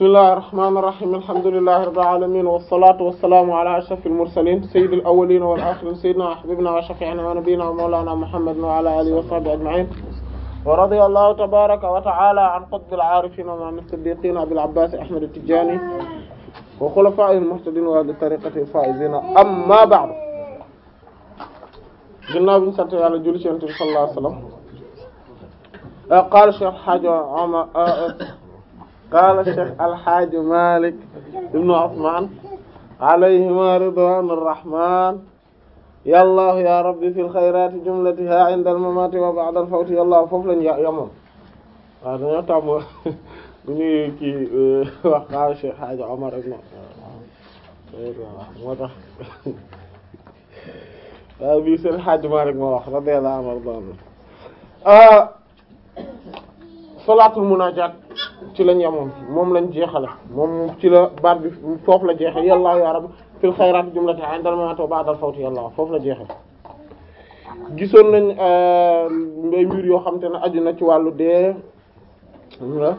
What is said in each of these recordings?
bismillahir rahmanir rahim alhamdulillahi rabbil alamin wassalatu wassalamu ala ashrafil mursalin sayyidil awwalin wal akhirin sayyidina habibina wa shafi'ina wa nabiyyina wa mawlana muhammadin wa ala alihi wa sahbihi ajma'in wa radiyallahu tabaraka wa ta'ala an qutbil arifin wa ma'an as-siddiqin abil abbas ahmad at-tijani wa khulafa'il muhtadin wa bi tariqati fa'izina amma ba'du ginnaaw bi ñu sant yàlla julli ci yonent bi sallallahu alayhi wa sallam qala shaykh haaja Umar qaala cheikh alxaaji malik ibnu osman alayhima ridwanu rrahman yallahu ya rabbi fi lxayrati jumlatiha inda almamati wa ba'da alfawti yallahu foofu lañ yamoon waaw dañoo tàmm bu ñuy kii euh, wax qaala cheikh xaaji omar ibnu moo tax waaw bii seen xaaji malik moo wax radiyallahu anhu ah, salatul munajat ci lañ yemoon moom lañ jeexale moom ci la baat bi foofu la jeexe yàllaa ya rab fil xayraat jumlati indal mamato ba'dal fawti yàlla foofu la jeexe gisoon nañ mbay euh, mbir yoo xam te ne aju na ci wàllu dee euh,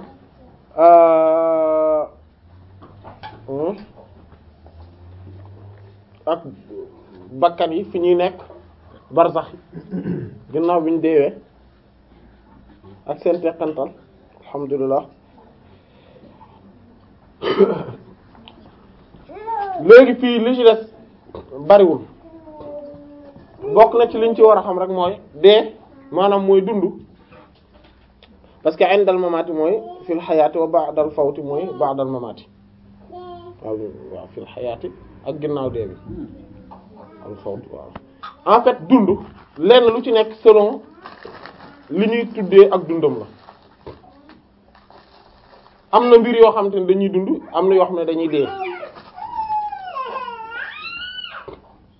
hmm, ak bakkan yi fi ñuy nekk barzax ginnaaw bi ñu deewee ak seen teqantal alhamdulilah léegi fii li ci bariwul bokk na ci liñ ci war a xam rek mooy dee maanaam mooy dund parce que indal mamaati mooy fil xayaati wa ba'dal fawti mooy ba'dal mamaati waaw fil xayaati ak ginnaaw dee bi al fawti waaw en fait dund lenn lu ci nekk selon li ñuy tuddee ak dundam la am na mbir yoo xam te ne dañuy dund am na yoo xam ne dañuy dee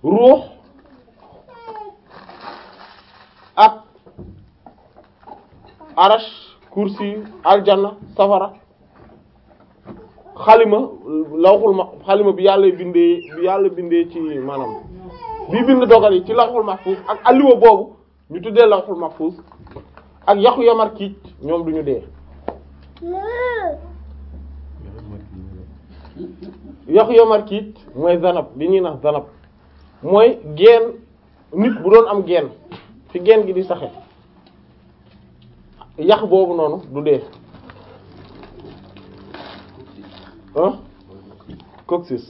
ruux ak arash kursi aljana safara xalima lawxul ma xalima bi yàlla bindee bi yàlla bindee ci maanaam bi bind dogal yi ci lawxul mahfuz ak alliwa boobu ñu tuddee lawxul mahfuz ak yaxu yamar kiic ñoom duñu dee yax yomal kiit mooy zanab bi ñuy nax zanab mooy geen nit bu doon am geen fi geen gi di saxe yax boobu noonu du dee ah coccyx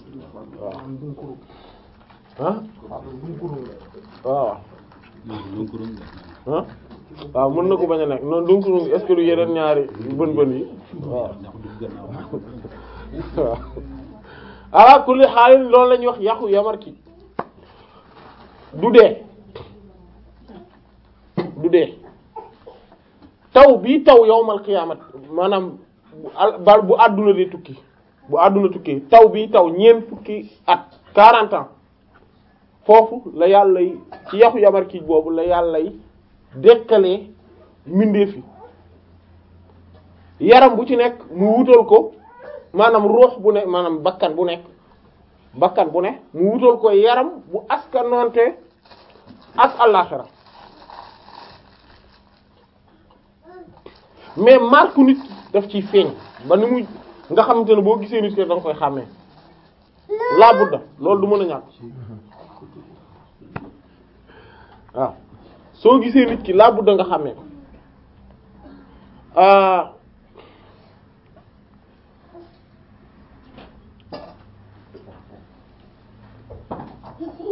waaw waaw waaw mën na ko bañ a nekk noonu donc est-ce que lu yeneen ñaari bën-bën yi waaw waaw ala kulli xaalis loolu lañuy wax yàqu yamar ki du dee du dee taw bii taw yowmal qiyaamat maanaam bal bu àdduna di tukki bu àdduna tukki taw bi taw ñeent fukki at 40 ans foofu la yàlla ci yàqu yamar ki boobu la yàlla dekkalee mbindeef yi yaram bu ci nekk mu wutal ko maanaam ruux bu ne maanaam bakkan bu nekk bakkan bu ne mu wutal ko yaram bu askanoonte ak àllaxira mais marque nit def ciy feeñ ba ni muy nga xamante ne boo gisee nit ko danga koy xàmmee laa budda loolu du mën a ñàkk waaw soo gisee nit ki laabu da nga xàmmee ko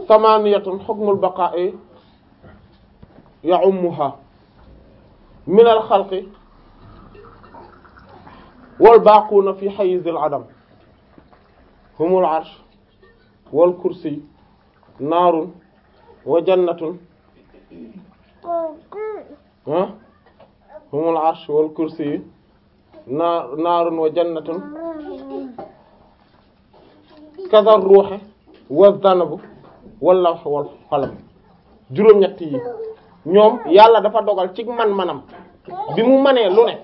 samaniyatun ah. hukmul baqa'i ya'ummuha min al xalqi wal baaquuna fi hayzil adam humul arsh wal kursi naarun wa jannatun ah humul arsh wal kursi yi naa naarun wa jannatun kaza ruuxe wa zanabu wala wal xalam juróom-ñett yi ñoom yàlla dafa dogal ci man-manam bi mu manee lu ne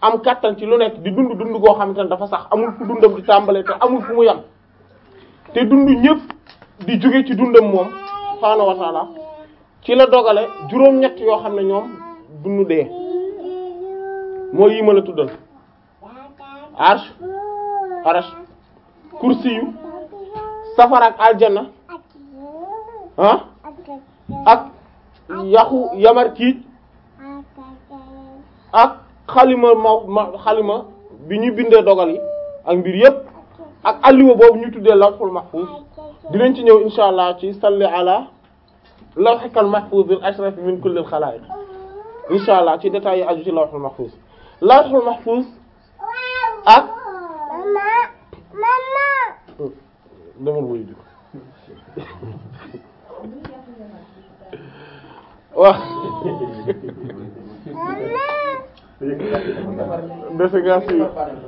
am kàttan ci lu nekk di dund dund goo xamante ne dafa sax amul fu dundam di tàmbalee te amul fu mu yam te dund ñëpp di jóge ci dundam moom subhaanahu wa ta'ala ci la dogale juróom-ñett yoo xam ne ñoom duñu dee moo yi ma la tuddal arsh arash kursi yu safara ak aljana ah, ak yaxu yamar kiij ak xalima ma xalima bi ñuy bindee dogal yi ak mbir yépp ak alliwa boobu ñuy tuddee lawhul mahfuz dinañ ci ñëw insha allah ci salli ala lawhikal mahfuzil ashraf min kullil xalaa'iq incha ci détails yi aju ci lawhul mahfuz lawhul mahfuz ak. demal wuyu waaw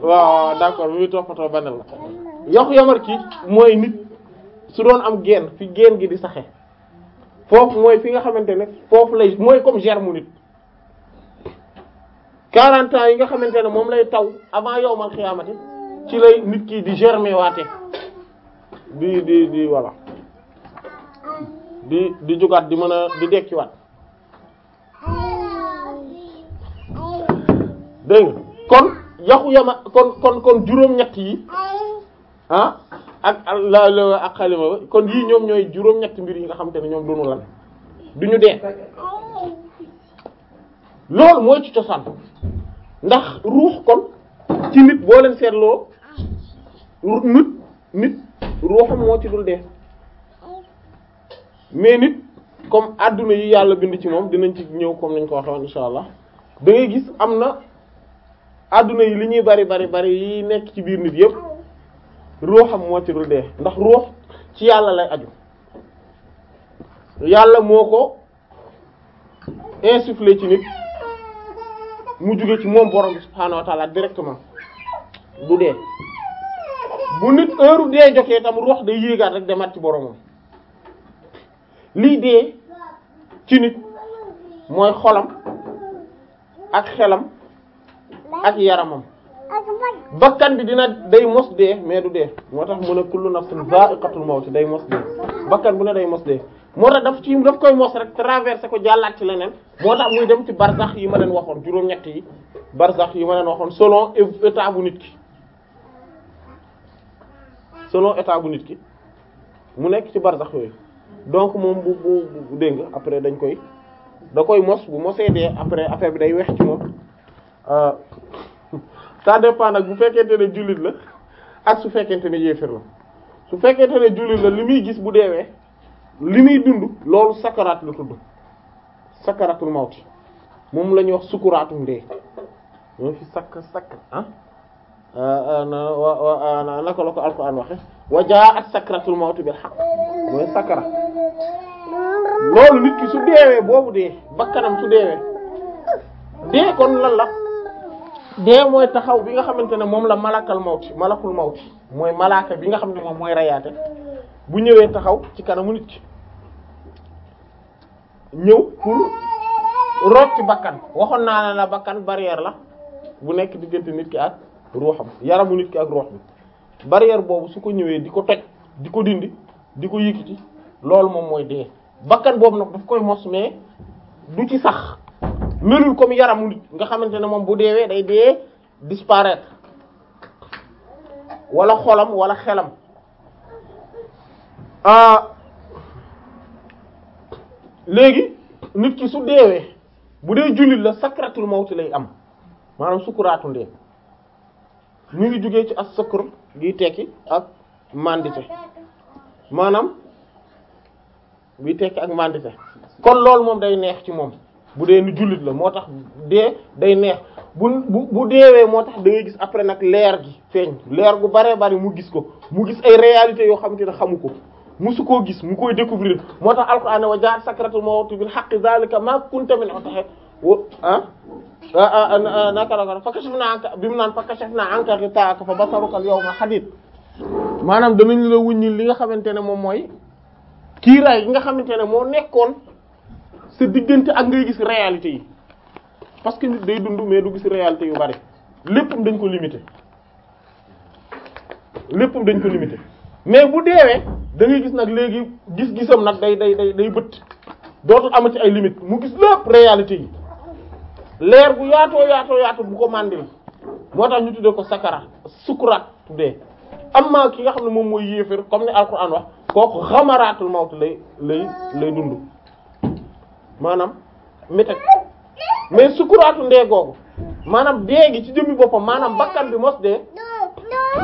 waaw d'accord mi ngi toppatoo benn la yox yamar ki mooy nit su doon am geen fi geen gi di saxe foofu mooy fi nga xamante ne foofu lay mooy comme germe nit 40 ans yi nga xamante ne moom lay taw avant yowmal xiyaamati ci lay nit kii di germe waate di di di di di di mën a di dekkiwaat dégg nga kon yaxu yama kon kon kon juróom-ñett yi ah ak la la ak xalima ba kon yii ñoom ñooy juróom-ñetti mbir yi nga xam te ne ñoom duñu lan duñu dee loolu mooy ci cosaan ndax ruux kon ci nit boo leen seetloo nit nit ruuxam moo ci dul dee mais nit comme adduna yi yàlla bind ci moom dinañ ci ñëw comme nañ ko waxe woon insha allah da gis am na adduna yi li ñuy bari bari bari yi nekk ci biir nit yépp ruuxam moo ci dee ndax ruux ci yàlla lay aju yàlla moo ko insufflé ci nit mu jóge ci moom borom bi subhaanahu wa directement du dee bu nit heure dee jotee tam ruux day yéegaat rek demaat ci boromam lii dee ci nit mooy xolam ak xelam ak yaramam bakkan bi dina day mos dee mais du dee moo tax mu ne kullu nafsin za'iqatul mawt day mos dee bakkan bu ne day mos dee moo tax daf ci daf koy mos rek traversé ko jàllaat ci leneen moo tax muy dem ci barzax yi ma leen waxoon juróom-ñett yi barzax yi ma leen waxoon selon état bu nit ki selon état bu nit ki mu nekk ci barzax yooyu donc moom bu bu dégg après dañ koy da koy mos bu mosee dee après affaire bi day wex ci moom euh, ça dépend nag bu fekkee ne jullit la ak su fekkente ne su fekkente ne jullit la li muy gis bu deewee li muy dund loolu sakaraat la tudd sakaratul mawti moom la wax sukuraatum dee ñoo fi sakk sakk ah, ah, ah wa ah, naka mooy sakara loolu nit ki su deewee boobu dee bakkanam su deewee dee kon lan la dee mooy taxaw bi nga xamante ne moom la malakal mawti malakul mawti mooy malaaka bi nga xam ne moom mooy rayaate bu ñëwee taxaw ci kanamu nit ñëw pour root ci bakkan waxoon naa ne la bakkan barrière la bu nekk diggante nit ki ak ruuxam yaramu nit ki ak ruux bi barrière boobu su ko ñëwee di ko toj di ko dindi di ko yëkkati loolu moom mooy dee bakkan boobu nag daf koy mos mais du ci sax melul comme yaramu nit nga xamante ne moom bu deewee day dee disparaître wala xolam wala xelam ah, léegi nit ki su deewee bu dee jullit la sakratul mawti lay am maanaam sukuraatu ndee ñu ngi jógee ci as sukkur gi tekki ak mandite maanaam bi tekki ak mandite kon loolu moom day neex ci moom bu dee ni jullit la moo tax dee day neex bu bu bu deewee moo tax da ngay gis après nag leer gi feeñ leer gu baree bari mu gis ko mu gis ay réalités yoo xam xamante ne xamu ko su koo gis mu koy découvrir moo tax alquran wa jaat sakratul mawt bil haqqi zalika ma kunta min utahe ah ah nakaraka fa kashafna anka bi mu naan fa kashafna anka ghita'aka fa basaruka al yawma hadid maanaam danañ la wuññi li nga xamante ne moom mooy kiiraay gi nga xamante ne moo nekkoon sa diggante ak ngay gis réalité yi parce que nit day dund mais du gis réalité yu bari léppam dañ ko limité léppam dañ ko limité mais bu deewee da ngay gis nag léegi gis-gisam nag day day day day bët dootul ama ci ay limite mu gis lépp réalité yi leer bu yaatoo yaatoo yaatoo bu ko màndil moo tax ñu tuddee ko sakara sukuraat tuddee amma ki nga xam ne moom mooy yéefér comme ni alquran wax kooku xamaraatul mawt lay lay lay dund maanaam méteg mais sukuraatu ndee googu maanaam dee gi ci jëmmi boppam maanaam bakkan bi mos dee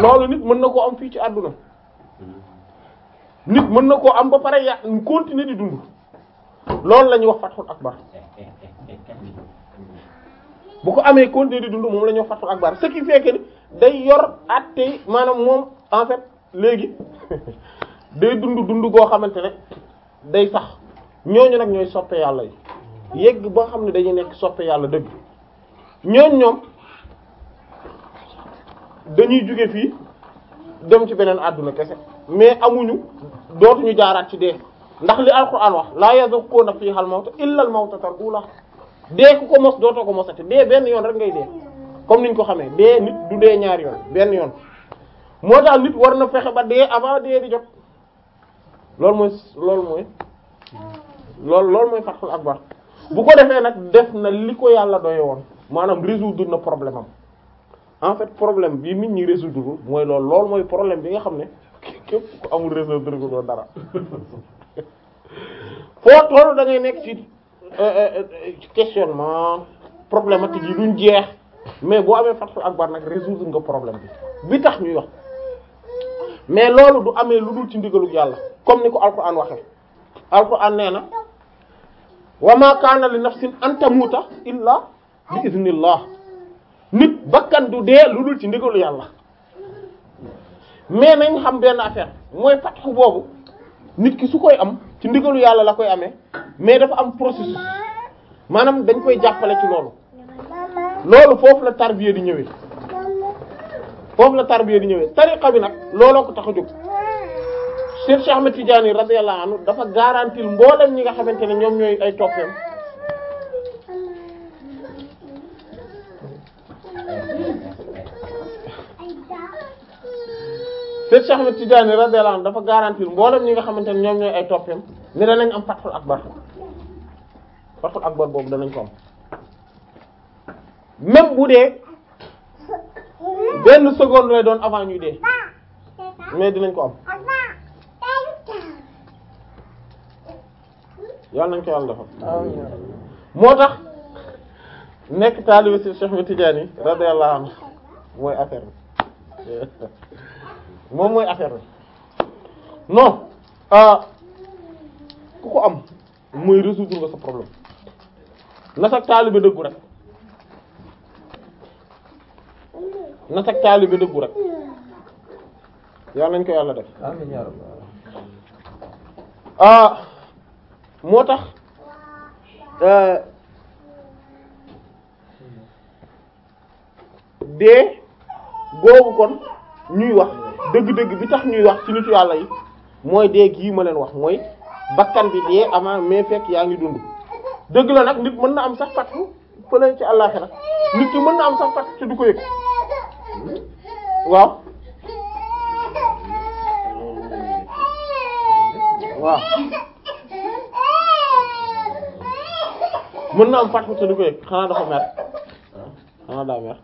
loolu nit mën na koo am fii ci àdduna nit mën na koo am ba pare ya continuer di dund loolu la ñuy wax fatxul akbar bu ko amee continuer di dund moom la ñuy wax fatxul akbar ce qui fait que day yor àtte maanaam moom en fait léegi day dund dund goo xamante ne day sax ñooñu nag ñooy soppe yàlla yi yegg ba xam ne dañuy nekk soppe yàlla dëgg ñooñu ñoom dañuy jóge fii dem ci beneen àdduna kese mais amuñu dootuñu jaaraat ci dee ndax li alquran wax laa yazuquna fiha al mawta illa al mawtatal ula dee ku ko mos dootoo ko mosati dee benn yoon rek ngay dee comme niñ ko xamee dee nit du dee ñaar yoon benn yoon moo tax nit war na fexe ba dee avant dee di jot loolu mooy loolu mooy loolu loolu mooy fatxul akbar bu ko defee nag def na li ko yàlla doy woon maanaam résoudre na problème am en fait problème bi mit ñi résoudre mooy loolu loolu mooy problème bi nga xam ne képp amul résoudre ko doon dara foo toll da ngay nekk ci euh, euh, euh, questionnement problématique yi duñ jeex mais boo amee fatxul akbar nag résoudre nga problème bi bi tax ñuy wax mais loolu du amee lu dul ci ndigalu yàlla comme ni ko alquran waxee alquran nee na wa ma kaana li tax an tamuuta illa bi iznillah nit bakkan du dee lu dul ci ndigalu yàlla mais nañ xam benn affaire mooy fatxu boobu nit ki su koy am ci ndigalu yàlla la koy amee mais dafa am processus maanaam dañ koy jàppale ci loolu loolu foofu la tarbiya di ñëwee foofu la tarbiya di ñëwee tariqa bi nag looloo ko tax a jóg Seex Ahmad Tijaani radiyallahu anhu dafa garantir mboolem ñi nga xamante ne ñoom ñooy ay toppeem Seex Ahmad Tijaani radiyallahu anhu dafa garantir mboolem ñi nga xamante ne ñoom ñooy ay toppeem ni danañ am fathul akbar fathul akbar boobu danañ ko am même bu dee benn seconde lay doon avant ñuy dee mais dinañ ko am yàlla nañ ko yàlla defal moo tax nekk taalibe ci Cheikh bi Tidiane yi radiyallahu anhu mooy affaire bi moom mooy affaire bi non ah, ku ko am mooy résoudre nga sa problème na sax taalibe dëggu rek na sax dëggu rek yàlla nañ ko yàlla def moo tax euh, dee googu kon ñuy wax dëgg-dëgg bi tax ñuy wax ci nitu yàlla yi mooy dee gii ma leen wax mooy bakkan bi dee avant mais fekk yaa ngi dund dëgg la nag nit mën na am sax fàttu fële ci àllaxira nit ci mën na am sax fàttu ci du ko yëg waaw waaw mën na am fatxu te du ko yëg xanaa dafa mer xanaa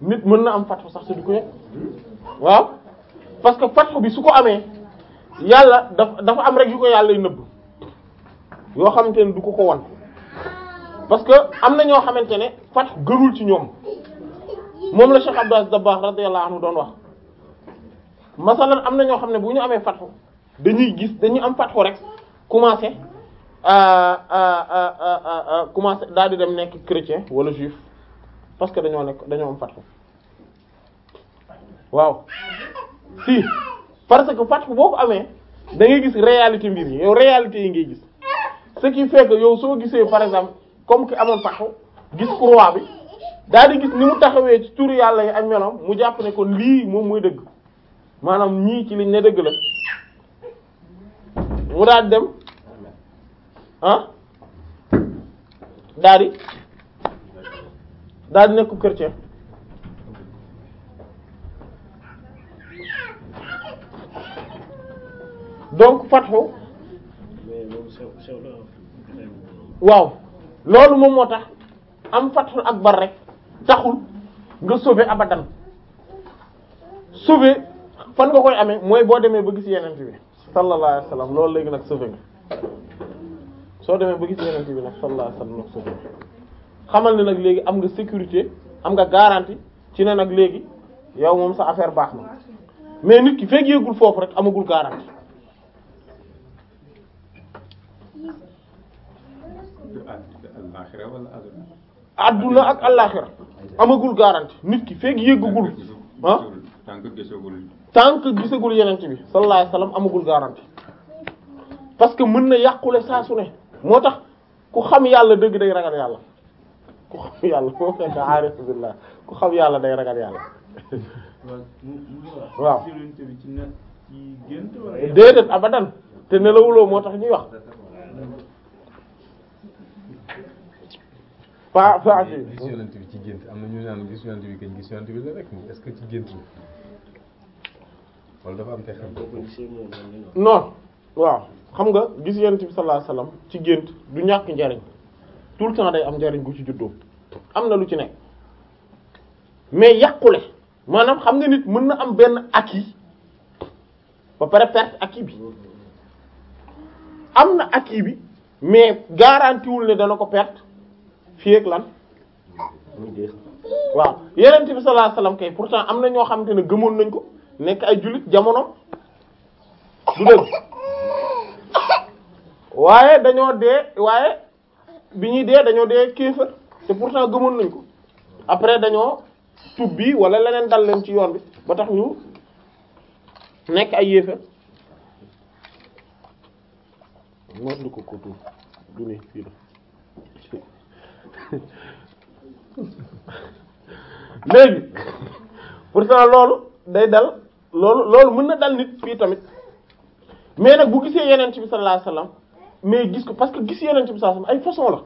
mën na am fatxu sax te du ko yëg waaw parce que fatxu bi su ko amee yàlla dafa dafa am rek yu ko yàlla nëbb yoo xamante ne du ko ko wan parce que am na ñoo xamante ne fatxu gërul ci ñoom moom la da baax Aziz Dabakh laa anhu doon wax masalan am na ñoo xam ne bu ñu amee fatxu dañuy gis dañuy am fatxu rek commencer Euh, euh, euh, commencé daal di dem nekk chrétien wala juif parce que dañoo nekk dañoo am fatxu waaw si parce que fatxu boo ko amee da ngay gis réalité mbir yi yow réalité yi ngay gis ce qui fait yow soo gisee par exemple comme ki amoon ko gis croix bi daal di gis ni mu taxawee ci turu yàlla yi ak meloom mu jàpp ne ko lii moom mooy dëgg maanaam ñii ci liñ ne dëgg la mu daal dem. ah daal di daal di nekk chrétien donc fatxu waaw loolu moom moo tax am ak akbar rek taxul nga sauver abadan sauver fan nga koy amee mooy boo demee ba gis yeneen bi sallallahu alayhi wasallam loolu léegi nag sauver nga soo demee ba gis yeneen bi nag sallallahu alayhi wa sallam xamal ne nag léegi am nga sécurité am nga garantie ci ne nag léegi yow moom sa affaire baax na mais nit ki fekk yéegul foofu rek amagul garantie. adduna ak allaaxira amagul garantie nit ki fekk yéegagul ah tant que gisagul yeneen bi sallallahu alayhi wa amagul garantie parce que mën na yàqule saa su ne. moo tax ku xam yàlla dëgg day ragal yàlla ku xam yàlla moo fekk ku xam yàlla day ragal yàlla waaw déedéet abadan te nelawuloo moo tax ñuy wax paa pa ci bi ci gént am na ñu naan gis yonent bi kañ gis yonent bi rek est-ce que ci gént la wala dafa non waaw xam nga gis yonent bi sallallahu alayhi ci gént du ñàkk njariñ tout le temps day am njariñ gu ci juddoo am na lu ci nekk mais yàqule maanaam xam nga nit mën na am benn acquis ba pare perte aki bi am na acquis bi mais garantiwul ne dana ko perte fii ak lan waaw yonent bi sallallahu alayhi wasallam kay pourtant am na ñoo xamante ne gëmoon nañ ko nekk ay jullit jamono du dëgg waaye dañoo dee waaye bi ñuy dee dañoo dee kéefër te pourtant gëmoon nañ ko après dañoo tub bi wala leneen dal leen ci yoon bi ba tax ñu nekk ay yéefër moo du ko ko léegi pourtant loolu day dal loolu loolu mën na dal nit fii tamit mais nag bu gisee yeneen ci bi sallallahu alayhi mais gis ko parce que gis yeneen ci bi saasam ay façon la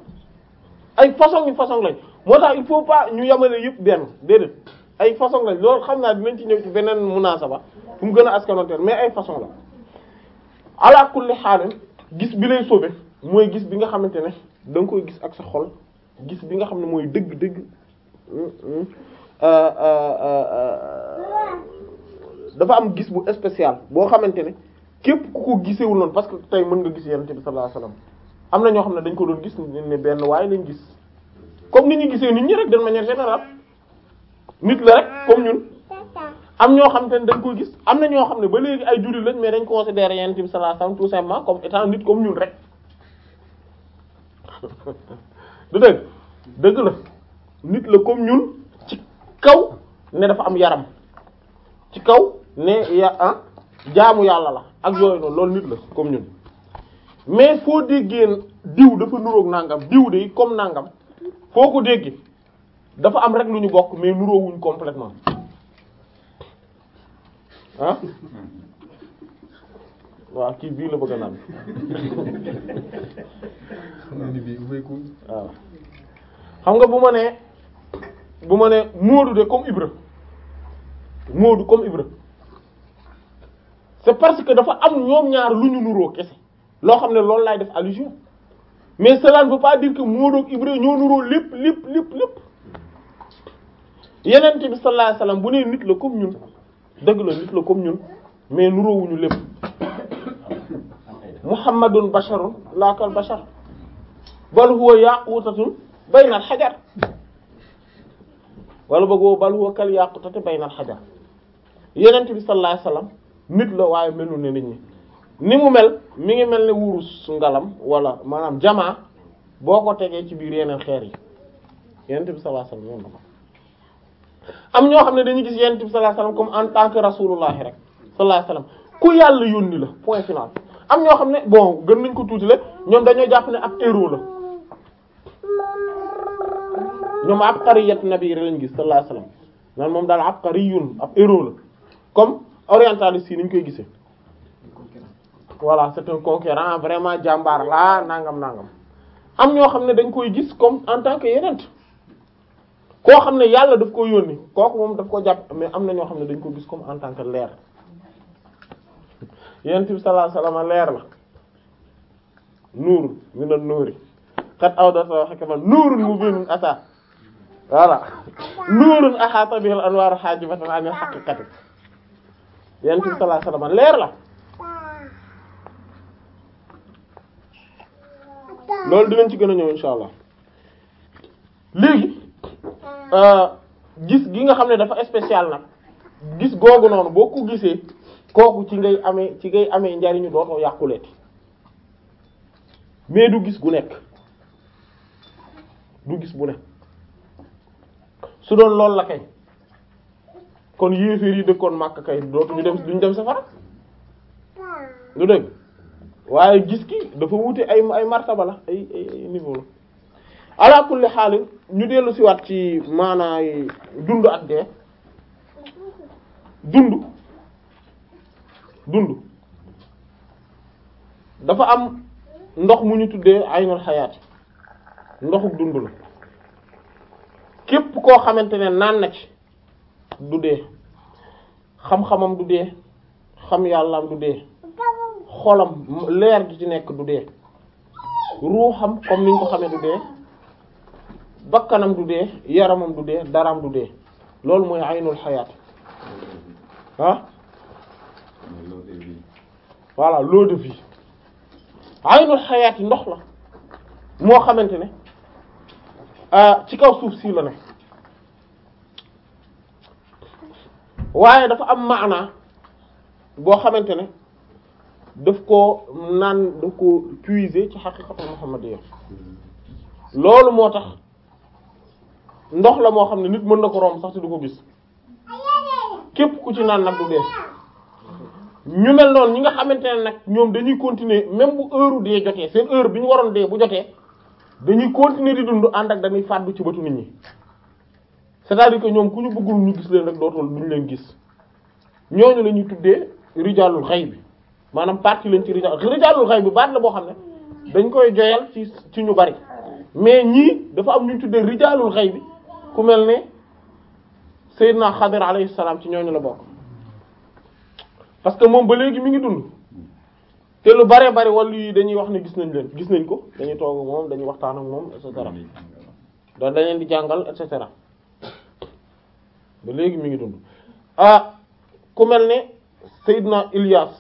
ay façon yu façon lañ moo tax il faut pas ñu yamale yëpp benn déedéet ay façon lañ loolu xam naa dinañ ci ci beneen munaasaba fu mu gën a askanonteer mais ay façon la ala kulli xaalan gis bi lay sobe mooy gis bi nga xamante ne da nga koy gis ak sa xol gis bi nga xam ne mooy dëgg dëgg mm, mm, euh, euh, euh, dafa am gis bu spécial boo xamante ne képp ku ko gisewul noonu parce que tey mën nga gis yonent bi sallallahu alayhi wasallam am na ñoo xam ne dañ ko doon gis ne benn waaye gis comme ni ñu gisee nit ñi rek de manière générale nit la rek comme ñun am ñoo xam ne dañ koy gis am na ñoo xam ne ba léegi ay jullit lañ mais dañ considérer yonent bi sallallahu alayhi wasallam tout simplement comme étant nit comme ñun rek du dëgg dëgg la nit la comme ñun ci kaw ne dafa am yaram ci kaw ne ya ah. jaamu yàlla la ak yooyu noonu loolu nit la comme ñun mais foo déggee diw dafa nuroog nàngam diw de comme nangam foo ko déggee dafa am rek lu ñu bokk mais nuroowuñ complètement ah waaw kii bii la bëgg a xam nga bu ma nee bu ma nee Moodu de comme Ibra Moodu comme Ibra c'est parce que dafa am ñoom ñaar lu ñu nuroo kese loo xam ne loolu laay def allusion mais cela ne veut pas dire que Moodu ak ñoo nuroo lépp lépp lépp lépp yeneen bi sallallahu alayhi bu nee nit la comme ñun dëgg la nit la comme ñun mais nuroowuñu lépp muhammadun basharun laa kal bashar bal huwa yaqutatun baynal xajar wala bëggoo bal huwa kal yaqutatun xajar yeneen bi sallallahu alayhi nit la waaye melul ne nit ñi ni mu mel mi ngi mel ne wurus ngalam wala maanaam jamaa boo ko tegee ci biir yeneen xeer yi yonent bi sallallahu alayhi am ñoo xam ne dañuy gis yonent bi comme en tant que rasulullah rek sallallahu alayhi wasallam ku yàlla yónni la point final am ñoo xam ne bon gën nañ ko tuuti la ñoom dañoo jàpp ne ab héros la ñoom ab qariyat nabi lañ gis sallallahu alayhi moom daal ab qariyun ab héros la comme. orientaliste yi ni ñu koy gisee voilà c'est un conquérant vraiment jàmbaar laa nangam nangam am ñoo xam ne dañ koy gis comme en tant que yeneen koo xam ne yàlla daf ko yónni kooku moom daf koo jàpp mais am na ñoo xam ne dañ ko gis comme en tant que leer yenent bi sallallahu alayhi leer la nuur mi na nuuri xat awdata hakaman nuurun mubinun ata voilà nuurun ahata bihil anwaaru haajibatan anil haqiqati yonent bi sallallahu leer la loolu dinañ ci gën a ñëw insha allah léegi euh, gis gi nga xam ne dafa spécial nag gis googu noonu boo ko gisee kooku ci ngay amee ci ngay amee njariñu dootoo yàquleeti mais du gis gu nekk du gis bu nekk su doon loolu la kay kon yéeféer yi dëkkoon Makka kay dootu ñu dem duñ dem safara lu dëgg waaye gis ki dafa wuute ay ay martaba la ay niveau la ala kulli xaal ñu dellu si waat ci maanaay dund ak dee dund dund dafa am ndox mu ñu tuddee aynul xayaat ndoxu dund la képp koo xamante ne naan na ci du dee xam-xamam du dee xam yàllaam du dee xolam leer gi ci nekk du dee ruuxam comme niñ ko xamee du dee bakkanam du dee yaramam du dee daraam du dee loolu mooy aynul xayaat ah voilà l'eau de vie aynul xayaat yi ndox la moo xamante ne ah, ci kaw suuf sii la ne waaye dafa am maana boo xamante ne daf koo naan daf ko puiser ci xaqiqatul muhammadiyya loolu moo tax ndox la moo xam ne nit mën na ko romb sax te du ko gis képp ku ci naan nag du dee ñu mel noonu ñi nga xamante ne nag ñoom dañuy continuer même bu heure dee jotee seen heure bi ñu waroon dee bu jotee dañuy continuer di dund ànd ak dañuy fàddu ci bëtu nit ñi c'est-à-dire que ñoom ku ñu bëggul ñu gis leen rek dootul duñu leen gis ñooñu la ñuy tuddee rijaalul xay bi maanaam partie lañ ci rijaal rijaalul xay bi baat la boo xam ne dañ koy joyal ci ci ñu bari mais ñii dafa am ñu tuddee rijaalul xay bi ku mel ne Seydina Xadir alayhi salaam ci ñooñu la bokk parce que moom ba léegi mi ngi dund te lu bare bari wàllu yi dañuy wax ne gis nañ leen gis nañ ko dañuy toog moom dañuy waxtaan ak moom et cetera dañ leen di jàngal et cetera. ba léegi mi ngi dund ah ku mel ne Seydina Ilyas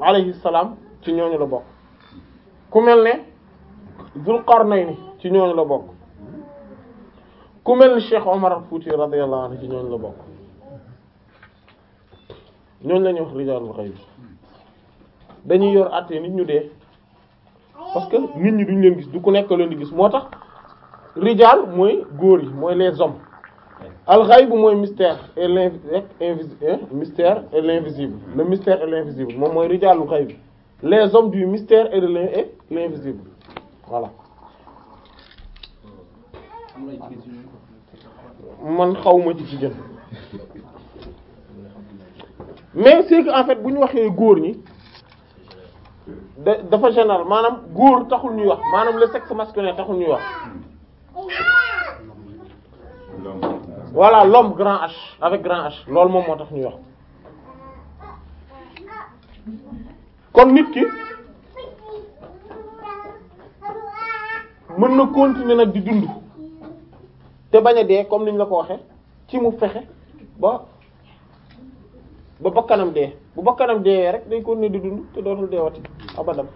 alayhi salaam ci ñooñu la bokk ku mel ne Zulqarnayni ci ñooñu la bokk ku mel ne Cheikh Omar Fouti radiyallahu anhu ci ñooñu la bokk ñooñu la ñuy wax dañuy yor àttee nit ñu dee parce que nit ñi duñ leen gis du ku nekk leen di gis moo tax rijaal mooy góor yi mooy les hommes al-ghayb mooy mystère et l'invisible mystère e l'invisible le mystère et l'invisible moom mooy rijaalu ghayb les hommes du mystère et de l'invisible voilà man xawma ci jigéen mais c'est que bu ñu waxee góor ñi da dafa général maanaam góor taxul ñuy wax maanaam le sexe masculin taxul ñuy wax voilà lomb grand H avec grand H loolu moom moo tax ñuy wax kon nit ki mën na continuer nag di dund te bañ a dee comme niñ la ko waxe ci mu fexe ba ba bakkanam dee bu bakkanam dee rek day continuer di dund te dootul deewati abadam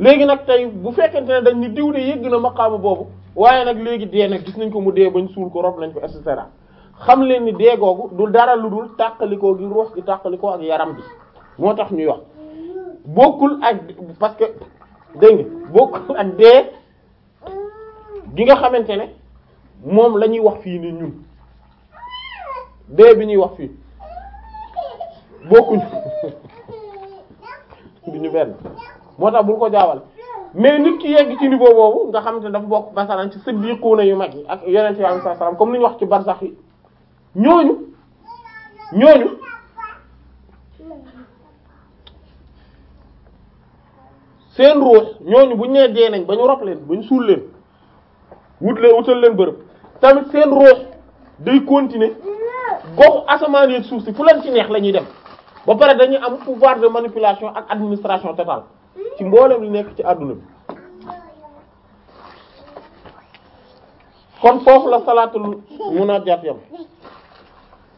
léegi nag tey bu fekkente ne dañ ni diw de yëgg na maqaama boobu waaye nag léegi dee nag gis nañ ko mu dee bañ suul ko rob nañ ko et cetera xam leen ni dee googu du dara lu dul tàqalikoo gi ruux gi tàqalikoo ak yaram bi moo tax ñuy wax bokkul ak parce que dégg nga bokkul ak dee gi nga xamante ne moom la ñuy wax fii ni ñun dee bi ñuy wax fii bokkuñu du ñu benn moo tax bul ko jaawal mais nit ki yegg ci niveau boobu nga xam te dafa bokk masalan ci siddiquuna yu mag yi ak yonent yi sallallahu alayhi wasallam comme ni ñu wax ci barsax yi ñooñu ñooñu seen ruux ñooñu bu ñu nee dee nañ ba ñu rob leen ba ñu suul leen wut leen wutal leen bërëb tamit seen ruux day continuer goxu asamaan yeeg suuf si fu leen ci neex la ñuy dem ba pare dañuy am pouvoir de manipulation ak administration totale ci mboolem li nekk ci àdduna kon foofu la salaatul munaajaat yam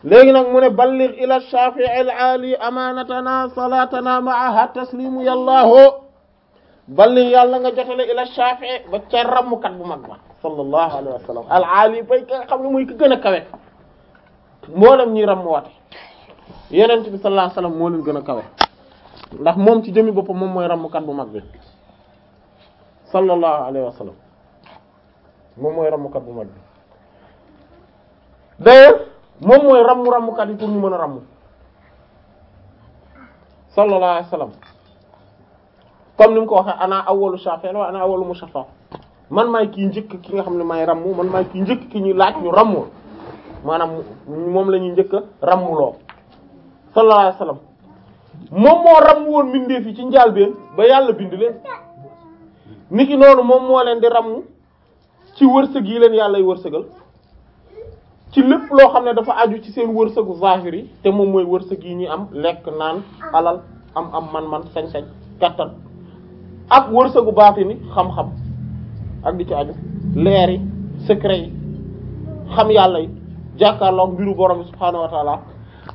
léegi nag mu ne balligh ila shafii al aali amaanatana salaatana maaha taslimu yàllaaho balligh yàlla nga jotale ila shafii ba ca rammukat bu mag ba sallallahu alayhi wa al aali bay ka nga xam ne muy ki gën a kawe mboolem ñi rammuwaate yenent bi sallallahu alayhi wa sallam moo gën a kawe ndax moom ci jëmi boppam moom mooy ràmmkat bu mag bi sallallahu alayhi wa sallam moom mooy ràmmkat bu mag bi d'ailleurs moom mooy ràmmu ràmmkat yi pour ñu mën a ràmm sallallahu alayhi wa sallam comme ni mu ko waxee ana awwalu shafi'in wa ana awwalu mushaffa man maay kii njëkk ki nga xam ne maay ràmm man maay kii njëkk ki ñu laat ñu ràmm maanaam moom la ñuy njëkk a ràmmuloo moom moo ram woon yi ci njaalbeen ba yàlla bind leen niki noonu moom moo leen di ramu ci wërsëg yi leen yàlla yàllay wërsëgal ci lépp loo xam ne dafa aju ci seen wërsëgu zahir yi te moom mooy wërsëg yi ñuy am lekk naan alal am am man-man sañ-sañ kattan ak wërsëgu baatini xam-xam ak di ci aju leer yi secret yi xam yàlla yi jàkkaarloo mbiru borom bi subhaanahu wa taala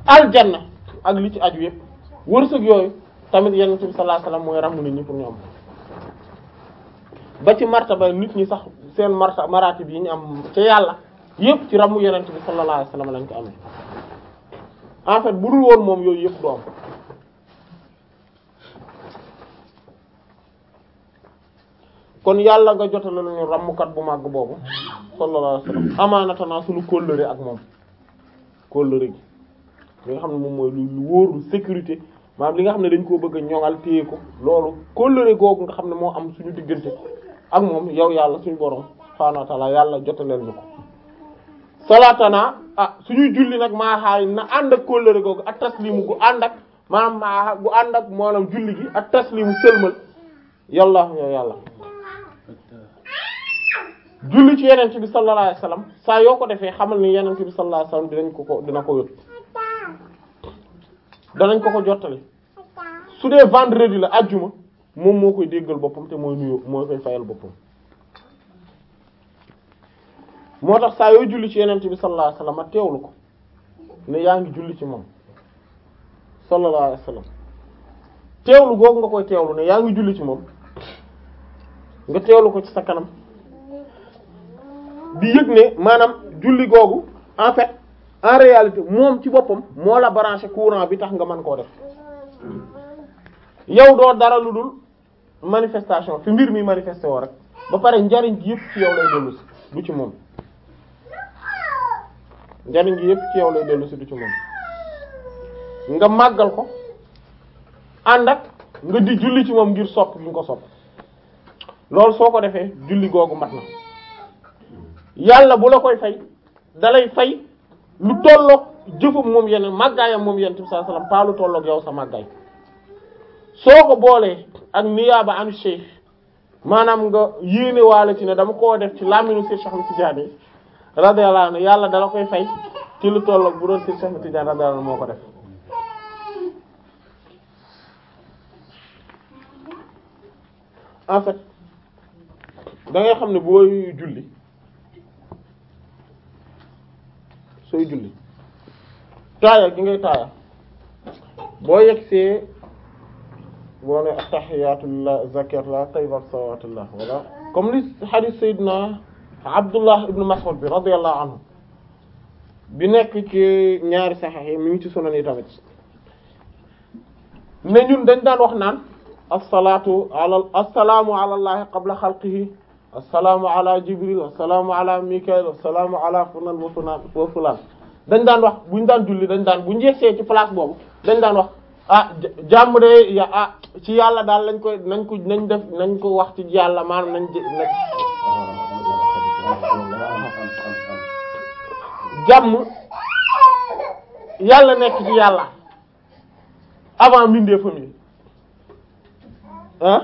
aljanna ak li ci aju yépp wërsëg yooyu tamit yonent bi sallallahu alayhi mooy ràmm nit ñi pour ñu am ba ci martaba nit ñi sax seen marta maraati bi ñu am ca yàlla yëpp ci ramu yonent bi sallallahu alayhi lañ ko amee en fait bu dul woon moom yooyu yëpp du am kon yàlla nga jotale nañu ràmmkat bu màgg boobu sallallahu alayhi amaanata naa suñu kóllëre ak moom kóllëre gi li nga xam ne moom mooy lu wóor lu sécurité maanaam li nga xam ne dañ koo bëgg a ñoŋal téye ko loolu kóllëre googu nga xam ne moo am suñu diggante ak moom yow yàlla suñu borom subhaanahu wa ta'aala yàlla ñu ko. salaatana ah, suñuy julli nag maaxaay na ànd ak kóllëre googu ak taslimu gu ànd ak maanaam maaxa gu ànd ak maanaam julli gi yàlla julli ci yeneen bi sallallahu alayhi wasallam saa yoo ko defee xamal ni yeneen bi sallallahu alayhi dinañ ko ko dina ko yóbbu. danañ ko ko jottali su dee vendredi la ajjuma moom moo koy déggal boppam te mooy nuyoo mooy koy fayal boppam moo tax saa yooy julli ci yenent bi sallallahu alayhi wasallam teewlu ko ne yaa ngi julli ci moom sallallahu alayhi wasallam teewlu googu nga koy teewlu ne yaa ngi julli ci moom nga teewlu ko ci sa kanam bi yëg ne maanaam julli googu en fait en réalité moom ci boppam moo la branché courant bi tax nga mën koo def yow doo dara lu dul manifestation fi mbir mi manifesté woo rek ba pare njariñ gi yëpp ci yow lay dellu du ci moom njariñ gi yëpp ci yow lay dellu si du nga màggal ko ànd nga di julli ci moom ngir sopp gi nga ko sopp loolu soo ko defee julli googu mat na yàlla bu la koy fay dalay fay lu tolloog jëfum moom yenn màggaayam moom yeneen sallallahu alayhi wasallam pa lu tolloog yow sa màggaay soo ko boolee ak niyaaba an cheikh maanaam nga yéene waale ci ne dama koo def ci laminu Cheikh Ahmed Tidiane radiyallahu anhu yàlla dala koy fay ci lu tolloog bu doon Cheikh Ahmed Tidiane moo ko def en fait xam ne booy julli say julli taaya gi ngay taaya boo yegsee boo ne attahiyatullah zakirullah tayyibat salawatullah wala comme li hadith sayyidina Abdullah ibn Mas'ud bi radiyallahu anhu bi nekk ci ñaari saxex yi mi ngi ci sunan yi ne ñun dañ daan wax naan as-salaatu ala qabla xalqihi assalaamu ala jibril assalaamu ala mikail assalaamu ala fulan wa fulan wa dañ daan wax buñ daan julli dañ daan bu buñ yegsee ci place boobu dañ daan wax ah jàmm de ah ci yàlla daal lañ koy nañ ko nañ def nañ ko wax ci yàlla maanaam nañ jàmm yàlla nekk ci yàlla avant mbindeefam yi ah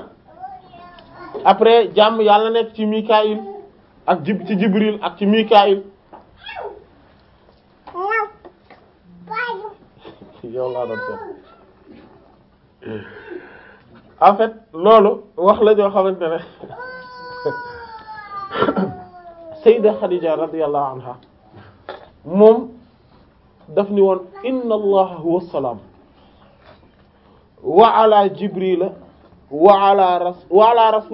après jàmm yàlla nekk ci Mikaayil ak jib ci Jibril ak ci Mikaayil yow laa doon seet en fait loolu wax la joo xamante ne Sayda Khadija radiyallahu anha moom daf ni woon inna allaha huwa salaam wa ala jibrila wa ala ras wa ala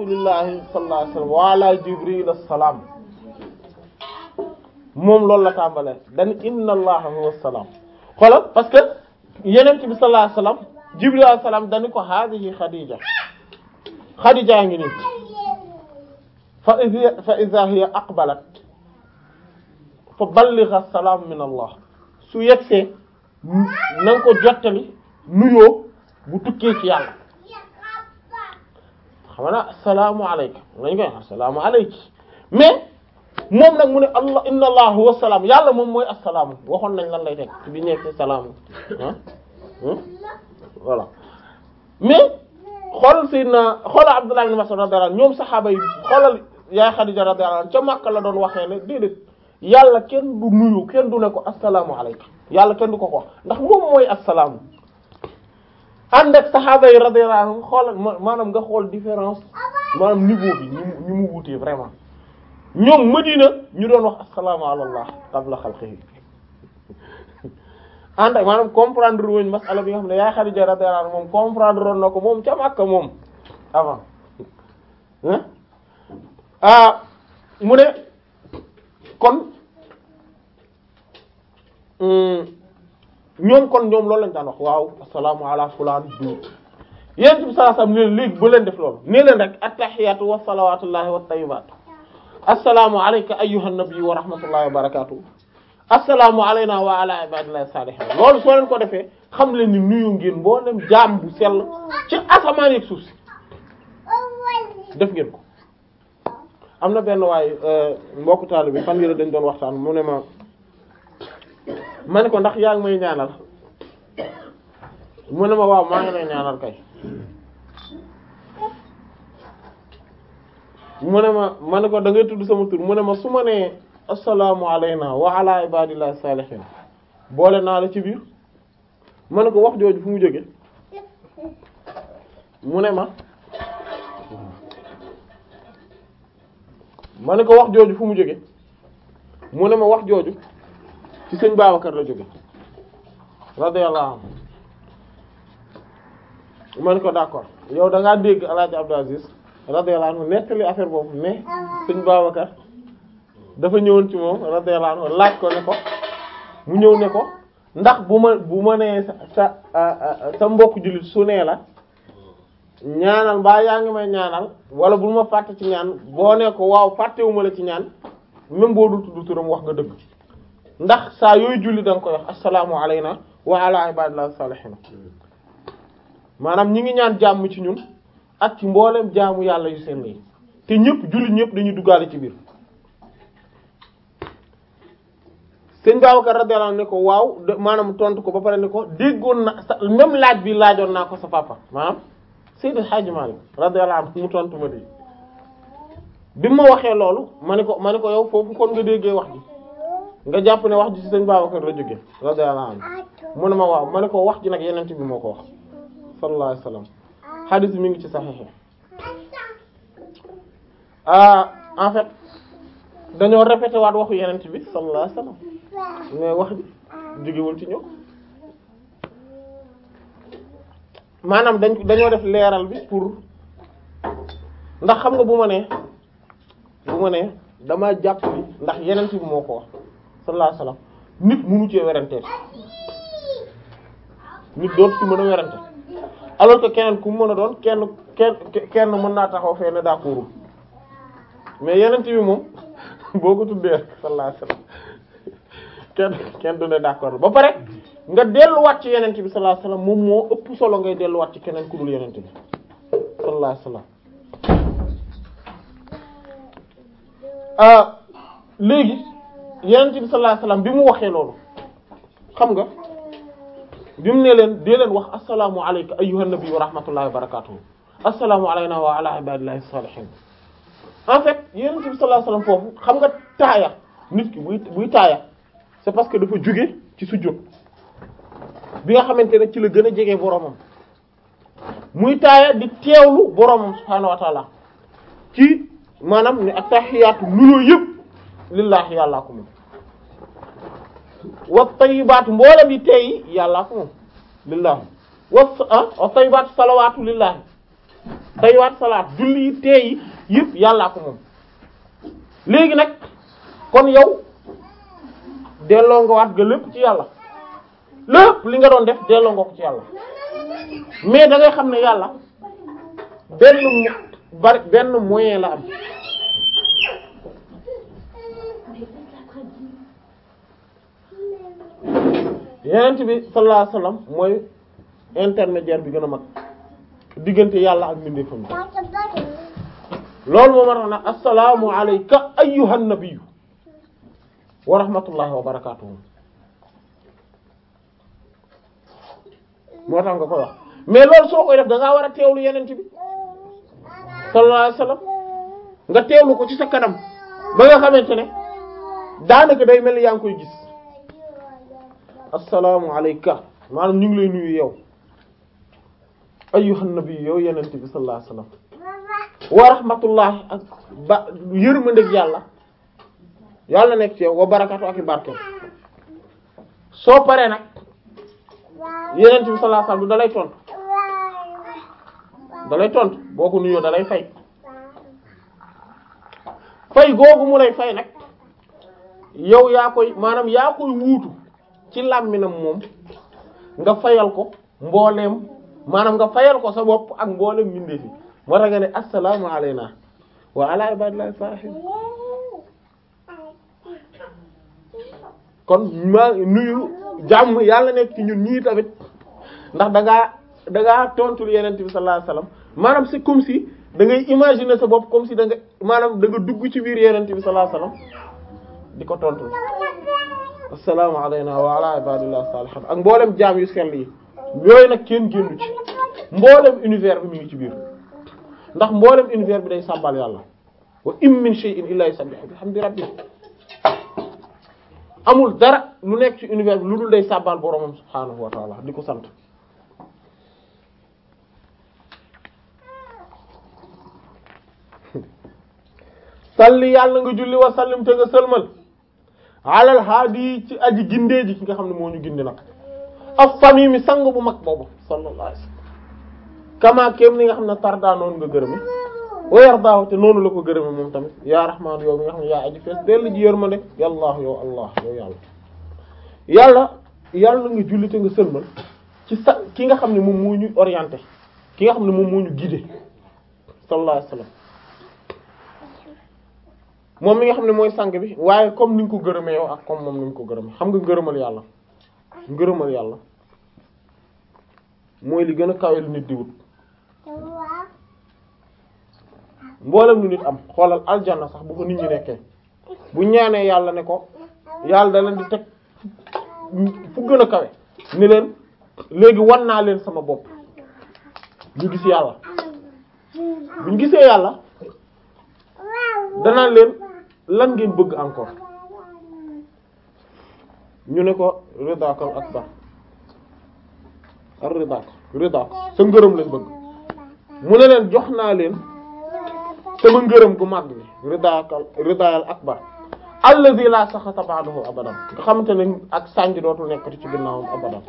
wa jibril assalaam moom loolu la dan inna allaha huwa salaam xoolal parce que yenent bi sallallahu alayhi jibril alayhi salaam dañu ko haadihi khadija khadija ngi fa idha aqbalat fa balligh assalaam min allah su yegsee na nga ko jottali bu tukkee ci yàlla wala nga assalaamu alayka lañ koy moom nag mu ne allah allah wa salaam yàlla moom mooy assalaamu waxoon nañ lan lay teg bi nekk salaamu ah voilà mais xool Seydina xoola Abdullah ibn Mas'ud radiyallahu anhu ñoom Xadija radiyallahu anha ca Makka la doon waxee ne kenn du nuyu kenn du ne ko assalaamu alayka yàlla kenn du ko ko ndax moom mooy assalaamu ànd ak saxaaba yi radiyallahu anhum xoolal maanaam nga xool différence maanaam niveau bi ñu ñu mu wutee vraiment ñoom Madina ñu doon wax assalaamu alallah qabla xalqihi ànd ak maanaam comprendre woon masala bi nga xam ne yaay Xadiija radiyallahu moom comprendre woon na ko moom ca Makka moom avant ah mu ne kon. Hmm, ñoom kon ñoom loolu lañ daan wax waaw assalaamu ala fulaan duut yéen bi saa sam ne léegi ba leen def loolu nee leen rek attahiyaatu wa salawaatullahi wa tayyibaatu assalaamu alayka ayyuhan nabiyyu wa rahmatullahi wa barakaatu assalaamu alayna wa ala ibadillahi saalihiin loolu soo leen ko defee xam leen ni nuyu ngeen mboolem jaam bu sel ci asamaan yeeg suuf def ngeen ko am na benn waay euh, mbokku taalibe fan yële dañ doon waxtaan mu ne ma ma ne ko ndax yaa may ñaanal mu ne ma waaw maa ngi lay ñaanal kay mu ne ma ma ne ko dangay tudd sama tur mu ne ma su ma nee assalaamu alayna wa ibadillahi salihin boole naa la ci biir ma ne ko wax jooju fu mu jóge mu ne ma ma ne ko wax jooju fu mu jóge mu ne ma wax jooju ci sëñ Babacar la jóge radiyallahu anhu man ko d'accord yow da ngaa dégg Alaaji Abdou Aziz radiyallahu nettali affaire boobu mais sëñ Babacar dafa ñëwoon ci moom radiyallahu anhu laaj ko ne ko mu ñëw ne ko ndax bu ma bu ma nee sa sa mbokk jullit su nee la ñaanal mbaa yaa ngi may ñaanal wala bul ma fàtte ci ñaan boo ne ko waaw fàttewuma la ci ñaan même boo dul tudd turam wax nga dëgg ndax saa yooyu julli da nga koy wax assalaamu alayna wa ala ibadillahi salihin maanaam ñi ngi ñaan jàmm ci ñun ak ci mboolem jaamu yàlla yu seen yi te ñëpp julli ñëpp dañuy duggaale ci biir sëñ Babacar radiyallahu anhu ne ko waaw maanaam tontu ko ba pare ne ko déggoon na sa même laaj bi laajoon naa ko sa papa maanaam Seydi Hadji Malick radiyallahu anhu mu tontu ma di bi ma waxee loolu ma ne ko ma ne ko yow foofu kon nga déggee wax ji nga jàpp ne wax ji ci sëñ Babacar la jóge radiyallahu anhu mu ne ma waaw ma ne ko wax ji nag yeneen bi moo ko wax sallallahu alayhi wasallam xadis ngi ci saxiix ah en fait dañoo répété waat waxu yeneen bi sallallahu alayhi mais wax ci ñëw maanaam dañ dañoo def leeral bi pour ndax xam nga bu ma ne bu ma ne ndax yeneen bi moo ko wax sallallahu alayhi wasallam nit munu cee werantee nit dootu ci mën a werante alors que keneen ku mën a doon kenn kenn mën naa taxaw fee ne d'accordul mais yeneen bi moom boo ko tuddee sallallahu alayhi wasallam kenn kenn du ne d'accord ba pare nga delluwaat ci yeneen bi sallallahu alayhi wasallam moom moo ëpp solo ngay delluwaat ci keneen ku dul yeneen bi sallallahu alayhi ah, léegi yonent bi sallallahu salaam bi mu waxee loolu xam nga bi mu ne leen dee leen wax assalaamu alayka ayyuhan nabi wa rahmatullahi wa barakatuh assalaamu alayna wa ala ibadillahi salihin en fait yonent bi sallallahu alayhi foofu xam nga taaya nit ki buy buy taaya c'est parce que dafa jóge ci sujjóot bi nga xamante ne ci la gën a jege boromam muy taaya di teewlu boromam subhaanahu wa ci maanaam ne ak tahiyaatu nuyoo yëpp lillaahi yàllaa ko moom wa tayyibaatu mboolem yi teey yàllaa ko moom lillaahi wa ah, wa tayyibaatu salawaatu lillaahi tayyibaatu salaat julli teey yëpp yàllaa ko moom léegi nag kon yow delloo waat ga lépp ci yàlla lépp li nga doon def delloo nga ko ci yàlla mais da ngay xam ne yàlla benn bari benn moyen la am yenent bi sallallahu alayhi wasallam mooy intermédiaire bi gën a mag diggante yàlla ak mbindeefam loolu moo ma tax nag assalaamu alayka ayyuhan nabiyyu wa rahmatullahi wa barakatuhu moo tax nga koy wax mais loolu soo koy def danga war a teewlu yenent bi sallallahu alayhi nga teewlu ko ci sa kanam ba nga xamante ne daanaka day mel ni yaa ngi koy gis assalaamu alayka maanaam ñu ngi lay nuyu yow ayyuhan nabi yow yenent bi sallallahu alayhi wasallam wa rahmatullah ak ba yërmandeg yàlla yàlla nekk ci yow wa barakatu ak i barke soo paree nag yenent bi sallallahu alayhi dalay tontu dalay tontu boo ko nuyoo dalay fay fay googu mu lay fay nag yow yaa koy maanaam yaa koy wuutu ci làmminam moom nga fayal ko mbooleem maanaam nga fayal ko sa bopp ak mbooleem mbindee fi moo tax nga ne assalaamu alayna wa ala ibadillahi salihin kon ma nuyu jàmm yàlla nekk ci ñun ñii tamit ndax dangaa dangaa da tontul yeneen bi sallallahu alayhi wasallam maanaam si comme si dangay ngay imaginer sa bopp comme si da nga maanaam da dugg ci biir yeneen bi salaa alayhi wasallam di ko tontul. assalaamu alayna wa ala ibadillah salihin ak mboolem jaam yu sell yi yooyu nag kenn génnu ci mboolem univers bi mi ngi ci biir ndax mboolem univers bi day sàbbal yàlla wa in min shay'in illa yusabbihu bihamdi rabbih amul dara lu nekk ci univers bi lu dul day sàbbal boromam subhaanahu wa taala di ko sant salli yàlla nga julli wa sallim te nga sëlmal alal haadi ci aji gindee ji ki nga xam ne moo ñu gindi nag af famille mi bu mag boobu sallallahu alayhi wasallam kama kéem li nga xam ne tarda noonu nga gërëme wayar daaw te noonu la ko gërëme moom tamit yaa rahmaan yow nga xam ne yaa aji fees dell ji yërmande yàllaa yow allah yow yàlla yàlla yàlla nga jullite nga sëlmal ci sa ki nga xam ne moom moo ñu orienté ki nga xam ne moom moo ñu guidé sallallahu alayhi wasallam moom mi nga xam ne mooy sang bi waaye comme ni ñu ko gërëmee yow ak comme moom ni ñu ko gërëmee xam nga ngërëmal yàlla ngërëmal yàlla mooy li gën a kawe lu nit di wut mboolem lu nit am xoolal aljanna sax bu ko nit ñi nekkee bu ñaanee yàlla ne ko yàlla da leen di teg fu a léegi wan naa leen sama bopp ñu gis yàlla gisee yàlla leen lan ngeen bëgg encore ñu ne ko ridaakal akbar ar ridaak ridaak sa ngërëm lañ bëgg mu ne leen jox naa leen sama ngërëm gu màgg bi ridaakal ridaayal akbar allazi la saxata ba'dahu abadan nga xamante ne ak sànj dootu nekk ci ginnaawam abadan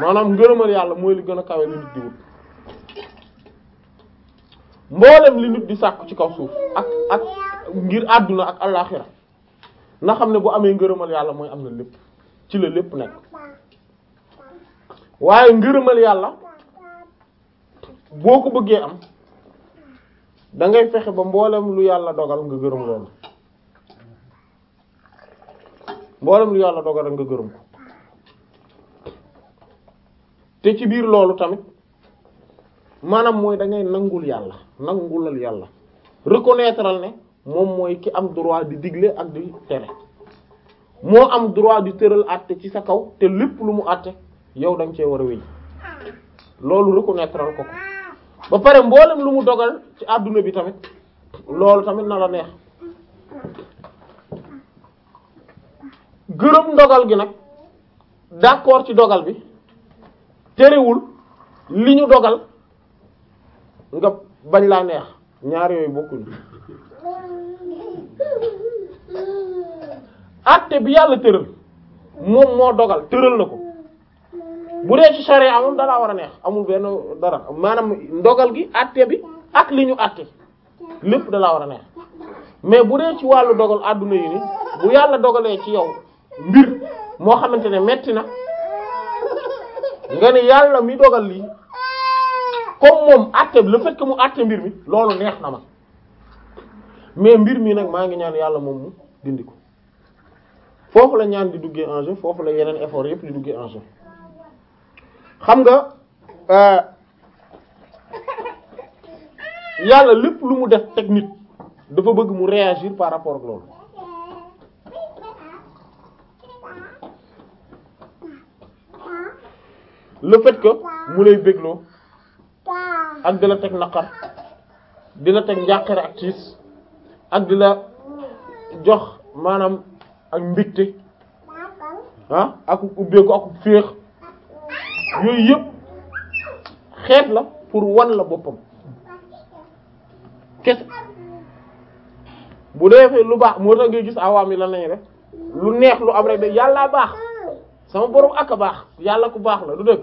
maanaam ngërëmal yàlla mooy li gën a kawe li nit di wut mboolem li nit di sàkku ci kaw suuf ak ak ngir àdduna ak allaaxira na xam ne bu amee ngërëmal yàlla mooy am na lépp ci la lépp nekk waaye ngërëmal yàlla boo ko bëggee am dangay fexe ba mboolem lu yàlla dogal nga gërëm loolu mboolem lu yàlla dogal nga gërëm ko te ci biir loolu tamit maanaam mooy da ngay nangul yàlla nangulal yàlla reconnaître ne moom mooy ki am droit di digle ak di tere moo am droit di tëral àtte ci sa kaw te lépp lu mu àtte yow da nga cee war a wéy loolu reconnaître ko ko ba pare mboolem lu mu dogal ci àdduna bi tamit loolu tamit na la neex gërëm ndogal gi nag d'accord ci dogal bi terewul li ñu dogal nga bañ laa neex ñaar yooyu bokkuñu àtte bi yàlla tëral moom moo dogal tëral na ko bu dee ci charia amul dalaa war a neex amul benn dara maanaam ndogal gi àtte bi ak li ñu àtte lépp dalaa war a neex mais bu dee ci wàllu dogal àdduna yi ni bu yàlla dogalee ci yow mbir moo xamante ne metti na nga ne yàlla mi dogal lii comme moom àtte bi le mu àtte mbir mi loolu neex na ma mais mbir mi nag maa ngi ñaan yàlla moom mu dindi ko foofu la ñaan di duggee en foofu la yeneen effort yëpp di duggee en xam nga euh, yàlla lépp lu mu def teg dafa bëgg mu réagir par rapport ak loolu le fait mu lay bégloo ak di la teg naqar di la teg njàqare ak tiis ak di la jox maanaam ak mbégte ah ak ubbeeku ak féex yooyu yëpp xeet la pour wan la boppam kese bu defee lu baax moo tax ngay gis awaam yi lan lañu def lu neex lu am rek de yàlla baax sama borom ak a baax yàlla ku baax la lu dëgg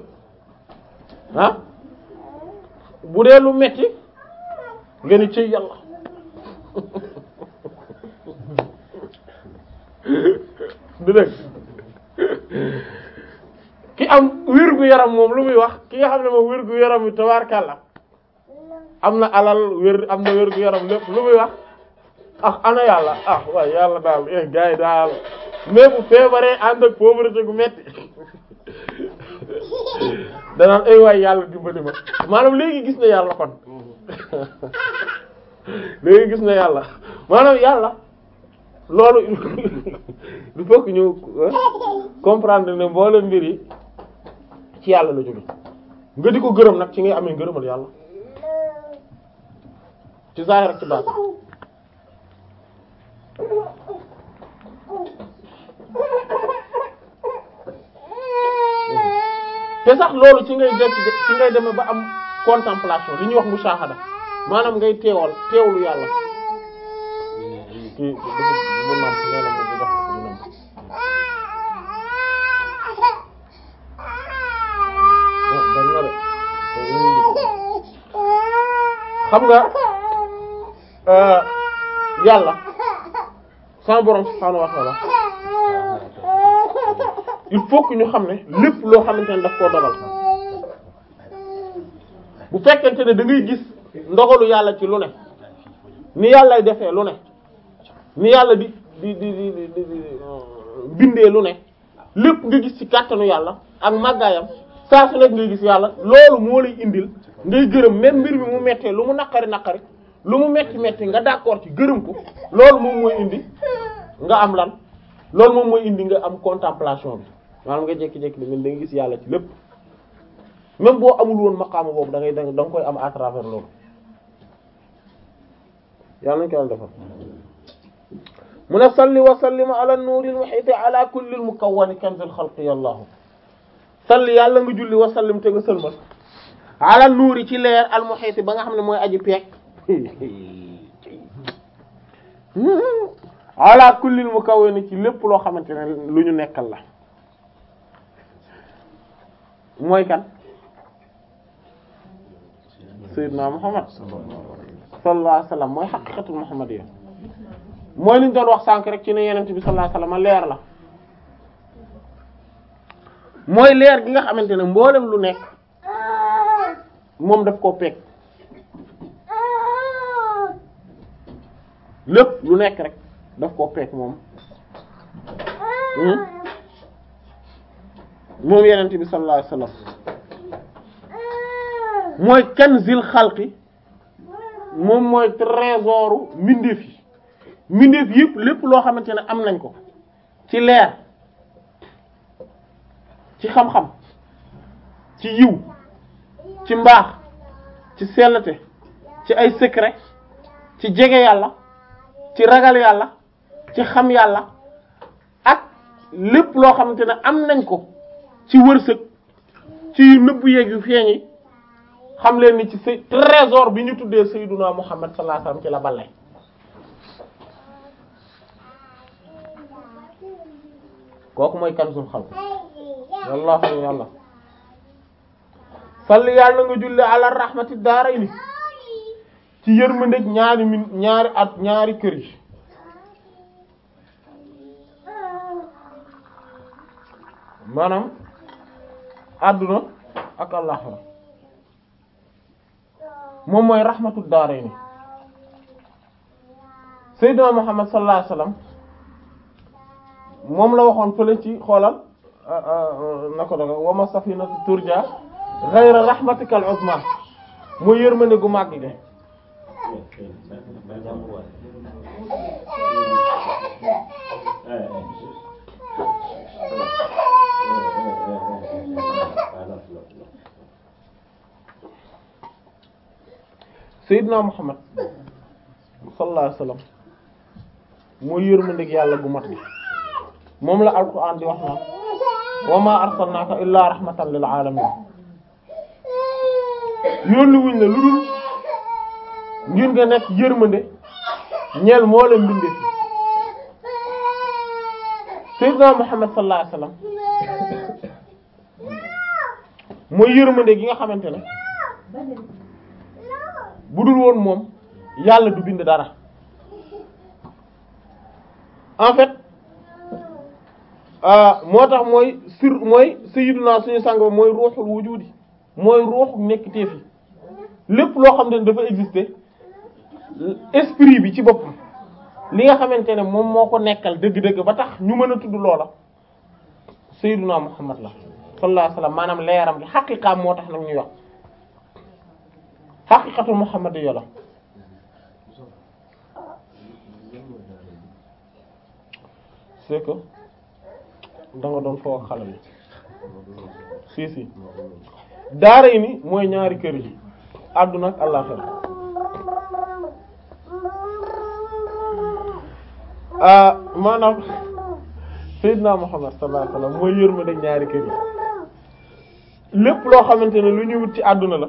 ah bu dee lu metti nga ni ci yàlla du ki am wér gu yaram moom lu muy wax ki nga xam ne moom wér gu yaram bi am na alal wér am na wér gu yaram lépp lu muy wax ah ana yàlla ah waaye yàlla daal eh gars daal mais bu feebaree ànd ak pauvreté gu metti danaan ay waay yàlla dimbali ma maanaam léegi gis na yàlla kon léegi gis na yàlla maanaam yàlla loolu il faut ñu ah, comprendre ne mboolem mbir ci yàlla la jóge nga di ko gërëm nag ci ngay amee ngërëmal yàlla ci zahir ak ci baat te sax loolu ci ngay dem ci ba am contemplation yi ñuy wax mushahada maanaam ngay teewal teewlu yàlla xam nga euh, yàlla sama borom subhaanahu wa ta'ala il faut que ñu xam ne lépp loo xamante ne daf koo dogal bu fekkente ne da ngay gis ndogalu yàlla ci lu ne ni yàllay defee lu ne ni yàlla di di di di di bindee lu ne lépp nga gis ci kàttanu yàlla ak màggaayam saa su nekk ngay gis yàlla loolu moo lay indil ngay gërëm même mbir mi mu mettee lu mu naqari naqari lu mu metti metti nga d'accord ci gërëm ko loolu moom mooy indi nga am lan loolu moom mooy indi nga am contemplation bi maanaam nga jékki-jékki da gis yàlla ci lépp même boo amul woon maqaama boobu da ngay da nga koy am à travers loolu yàlla nañu ko yàlla defal mu ne salli wa sallim ala nuuril muhiiti ala kullil mukawwani salli yàlla nga nuuri ci leer al muhiiti ba nga xam ne mooy aji peek ala kullil mukawwani ci lépp loo xamante ne lu ñu nekkal la mooy kan Seydina Muhammad sallallahu alayhi wasallam mooy xaqiqatul muhammadiyya mooy liñ doon wax sànk rek ci ne yenent bi sallallahu alayhi ma leer la mooy leer gi nga xamante ne mboolem lu nekk moom daf koo peeg lépp lu nekk rek daf koo peeg moom hmm? moom yenent bi sallallahu alayhi wasallam mooy kanzil xalqi moom mooy trésoru mbindeef yi mbindeef yëpp lépp loo xamante ne am nañ ko ci leer ci xam-xam ci yiw ci mbaax ci sellte ci ay secret ci jege yàlla ci ragal yàlla ci xam yàlla ak lépp loo xamante ne am nañ ko ci wërsëg ci nëbbu yeeg yu xam leen ni ci say trésor bi ñu tuddee sayyiduna Muhammad sallallahu alayhi ci la ballay kooku mooy kanzul xalq wallahu yàlla salli yàlla nga julli ala rahmati daarayni ci yërmande ñaari min ñaari at ñaari kër yi maanaam àdduna ak àllaxira moom mooy rahmatud daarayni sayyidina Muhammad moom la waxoon fële ci xoolal na ko doga wama safinatu turja ghayra rahmatikal uzma mooy yërmande gu màgg gi Seydina Muhammad sallallahu alayhi wasallam mooy yërmandeeg yàlla gu mat bi moom la alquran di wax naan wa ma arsalnaaka illaa rahmatan lil alamin yónni wuñ la lu dul ngir nga nekk yërmande ñeel moo leen bindee Seydina Muhammad sallallahu alayhi wasallam mooy yërmande gi nga xamante ne bu dul woon moom yàlla du bind dara en fait euh, moo tax mooy sur mooy sayyiduna suñu sang ba mooy ruuxul wujudi mooy ruuxu nekk téef yi lépp loo xam ne dafa exister esprit bi ci boppam li nga xamante ne moom moo ko nekkal dëgg-dëgg ba tax ñu mën a tudd loola sayyiduna Muhammad la sallallahu alayhi wa sallam maanaam leeram gi xaqiqa moo tax nag ñuy wax xaqiqatu Muhammad yola c'est que doon foo xale bi si si ni mooy ñaari kër yi àdduna ak àllaxira ah, maanaam Seydina Muhammad sallallahu alayhi wa sallam mooy ñaari kër yi lépp loo xamante ne lu ñuy wut ci àdduna la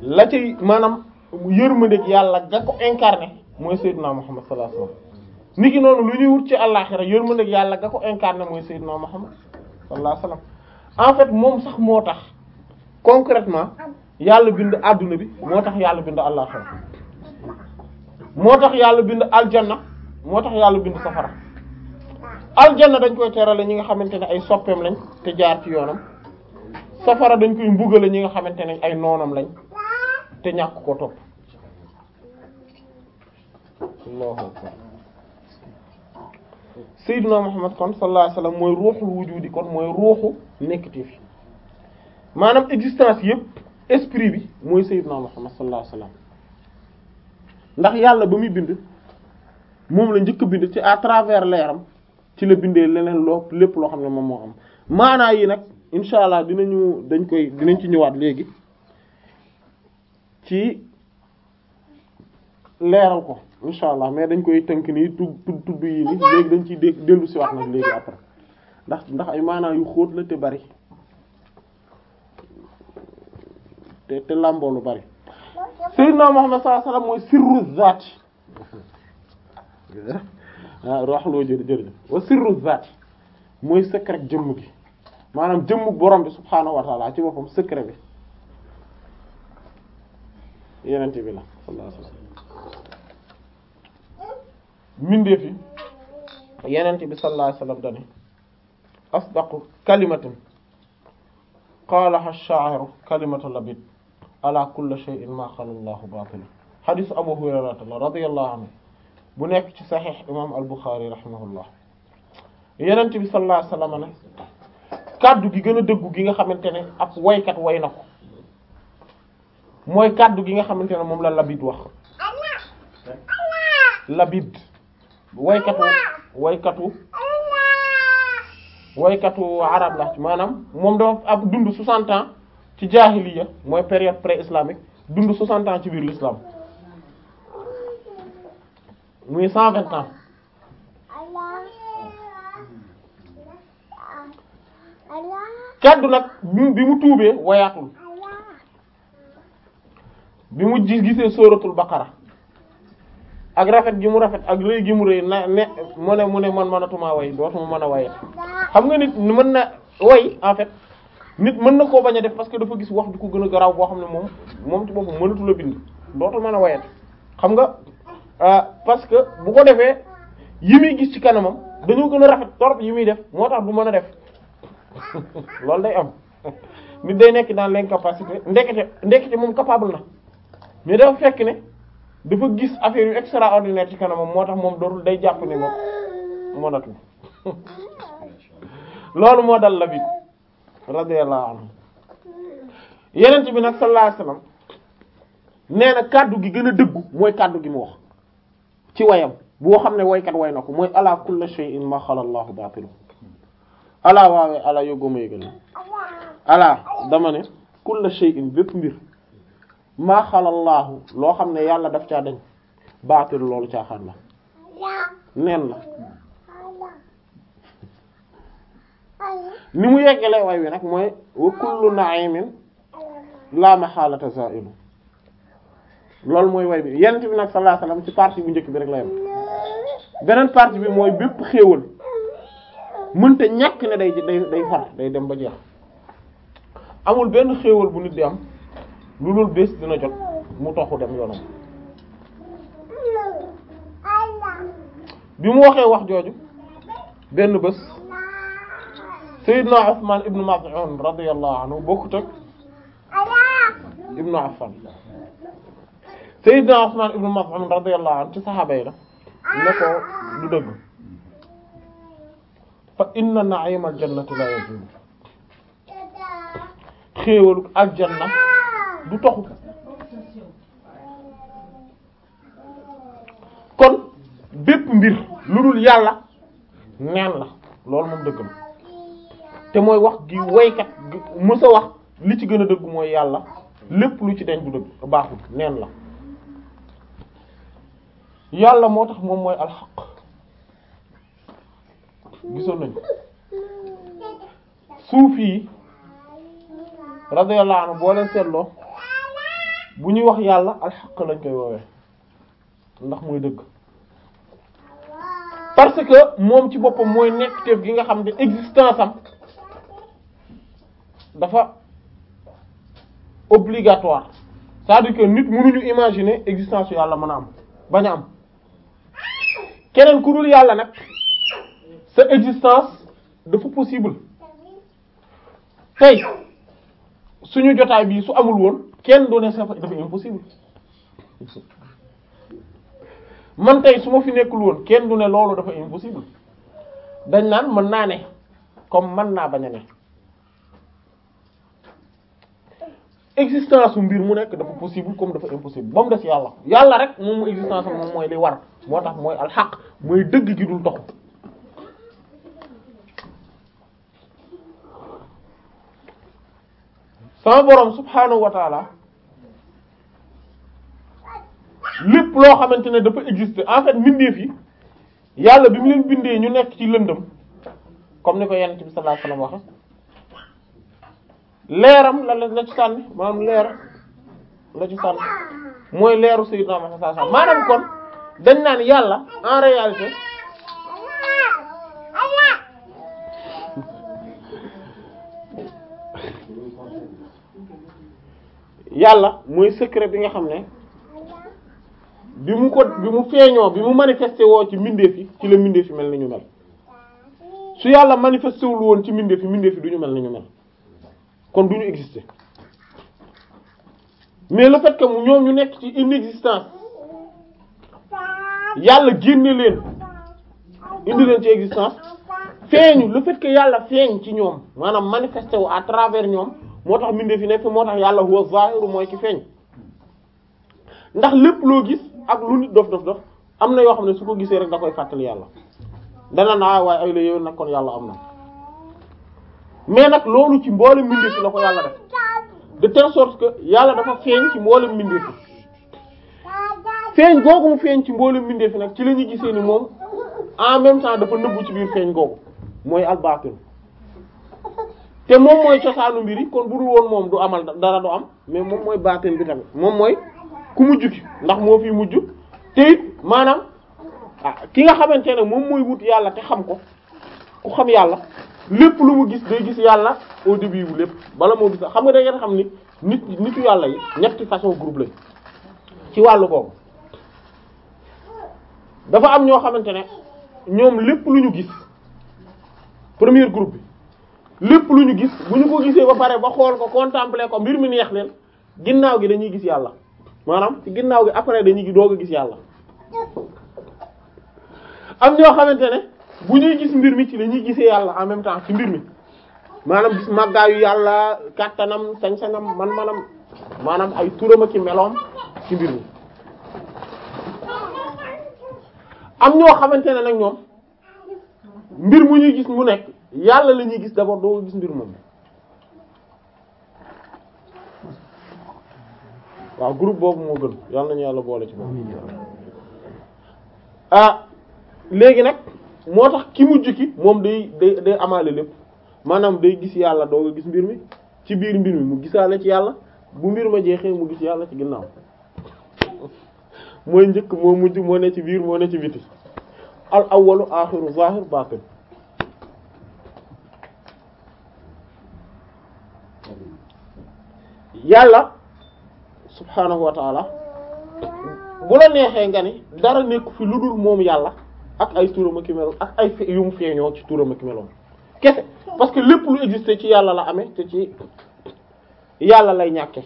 la ci maanaam yërmandeeg yàlla ga ko incarné mooy Seydina Muhammad sallallahu alayhi wasallam nit ki noonu lu ñuy wut ci àllaxira yërmandeeg yàlla ga ko incarné mooy Seydina Muhammad sallallahu alayhi wasallam en fait moom sax moo tax concretement yàlla bind àdduna bi moo tax yàlla bind àllaxira moo tax yàlla bind aljanna moo tax yàlla bind safara aljanna dañ koy terale ñi nga xamante ne ay soppeem lañ te jaar ci yoonam safara dañ koy mbugale ñi nga xamante ne ay noonam lañ te ñàkk ko topp allahu akbar sayyidina muhammad kon sallallahu alayhi mooy ruuxul wujudi kon mooy ruuxu nekkati maanaam existence yëpp esprit bi mooy sayyidina muhammad sallallahu alayhi wasallam ndax yàlla ba muy bind moom la njëkk bind ci à travers leeram ci la bindee leneen loo lépp loo xam ne moom moo am maanaa yi nag incha allah dinañu dañ koy dinañ ci ñëwaat léegi ci leeral ko incha allah mais dañ koy tënk nii tudd tudd tudd yi nii léegi dañ ciy dégg dellu si wax nag léegi après ndax ndax ay maanaa yu xóot la te bari te te làmboo lu bari. Sayyidina Muhammad sallallahu alayhi wasallam mooy sirru zaat ah roxloo jërëjëf wa sirru zaat mooy secret jëm gi. maanaam jëmmu borom bi subhaanahu wa taala ci boppam secret bi yenente bi la sallallahu alayhi wasallam mindeef yi yenente bi sallallahu alayhi wasallam dane asdaqu kalimatin qaalaha ash-sha'iru kalimatu labid ala kulli shay'in ma xala Allahu batil xadisu Abu Hurayrata la radiyallahu anhu bu nekk ci saxiix imam al-Bukhari rahimahullah yenente bi sallallahu alayhi wasallam ne kàddu gi gën a dëggu gi nga xamante ne ab woykat woy na ko mooy kàddu gi nga xamante ne moom la labid wax woykat waykatu waykatu waykatu arab la maanaam moom dafa ab dund 60 ans ci jaahiliya mooy période pré-islamique dundu 60 ans ci biir l'islam muy 120 ans kaddu nag bi mu tuubee wayaatul bi mu gisee sóoratul baqara ak rafet gi mu rafet ak rëy gi mu rëy na ne mu ne mu ne man mënatuma way dootuma mën a wayet xam nga nit mën na way en fait nit mën na koo bañ a def parce que dafa gis wax du ko gën a garaaw boo xam ne moom moom ci boppam mënatu la bind dootul mën a wayet xam nga euh, parce que bu ko defee yi muy gis ci kanamam dañoo gën a rafet torop yi muy def moo tax du mën a def loolu day am nit day nekk dans l'incapacité ndekete ndekete moom capable na mais dafa fekk ne dafa gis affaire yu extraordinaire ci kanamam moo tax moom dootul day jàpp ne moom mënatul loolu moo dal Labid radiyallahu anhu yenent bi nag sallallahu alayhi wasallam nee na kàddu gi gën a dëggu mooy kàddu gi mu wax ci wayam boo xam ne waykat way na ko mooy ala kulli shay'in ma xala Allahu baatilu alaa waawee alaa yóggooma yégal alaa dama ne kulla shay'in bépp mbir maa xalallaahu loo xam ne yàlla daf ca dañ baatil loolu caaxaan la neen la ni mu yeggale way wi nag mooy wa kullu na'imin la mahalata za'ilu loolu mooy way bi yent bi nag sallallahu alayhi wasallam ci partie bu njëkk bi rek la yam beneen partie bi mooy bépp xéewal mënta ñàkk ne day day day day dem ba jeex amul benn xéewal bu nit di am lu dul bés dina jot mu toxu dem yoonam bi mu waxee wax jooju benn bés Seydina Usmaan ibnu Maz'un radiyallahu anhu bokkut ak ibnu Affan Seydina Usmaan ibnu Maz'un radiyallahu anhu ci saxaaba yi la ne ko dëgg fa inna na'imal jannati la yazul xéewalu aljanna du toxu kon bépp mbir lu dul yàlla neen la loolu moom dëgg la te mooy wax gi woykat mës a wax li ci gën a dëgg mooy yàlla lépp lu ci denc bu dëgg baaxul neen la yàlla moo tax moom mooy alxaq gisoon nañ suufi yi radiyallahu boo leen seetloo bu ñuy wax yàlla alxaq lañ koy woowee ndax mooy dëgg parce que moom ci boppam mooy nekkteef gi nga xam ne existence am dafa obligatoire cest à que nit mënuñu imaginer existence yàlla mën a am bañ a am keneen ku dul yàlla nag sa existence dafa possible tey suñu jotaay bii su amul woon kenn ne sa dafa impossible man tey su ma fi nekkul woon kenn du ne loolu dafa impossible dañ naan mën naa ne comme mën naa bañ a ne existence su mbir mu nekk dafa possible comme dafa impossible ba mu des yàlla yàlla rek moom mu existence moom mooy li war moo tax mooy alxaq mooy dëgg gi dul tox sama borom subhaanahu wa taala lépp loo xamante ne dafa exister en fait mbindeef yi yàlla bi mu leen bindee ñu nekk ci lëndëm comme ni ko yonent bi sallallahu alayhi wasallam waxe leeram la la ci sànni maanaam leer la ci sànni mooy leeru sayyidina Muhammad sallallahu maanaam kon dañ naan yàlla en réalité yàlla mooy secret bi nga xam ne bi mu ko bi mu feeñoo bi mu manifesté woo ci mbindeef yi ci la mbindeef fi mel na ñu mel su yàlla manifesté wul woon ci mbindeef yi mbindeef yi du ñu mel ni ñu mel kon du ñu exister mais le fait mu ñoom ñu nekk ci inexistence yàlla génne leen indi leen ci existence feeñu le fait yàlla feeñ ci ñoom maanaam manifesté wu à travers ñoom. moo tax mbindeef fi nekk moo tax yàlla huwa zaahiru mooy ki feeñ ndax lépp loo gis ak lu nit dof dof dof am na yoo xam ne su ko gisee rek da koy fàttali yàlla dana naa ah, waaye ay la yow yàlla am mais nag loolu ci mboole mbindeef yi yàlla def de telle sorte que yàlla dafa feeñ ci mboole mbindeef yi feeñ googu mu feeñ ci mboole mbindeef yi nag ci la ñu gisee ni moom en même temps dafa nëbbu ci biir feeñ googu mooy albaatin te moom mooy cosaanu mbir yi kon bu dul woon moom du amal dara du am mais moom mooy baatin bi tamit moom mooy ku mujj ki ndax moo fi mujj te it maanaam ah ki nga xamante ne moom mooy wut yàlla te xam ko ku xam yàlla lépp lu mu gis day gis yàlla au début bu lépp bala moo gis xam nga da ngeen xam ni nit nitu yàlla yi ñetti façon group lañ ci wàllu boobu dafa am ñoo xamante ne ñoom lépp lu ñu gis premier groupe bi. lépp lu ñu gis bu ñu ko gisee ba pare ba xool ko contempler ko mbir mi neex leen ginnaaw gi dañuy gis yàlla maanaam ci ginnaaw gi après dañuy doog a gis yàlla am ñoo xamante ne bu ñuy gis mbir mi ci la ñuy gisee yàlla en même temps ci mbir mi maanaam gis màggaayu yàlla kàttanam sañ man manam maanaam ay turam ak i meloom ci mbir mi am ñoo xamante ne nag ñoom mbir mu ñuy gis mu nekk yàlla la ñuy gis d'abord doo gis mbir moom waaw groupe boobu moo gën yàlla nañu yàlla boole ci boobu ah léegi nag moo tax ki mujj ki moom day day day amaale lépp maanaam day gis yàlla doo gis mbir mi ci biir mbir mi mu gisaale ci yàlla bu mbir ma jeexee mu gis yàlla ci ginnaaw mooy njëkk moo mujj moo ne ci biir moo ne ci biti al awwalu axiru zahir batin yàlla subhaanahu wa taala bu la neexee nga ni dara nekk fi lu dul moom yàlla ak ay turam ak meloom ak ay yu mu feeñoo ci turam ak meloom kese parce que lépp lu existé ci yàlla la amee te ci yàlla lay ñàkke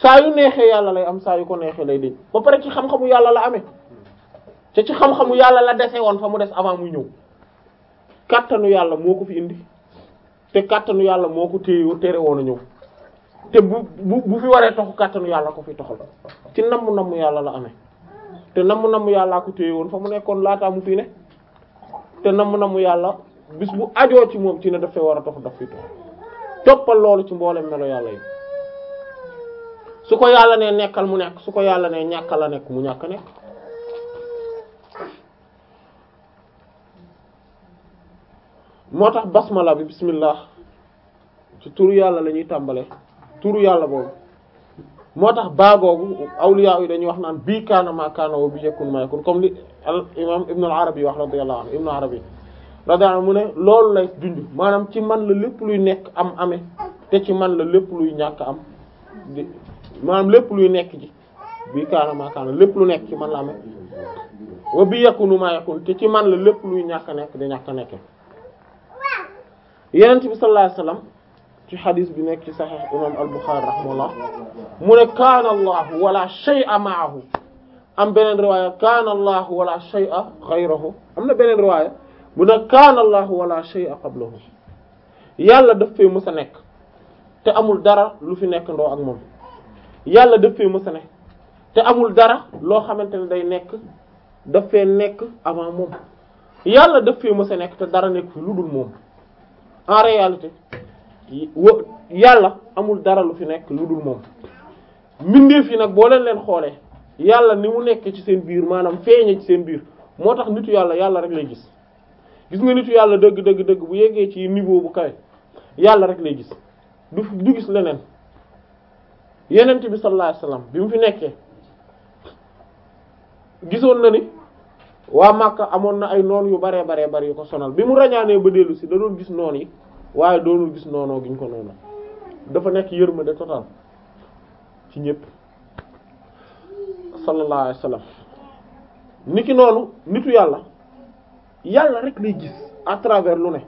saa yu neexee yàlla lay am saa yu ko neexee lay deñ ba pare ci xam-xamu yàlla la amee te ci xam-xamu yàlla la dese woon fa mu des avant muy ñëw kàttanu yàlla moo ko fi indi te kàttanu yàlla moo ko téye tere woon a ñëw te bu bu bu fi waree toxu kàttanu yàlla ko fi toxal ci namm namm yàlla la ame te namm namm yàllaa ko téye woon fa mu nekkoon laata mu fii ne te namm namm yàlla bis bu ajoo ci moom ci ne dafay war a tox daf fi tox toppal loolu ci mboolem melo yàlla yi su ko yàlla ne nekkal mu nekk su ko yàlla ne ñàkkal a nekk mu ñàkk a nekk moo tax basmala bi bismillah ci turu yàlla la ñuy tàmbale turu yàlla boobu moo tax baa boobu awliya yi dañuy wax naan bii kaana maa kaana wa bi yakun maa yakun comme li al imam ibn al wax la anhu ibn al arabi radiyallahu anhu mu ne loolu lay dund maanaam ci man la lépp luy nekk am amee te ci man la lépp luy ñàkk am di lépp luy nekk ji bii kaana maa kaana lépp lu nekk ci man bi yakunu maa te ci man la lépp luy ñàkk nekk di ñàkk nekk yeneen bi sallallahu alayhi ci xadis bi nekk ci saxiix imaam al-Buxaari rahimahullah mu ne kaana Allahu wala shay'a ma'ahu am beneen riwaaya kaana Allahu wala shay'a ghayrahu am na beneen riwaaya bu ne kaana Allahu wala shay'a qablahu yàlla daf fee mës nekk te amul dara lu fi nekk ndoo ak moom yàlla daf fee mës nekk te amul dara loo xamante ne day nekk daf fee nekk avant moom yàlla daf fee mës nekk te dara nekk fi lu dul moom en réalité. yàlla amul dara lu fi nekk lu dul moom mbindeef yi nag boo leen leen xoolee yàlla ni mu nekkee ci seen biir maanaam feeñe ci seen biir moo tax nitu yàlla yàlla rek lay gis gis nga nitu yàlla dëgg dëgg dëgg bu yeggee ci niveau bu kawe yàlla rek lay gis du du gis leneen yenent bi sallallahu alayhi bi mu fi nekkee gisoon na ni waa Makka amoon na ay noon yu baree baree bari yu ko sonal bi mu rañaanee ba dellu si da doon gis noon yi waaye doonul gis noonoo gi ñu ko noonu dafa nekk yërmande total ci ñépp sallallahu alayhi wasallam niki noonu nitu yàlla yàlla rek lay gis à travers lu ne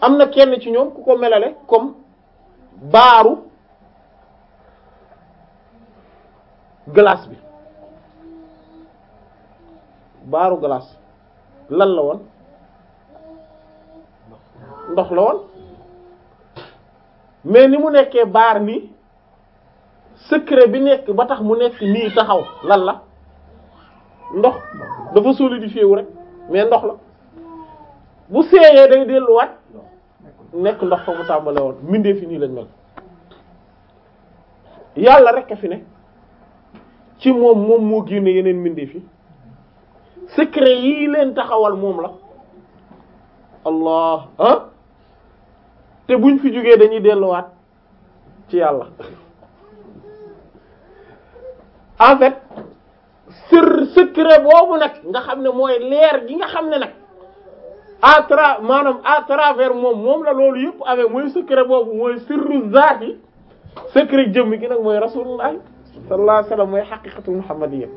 am na kenn ci ñoom ku ko melale comme baaru glace bi baaru glace lan la woon ndox la woon mais ni mu nekkee baar ni secret bi nekk ba tax mu nekk nii taxaw lan la ndox dafa solidifié wu rek mais ndox la bu seeyee day delluwaat nekk ndox fa mu tàmbale woon mbindee fi nii lañ mel yàlla rek a fi ne ci moom moom moo génne yeneen mbindee fi secret yii leen taxawal moom la allah ah te buñ fi jógee dañuy delluwaat ci yàlla en fait sër boobu nag nga xam ne mooy leer gi nga xam ne nag à tra maanaam à travers moom moom la loolu yëpp amee mooy secret boobu mooy sirru zaat yi secret jëmm ki nag mooy rasulullah sallallahu alayhi wasallam mooy xaqiqatu muhammadiyya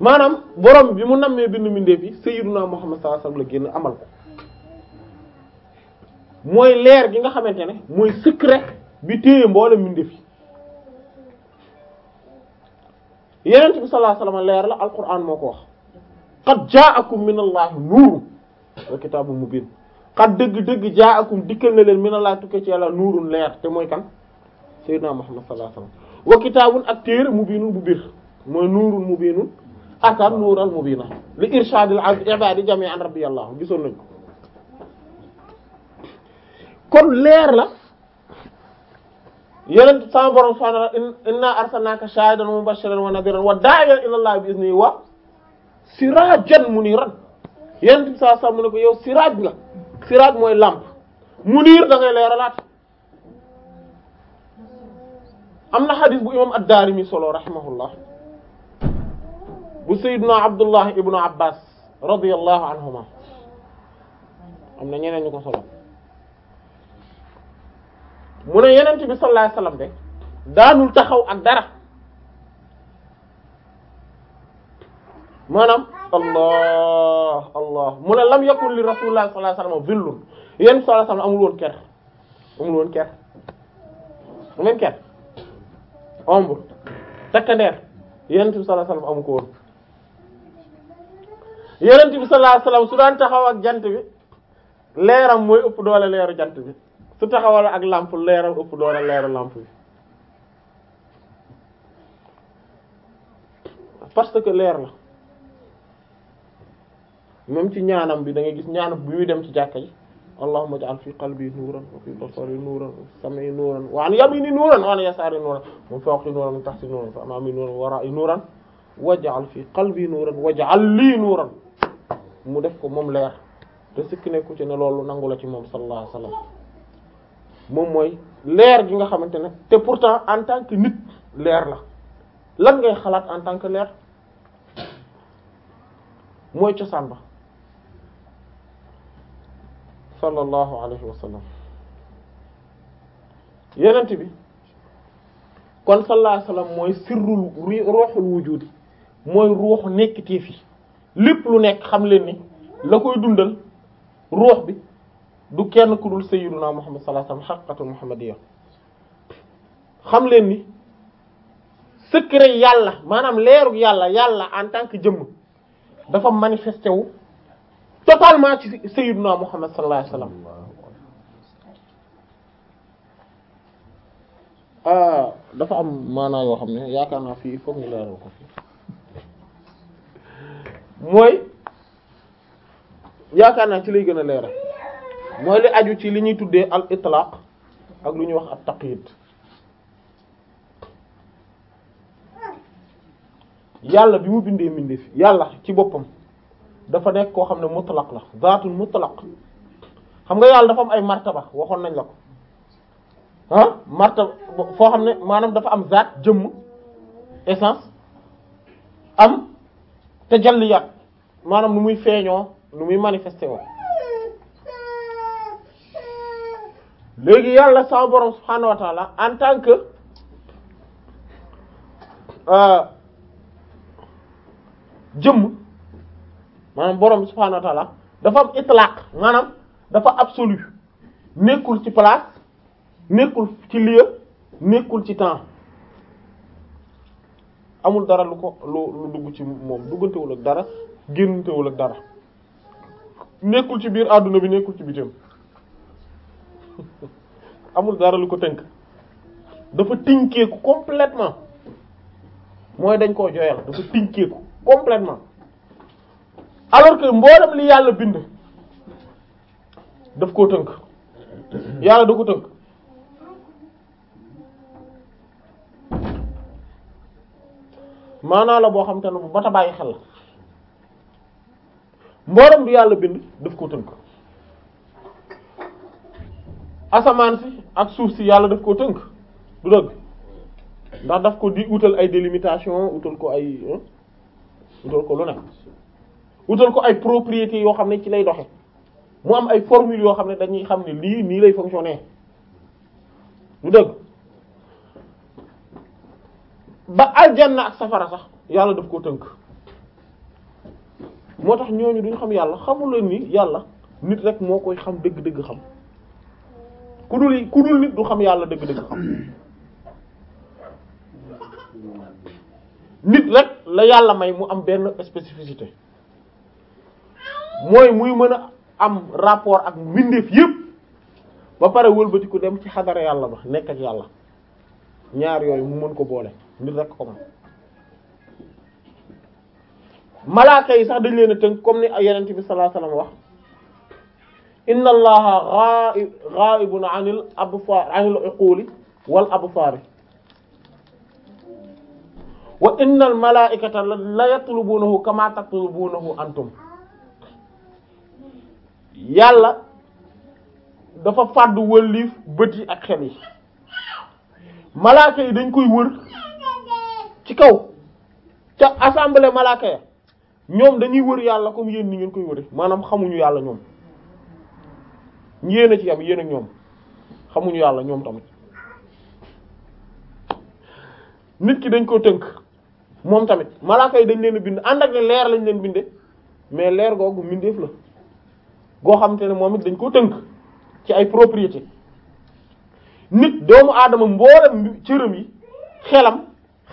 maanaam borom bi mu nammee bindu mbindeef yi sayyiduna muhammad sallallahu alayhi wasallam la génn amal mooy leer gi nga xamante ne mooy secret bi téye mboole mbindeef yi yenent bi sallallahu alayhi wasallam leer la alquran moo ko wax qad ja'akum min allahi nuurun wa kitaabun mubin qad dëgg-dëgg ja'akum dikkal na leen min allahi tukke ci yàlla nuurun leer te mooy kan sayyidina muhammad sallallahu alayhi wasallam wa kitaabun ak téere mubinun bu biir mooy nuurun mubinun atar nuural mubina li irshaadil abdi ibaadi jami'an rabbi allah gisoon nañ ko kon leer la yeneen sama borom subhanahu wa ta'ala inna arsalnaka shahidan wa mubashiran wa nadhiran wa da'iyan ila allah bi izni wa sirajan muniran yeneen bi saa saa mu ne ko yow siraj la siraj mooy lamp munir da ngay leeralaat am na xadis bu imam ad-Daarimi solo rahimahullah bu sayyidina Abdullah ibnu Abbas radiyallahu anhuma am na ñeneen ñu ko solo mu ne yenent bi sallallahu alayhi de daanul taxaw ak dara maanaam allah allah mu ne lam yakul li rasulullah sallallahu alayhi wasallam villun yenent bi sallallahu alayhi amul woon ker amul woon ker amul woon ker ombre takkandeer yenent bi sallallahu alayhi wasallam amu bi sallallahu alayhi su daan taxaw ak jant bi leeram mooy ëpp doole leeru jant bi su taxawal ak làmp leeral ëpp doole leeral làmp bi parce que leer la même ci ñaanam bi dangay gis ñaanam bi muy dem ci jàkka ji allahumma ja'al fi qalbi nuuran mu fi basari nuuran wa fi sam'i nuuran wa an yamini nuuran wa an yasari nuuran min fawqi nuuran min tahti nuuran fa amami nuuran wa fi qalbi nuuran waj'al lii nuuran mu def ko moom leer te sikk nekku ci ne loolu nangu la ci moom sallallahu alayhi wasallam moom mooy leer gi nga xamante ne te pourtant en tant que nit leer la lan ngay xalaat en tant que leer mooy cosaan ba sallallahu alayhi wa sallam bi kon sallallahu alayhi mooy sirrul ruuxul wujudi mooy ruuxu nekk téef yi lépp lu nekk xam leen ni la koy dundal roox bi du kenn ku dul sayyiduna muhammad sallallahu alayhi wasallam haqqatul muhammadiyya xam leen ni secret yàlla maanaam leeru yàlla yàlla en tant que jëmm dafa manifesté wu totalement ci sayyiduna muhammad sallallahu ah, dafa am maanaa yoo xam ne yaakaar naa fii foog ñu leeral ko fii mooy yaakaar naa ci lay gën a leeral mooy li aju ci li ñuy tuddee al itlaq ak lu ñuy wax at taqyid yàlla bi mu bindee mbindee yàlla ci boppam dafa nekk koo xam ne mutlaq la zaatul mutlaq xam nga yàlla dafa am ay martaba waxoon nañ la ko ah martaba foo xam ne maanaam dafa am zaat jëmm essence am te tajalliyaat maanaam nu muy feeñoo nu muy manifesté woo léegi yàlla sa borom subhaanahu wa en tant que euh, jëmm maanaam borom subhaanahu wa dafa am itlaq maanaam dafa absolu nekkul ci place nekkul ci lieu nekkul ci temps amul dara lu ko lu lu dugg ci moom duggantewul ak dara génnantewul ak dara nekkul ci biir àdduna bi nekkul ci bitim amul dara lu ko tënk dafa tinkeeku complètement mooy dañ koo jooyal dafa tinkeeku complètement alors que mboolem li yàlla bind daf koo tënk yàlla da ko tënk maanaa la boo xam te ne bu mat bàyyi xel la mboolem du yàlla bind daf koo tënk asamaan si ak suuf si yàlla def koo tënk du dëgg ndax daf ko di utal ay délimitation utal ko ay utal ko lu nekk utal ko ay propriétés yoo xam ne ci lay doxe mu am ay formules yoo xam ne dañuy xam ne lii nii lay fonctionner du dëgg ba aljanna ak safara sax yàlla def koo tënk moo tax ñooñu duñ xam yàlla xamul ni yàlla nit rek moo koy xam dëgg-dëgg xam ku dul ku dul nit du xam yàlla dëgg-dëgg nit rek la yàlla may mu am benn spécificité mooy muy mën a am rapport ak mbindeef yépp ba pare wëlbatiku dem ci xadara yàlla ba nekk ak yàlla ñaar yooyu mu mën ko boole nit rek ko man malaaka yi sax dañ leen a tënk comme ni yeneen bi sallallahu alayhi wasallam wax inna allaha ghaibun anil absar anil uquli wal absar wa innal malaa'ikata la yatlubunahu kama tatlubunahu antum yàlla dafa fàddu wëlliif bët yi ak xel yi malaaka yi dañ koy wër ci kaw ca assemblée malaaka ya ñoom dañuy wër yàlla comme yéen ni ngeen koy wëre maanaam xamuñu yàlla ñoom yéen ci yam yéen ñoom xamuñu yàlla ñoom tamit nit ki dañ ko tënk moom tamit malaaka yi dañ leen a bind ànd ak ne leer lañ leen binde mais leer googu mbindeef la goo xam te ne moom it dañ koo tënk ci ay propriété nit doomu aadama mboolem cëram yi xelam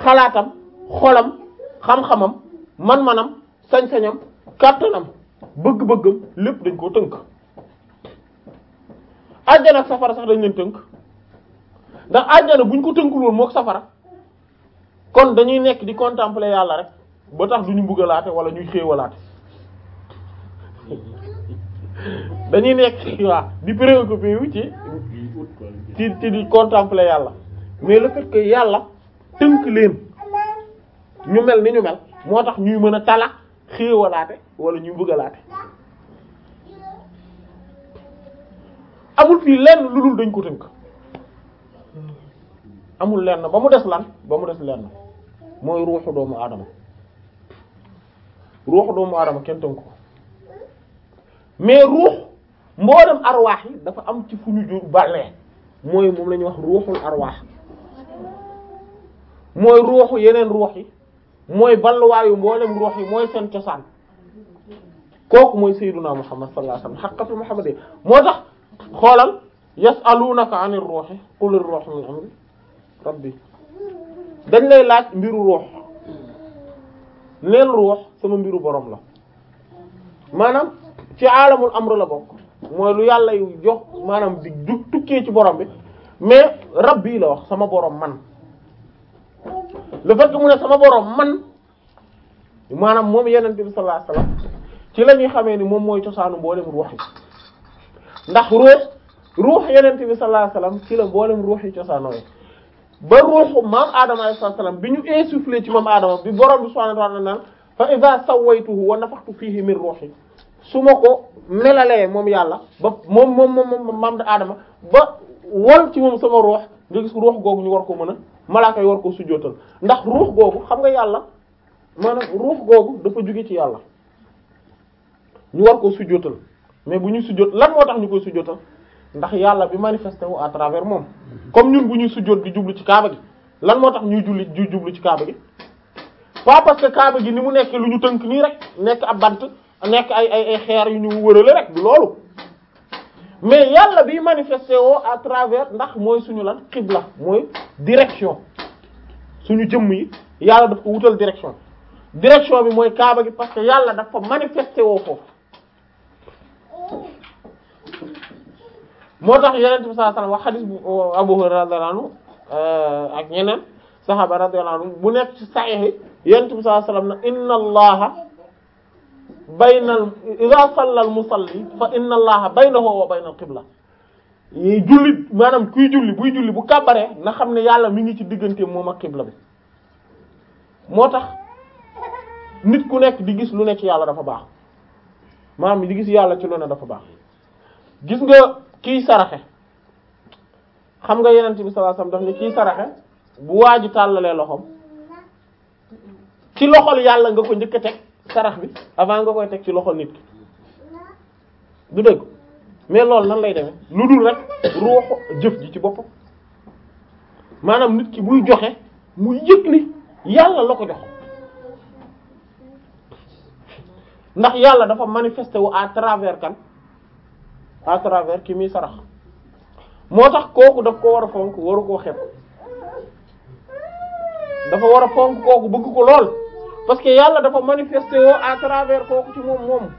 xalaatam xolam xam-xamam man-manam sañ-sañam kàttanam bëgg-bëggam lépp dañ koo tënk àjjana ak safara sax dañ leen tënk ndax àjjana buñ ko tënkul woon mook safara kon dañuy nekk di contempler yàlla rek ba tax du ñu duñu laate wala ñuy xéewalaate dañuy nekk waa di préoccupé wu ci ci ci di contempler yàlla mais la fait que yàlla tënk leen ñu mel ni ñu mel moo tax ñuy mën a tala xéewalaate wala ñuy buggalaate amul fii lenn lu dul dañ ko tënk amul lenn ba mu des lan ba mu des lenn mooy ruuxu doomu aadama ruuxu doomu aadama kenn tënk ko mais ruux mboolem arwaax yi dafa am ci fu ñu jur bàllee mooy moom la ñuy wax ruuxul arwaax mooy ruuxu yeneen ruux yi mooy balluwaayu mboolem ruux yi mooy seen cosaan kooku mooy sayyiduna Muhammad sallallahu alayhi wasallam xaqatu Muhammad moo tax xoolal yasalunaka anir ruhi qulir ruhu min amri rabbi dañ lay laaj mbiru ruux neel ruux sama mbiru borom la maanaam ci aalamul amr la bokk mooy lu yàlla yu jox maanaam di du tukkee ci borom bi mais rabbi la wax sama borom man la fait mu ne sama borom man maanaam moom yenente bi sallallahu alayhi ci la ñuy xamee ni moom mooy cosaanu mboolem ruux yi ndax ruux ruux yeneen bi sallallahu alayhi ci la mboolem ruux yi cosaanoo ba ruuxu maam Adama salaam bi ñu insufflé ci maam Adama bi borom bi subhaanahu wa ta'aala naan fa saw sawaytuhu wa nafaxtu fiihi min ruuhi su ma ko melalee moom yàlla ba moom moom moom maam Adama ba wol ci moom sama ruux nga gis ruux googu ñu war ko mën a malaaka koy war ko sujjootal ndax ruux googu xam nga yàlla maanaam ruux googu dafa jóge ci yàlla ñu war ko sujjootal mais bu ñu sujjóot lan moo tax ñu koy sujjóotal ndax yàlla bi manifesté wu à travers moom comme ñun bu ñuy sujjóot di jublu ci kaaba gi lan moo tax ñuy julli di jublu ci kaaba gi pas parce que kaaba gi ni mu nekk lu ñu tënk nii rek nekk ab bant nekk ay ay ay xeer yu ñu wërale rek du loolu mais yàlla bi manifesté woo à travers ndax mooy suñu lan xibla mooy direction suñu jëmm yi yàlla daf ko wutal direction direction bi mooy kaaba gi parce que yàlla dafa manifesté woo foofu moo tax yeneen bi sallallahu alayhi wasallam wax xadis bu uh, Abu Hurayra radiyallahu anhu uh, ak ñeneen saxaaba radiyallahu anhu bu nekk ci saxiix yeneen bi sallallahu alayhi wasallam na inna allaha baynal idha salla al musalli fa inna allaha baynahu wa baynal qibla jullit maanaam kuy julli buy julli bu kàbbaree na xam ne yàlla mi ngi ci diggante moom ak qibla bi moo tax nit ku nekk di gis lu nekk yàlla dafa baax maanaam di gis yàlla ci lu ne dafa baax gis nga kiy saraxe xam nga yenent bi sallallahu alayhi wasallam daf ne kiy saraxe bu waaju tàllalee loxoom ci loxol yàlla nga ko njëkk a teg sarax bi avant nga koy teg ci loxol nit ki du dëgg mais loolu nan lay deme lu dul rek ruuxu jëf ji ci boppam maanaam nit ki buy joxe mu yëg ni yàlla la ko jox ndax yàlla dafa manifesté wu à travers kan à travers ki muy sarax moo tax kooku daf ko war a fonk waru koo xeeb dafa war a fonk kooku bëgg ko lool parce que yàlla dafa manifesté woo à travers kooku ci moom moom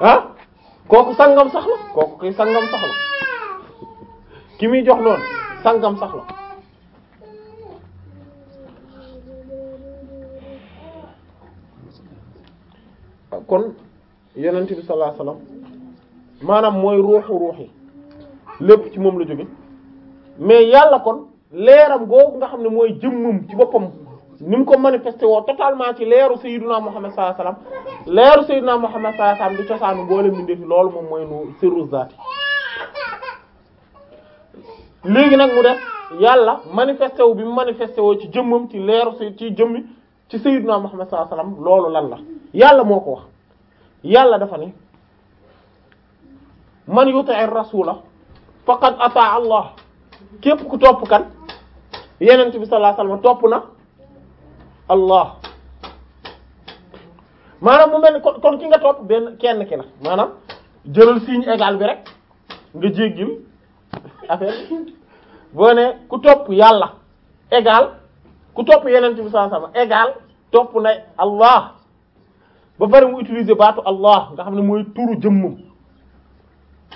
ah kooku sangam sax la kooku ki sangam jox lool sangam sax kon yonent bi sallallahu alayhi maanaam mooy ruuxu ruux lépp ci moom la jóge mais yàlla kon leeram googu nga xam ne mooy jëmmum ci boppam nu mu ko manifesté woo totalement ci leeru sayyiduna Muhammad sallallahu alayhi wasallam leeru sayyiduna Muhammad sallallahu alayhi wasallam di cosaanu boole mbindeef loolu moom mooy nu sirru zaati léegi nag mu def yàlla manifesté wu bi mu manifesté woo ci jëmmam ci leeru ci jëmmi ci sayyiduna Muhammad sallallahu alayhi wasallam loolu lan la yàlla moo ko wax yàlla dafa ne man yuti'ir rasula faqad ataa allah képp ku topp kan yenent bi sallallahu alayhi topp na allah maanaam mu mel ni kon ki nga topp benn kenn ki la maanaam jëlal signe égal bi rek nga jéggil affaire boo ne ku topp yàlla égal ku topp yenent bi sallallahu alayhi wasallam topp na allah ba pare mu utiliser baatu allah nga xam ne mooy turu jëmmam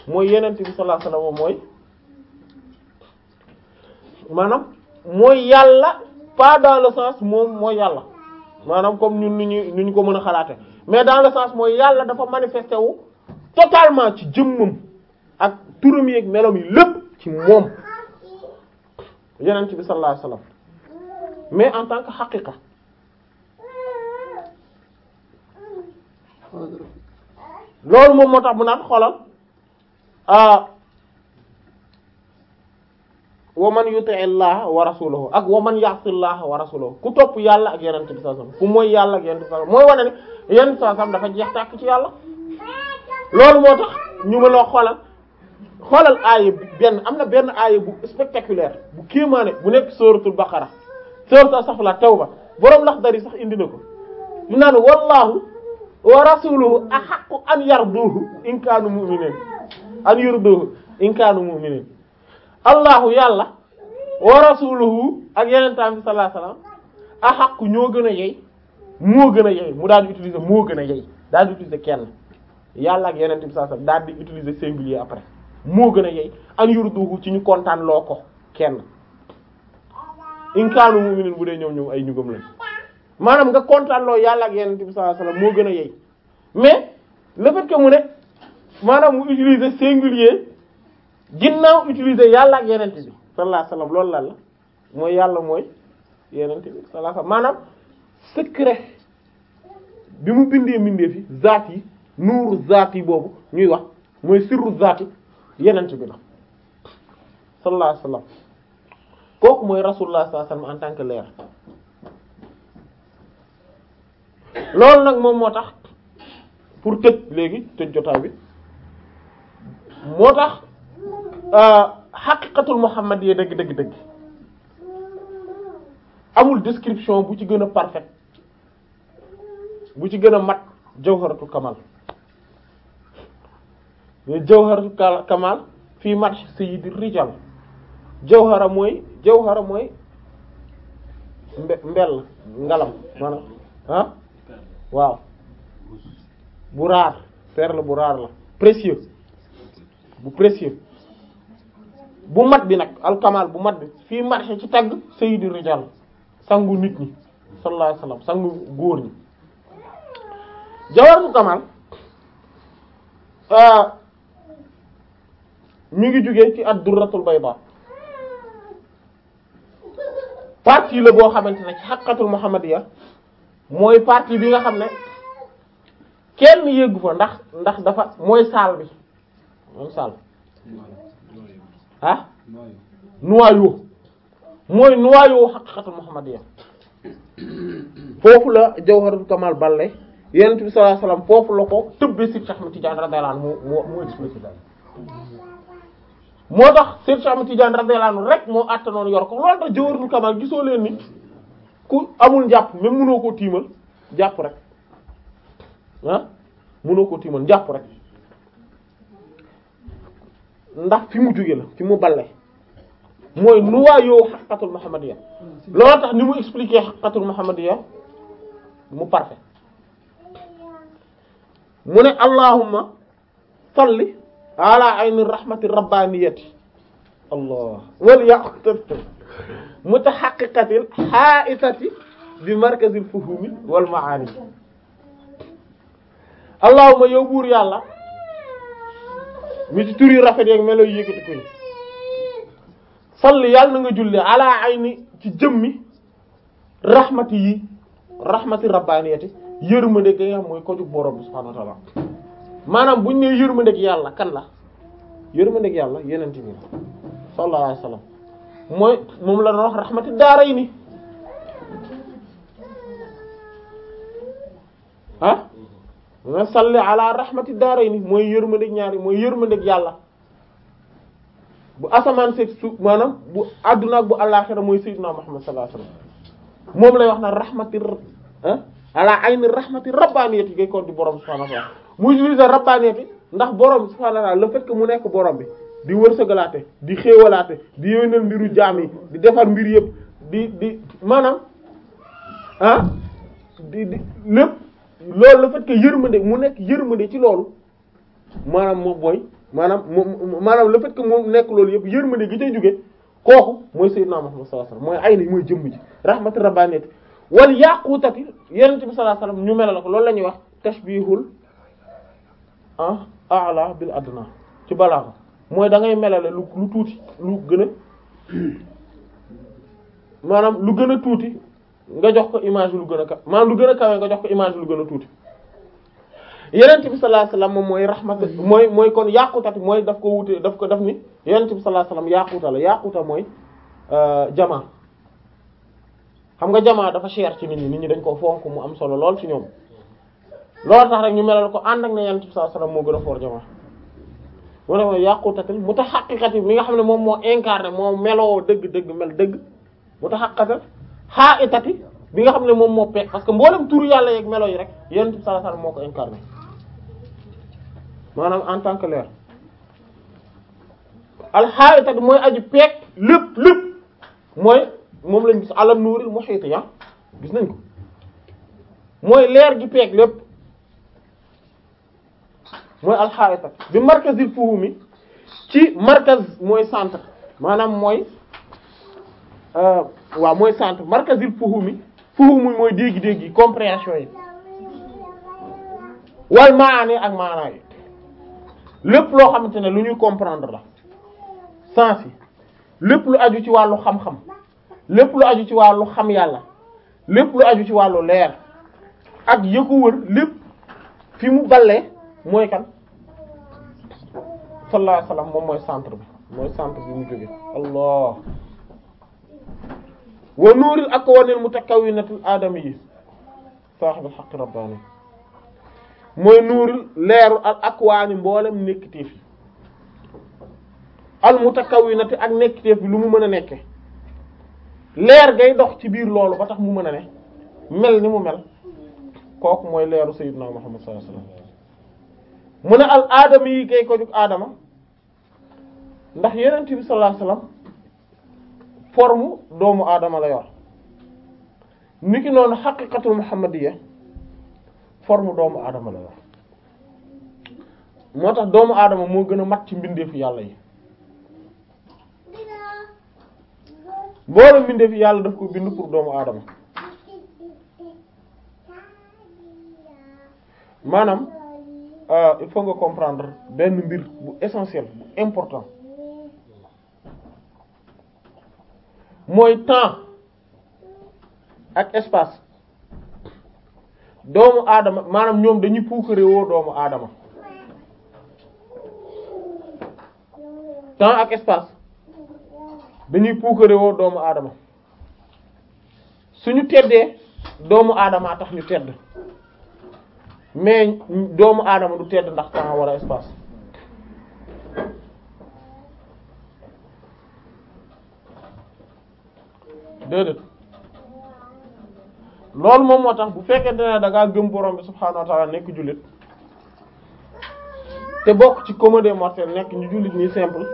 mooy yenent bi sallallahu alayhi wasallam mooy maanaam mooy yàlla pas dans le sens moom mooy yàlla maanaam comme ñun ni ñu ni ñu ko mën a xalaate mais dans le sens mooy yàlla dafa manifesté wu totalement ci jëmmam ak turam yi ak melom yi lépp ci moom yenent bi sallallahu alayhi wasallam mais en tant que xaqiqa loolu moom moo tax mu naan xoolal ah wa man yuti'i llaha wa ak wa man ya'si llaha wa ku topp yàlla ak yonent bi sallallahu ku mooy yàlla ak yonent bi sallallahu alayhi wasallam mooy dafa jeex tàkk ci yàlla loolu moo tax ñu mën a xoolal xoolal aaya benn am na benn aaya bu spectaculaire bu kéemaane bu nekk suratul baqara suratul safla tawba boroom Laxdari sax indi na ko mu naan wallahu wa rasuluhu ahaqqu an yarduhu in kaanu mu'minin an yarduhu in kaanu mu'minin allahu yàlla wa ak yenentaan bi sallallahu alayhi wasallam ahaqqu ñoo gën a yey moo gën a yey mu daal di utiliser moo gën a yey daal utiliser kenn yàlla ak yenente bi sallallahu daal di utiliser singulier après moo gën a yey an yarduhu ci ñu kontaan loo ko kenn in kaanu mu'minin bu dee ñëw ñëw ay ñu gëm lañ maanaam nga kontaan loo yàlla ak yeneen bi sallallahu alayhi moo gën a yey mais le fait mu ne maanaam mu utiliser singulier ginnaaw utiliser yàlla ak yeneen bi sallallahu alayhi wasallam loolu lan la mooy yàlla mooy yeneen bi sallallahu alayhi maanaam secret bi mu bindee bindee fi zaat yi nuuru zaat yi boobu ñuy wax mooy sirru zaat yi yeneen bi la sallallahu alayhi wasallam kooku mooy rasulullah sallallahu en tant que leer. loolu nag moom moo tax pour tëj léegi tëj jotaay bi moo tax euh, xaqiqatul muhammadiyya dëgg dëgg dëgg amul description bu ci gën a parfaite bu ci gën a mat jawharatul kamal jawharatul kamal fii mat sayyidi rijal jawhara mooy jawhara mooy mbel mbell ngalam maanaam ah waaw bu raar perle bu raar la précieux bu précieux bu mat bi nag alkamal bu mat bi fii marché ci tagg sayyidu rijal sangu nit ñi sallallahu alayhi sangu góor ñi jawartu kamal euh, mi ngi jógee ci at durratul bayda partie la boo xamante ne ci xaqatul muhammadiya mooy partie bi nga xam ne kenn yëggu fa ndax ndax dafa mooy saal bi mooy saal ah noyau mooy noyau haqiqatul muhammadiyya foofu la jawharul kamal balle yonent bi sallallahu alayhi wasallam foofu la ko tëbbee Cheikh Ahmed mu radiyallahu anhu moo moo expliqué moo tax Cheikh Ahmed Tidiane radiyallahu rek moo àttanoon yor ko loolu tax jawharul kamal gisoo leen ni ku amul njàpp même mënoo koo tiimal jàpp rek tiimal njàpp rek ndax fi mu jóge la fi mu balle mooy nuwaayoo xaqatul muhammadiya loolu tax ni mu expliquer xaqatul muhammadiya mu parfait mu ne allahumma salli ala ayni rahmati rabbaniyati allah wal yaqtat mutaxaqiqatil xaaitati bi markazil fuhumi wa maarif allahuma yow buur yàlla mi ci tur yu rafet yeeg melo yu salli yàlla na nga julli ala ayni ci jëmmi rahmati yi rahmati rabbaniyati yërmande gi nga xam mooy ko jug borom bi subhanahu wa ta'ala maanaam buñ ne yërmande gi yàlla kan la yërmande gi yàlla yeneen bi sallallahu alayhi mooy moom la doon wax raxmati daara yi nii ah ma salli ala raxmati daara mooy yërmandeeg ñaari mooy yërmandeeg yàlla bu asamaan seeg suuf maanaam bu àdduna bu àllaaxira mooy sayyidina Muhammad sallallahu alayhi wasallam moom lay wax na raxmati ah ala ayni raxmati rabbaaniyati gay kon di borom subhaanahu wa ta'aala muy julli sa rabbaaniyati ndax borom subhaanahu wa ta'aala le fait que mu nekk borom bi. di wërsëgalaate di xéewalaate di yéwénal mbiru jaam yi di defar mbir yëpp di di maanaam ah di di lépp loolu la fait que yërmande mu nekk yërmande ci loolu maanaam moom mooy maanaam mu maanaam la fait que moom nekk loolu yëpp yërmande gi cay jóge kooku mooy sayyidna Muhammad sallallahu alayhi mooy ay ni mooy jëmm ji rahmatu rabbaniyati wal yaqutati yenent bi sallallahu alayhi wasallam ñu melal ko loolu la ñuy wax tashbihul ah a'la bil adna ci balaa mooy da ngay melale lu lu tuuti lu gën a maanaam lu gën a tuuti nga jox ko image lu gën a ka maanaam lu gën a kawe nga jox ko image lu gën a tuuti yonent bi sallallahu alayhi wasallam moom mooy rahmata mooy mooy kon yàqutati mooy daf ko wutee daf ko daf ni yonent bi sallallahu alayhi wasallam yàquta la yàquta mooy euh, jamaa xam nga jamaa dafa cher ci mit ñi nit ñi dañ koo fonk mu am solo lool ci ñoom loolu tax rek ñu melal ko ànd ak ne yonent bi sallallahu alayhi moo gën a foor jamaa moo tax ma yàqutatil mutahaqiqati mi nga xam ne moom moo incarné moo meloo dëgg dëgg mel dëgg xaa haitati bi nga xam ne moom moo peeg parce que mboolem turu yàlla yeeg melo yi rek yonent bi sallallahu alayhi wasallam moo ko incarné maanaam en tant que leer alxaitati mooy aju peeg lépp mooy moom lañ gis alam nuuril muhiit ya ah, gis nañ ko mooy leer gi peeg lépp mooy alxaarisa bi markazil fuhumi ci markaz mooy centre maanaam mooy euh, waaw mooy centre markazil fuhumi fuhumi mooy dégg-dégg yi compréhension yi wal maani ak maanaa yi lépp loo xamante ne lu ñuy comprendre la sens yi lépp lu aju ci wàllu xam-xam lépp lu aju ci wàllu xam yàlla lépp lu aju ci wàllu leer ak yëku wër lépp fi mu ballee mooy kan sallallahu alayhi moom mooy centre bi mooy centre bi mu jóge allah wa nuuril akwanil mutakawwinatil aadamiyyi saaxibul xaqi rabbaani mooy nuuril leeru al akwaani mboolem nekkiteef yi al mutakawwinati ak nekkiteef bi lu mu mën a nekke leer gay dox ci biir loolu ba tax mu mën a ne mel ni mu mel kooku mooy leeru sayyidina Muhammad sallallahu alayhi mu ne al aadama yi gay ko aadama ndax yonent bi sallallahu alayhi wasallam doomu aadama la yor niki noonu xaqiqatul muhammadiyya forme doomu aadama la yor moo tax doomu aadama moo gën a mat ci mbindeefu yàlla yi mbooloo mbindeefu yàlla daf ko bind pour doomu aadama maanaam Euh, il faut nga comprendre benn mbir bu essentiel bu important mooy temps ak espace doomu aadama maanaam ñoom dañuy puukare woo doomu aadama temps ak espace dañuy puukare woo doomu aadama suñu teddee doomu aadama tax ñu tedd mais doomu aadama du tedd ndax temps wala espace déedéet loolu moom moo tax bu fekkente ne da ngaa gëm borom bi subhaanahu nekk jullit te bokk ci commun des nekk ñu jullit ñi simple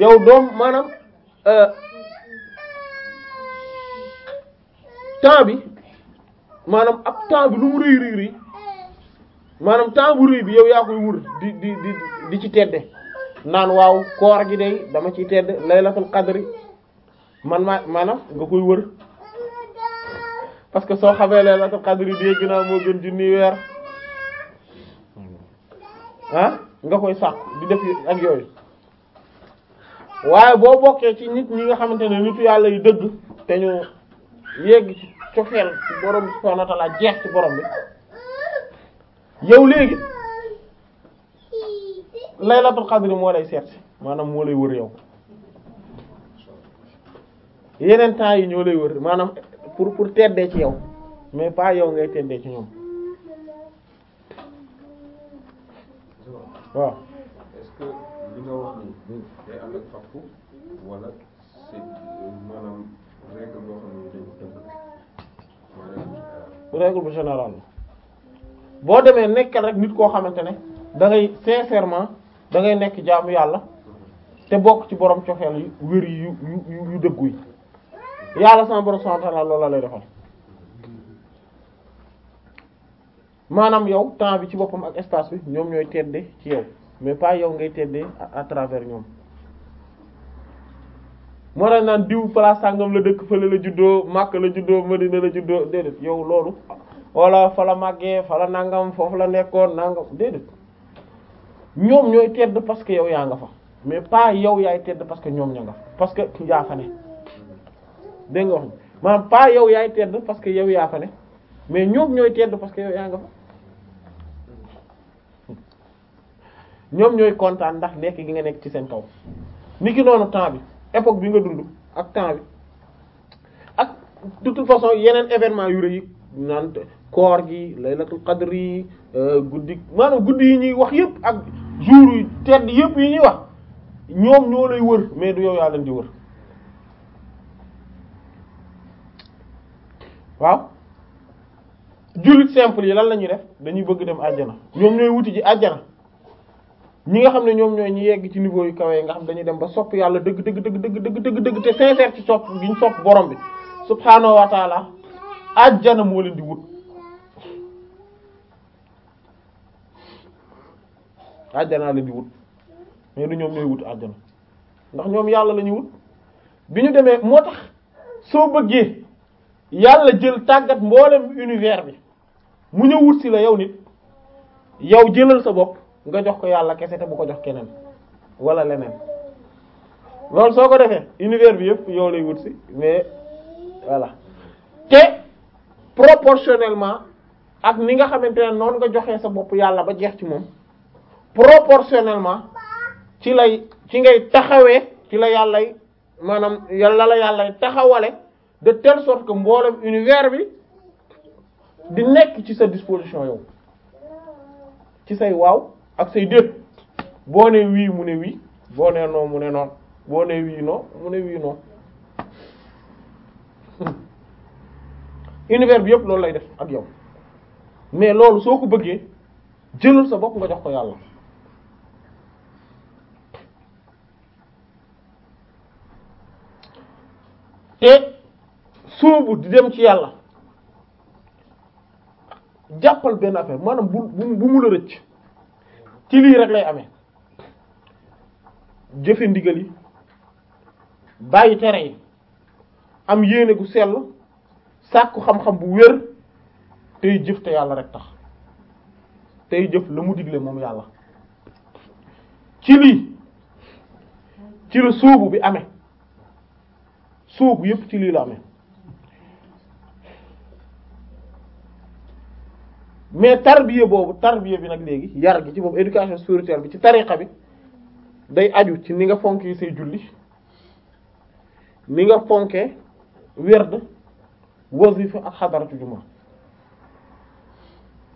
yow doom maanaam euh, temps bi maanaam ab temps bi lu mu rëy maanaam temps bu rëy bi yow yaa koy wër di di di ci tedde naan waaw koor gi day dama ciy tedd laylatul qadri man maa maanaam nga koy wër parce que soo xamee laylatul qadri dégg naa moo gën junni weer ah nga koy sàq di def ak yooyu waaye boo bokkee ci nit ñi nga xamante ne nitu yàlla yu dëgg te ñu yegg cofeel ci borom bi subhaanahu wa ta'aala jeex ci borom bi yow léegi laylatul qadr moo lay seet maanaam moo lay wër yow yeneen temps yi ñoo lay wër maanaam pour pour teddee ci yow mais pas yow ngay teddee ci ñoom waaw. règle bu générale boo demee nekkal rek nit koo xamante ne dangay ngay sincèrement da ngay nekk jaamu yàlla te bokk ci borom coxeel yu wér yi yu yu yu dëggu yi yàlla sama borom subhanahu wa loolu la lay defal maanaam yow temps bi ci boppam ak espace bi ñoom ñooy tedde ci yow mais pas yow ngay teddee à travers ñoom moo tax naan diw place sàngam la dëkk fële la juddoo Makka la juddoo Madina la juddoo déedéet yow loolu wala fa la màggee fa la nangam foofu la nekkoon nangam déedéet ñoom ñooy tedd parce que yow yaa nga fa mais pas yow yaay tedd parce que ñoom ña parce que yaa fa ne pas yow yaay tedd parce que yow yaa fa ne mais ñoom ñooy tedd parce que yow yaa nga fa ñoom ñooy kontaan ndax nekk gi nga nekk ci seen kaw niki noonu temps bi. époque bi nga dund ak temps bi ak de toute façon yeneen événement yu rëy yi naan koor gi laylatul qadr yi euh, guddi maanaam guddi yu ñuy wax yëpp ak jour yu tedd yépp yi ñuy wax ñoom ñoo lay wër mais du yow yaa leen di wër waaw jullit simple yi lan la ñuy def dañuy bëgg dem àjjana ñoom ñooy wuti ji àjjana ñi nga xam ne ñoom ñooy ñu yegg ci niveau yu kawe yi nga xam dañuy dem ba sopp yàlla dëgg dëgg dëgg dëgg dëgg dëgg dëgg te sincère ci sopp gi ñu sopp borom bi subhaanahu wa taala ajjana moo leen di wut ajjana leen wut mais du ñoom ñooy wut ajjana ndax ñoom yàlla la ñuy wut bi ñu demee moo tax soo bëggee yàlla jël tàggat mboolem univers bi mu ñëw wut si la yow nit yow jëlal sa bopp nga jox ko yàlla kese te bu ko jox keneen wala leneen loolu soo ko defee univers bi yëpp yow lay wut si mais voilà te proportionnellement ak ni nga xamante ne noonu nga joxee sa bopp yàlla ba jeex ci moom proportionnellement ci lay ci ngay taxawee ci la yàllay maanaam yàlla la yàllay taxawale de telle sorte que mboolem univers bi di nekk ci sa disposition yow ci say waaw ak say déet boo ne wii mu ne wii boo ne non mu ne noon boo ne wii non mu ne wii non univers bi yëpp loolu lay def ak yow mais loolu soo ko bëggee jëlal sa bopp nga jox ko yàlla te sóobu di dem ci yàlla jàppal benn affaire maanaam bu bu mu la rëcc ci lii rek lay ame jëfe ndigal bàyyi tere yi am yéene gu sell sàkku xam-xam bu wér tey jëf te yàlla rekk tax tey jëf la mu digle moom yàlla ci lii ci la sóobu bi ame suubu yépp ci lii la amee mais tarbiya boobu tarbiya bi nag léegi yar bi ci boobu éducation spirituelle bi ci tariqa bi day aju ci ni nga fonkee say julli ni nga fonkee werd wazifa ak xadaratu juma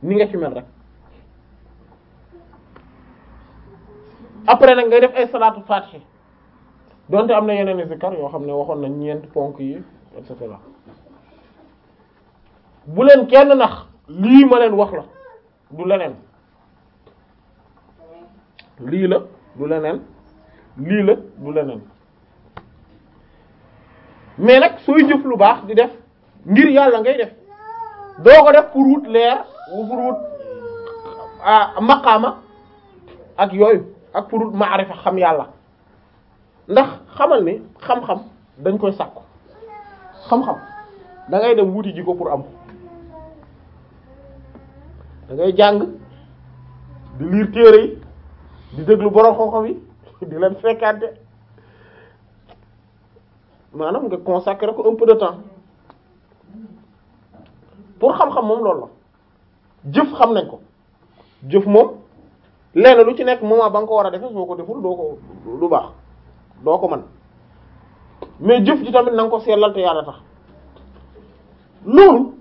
ni nga ci mel rek après nag ngay def ay salaatu fatih donte am na yeneen zikar yoo xam ne waxoon na ñeent ponk yi et cetera bu leen kenn nax lii ma leen wax la du leneen lii la du leneen lii la du leneen mais nag sooy jëf lu baax di def ngir yàlla ngay def doo ko def pour wut leer ou pour wut ah, ak yooyu ak pour wut maarifa xam yàlla ndax xamal ni xam-xam dañ koy sàkku xam-xam da ngay wuti ji ko pour am dangay jàng di liir téere yi di déglu borom xam-xam yi di leen fekkaate maanaam nga consacrer ko un de temps pour xam-xam moom loolu la jëf xam nañ ko jëf moom lenn lu ci nekk moment ba nga ko war a defee soo ko deful doo ko du baax doo ko man mais jëf ji tamit na nga ko seetlal te yàlla tax loolu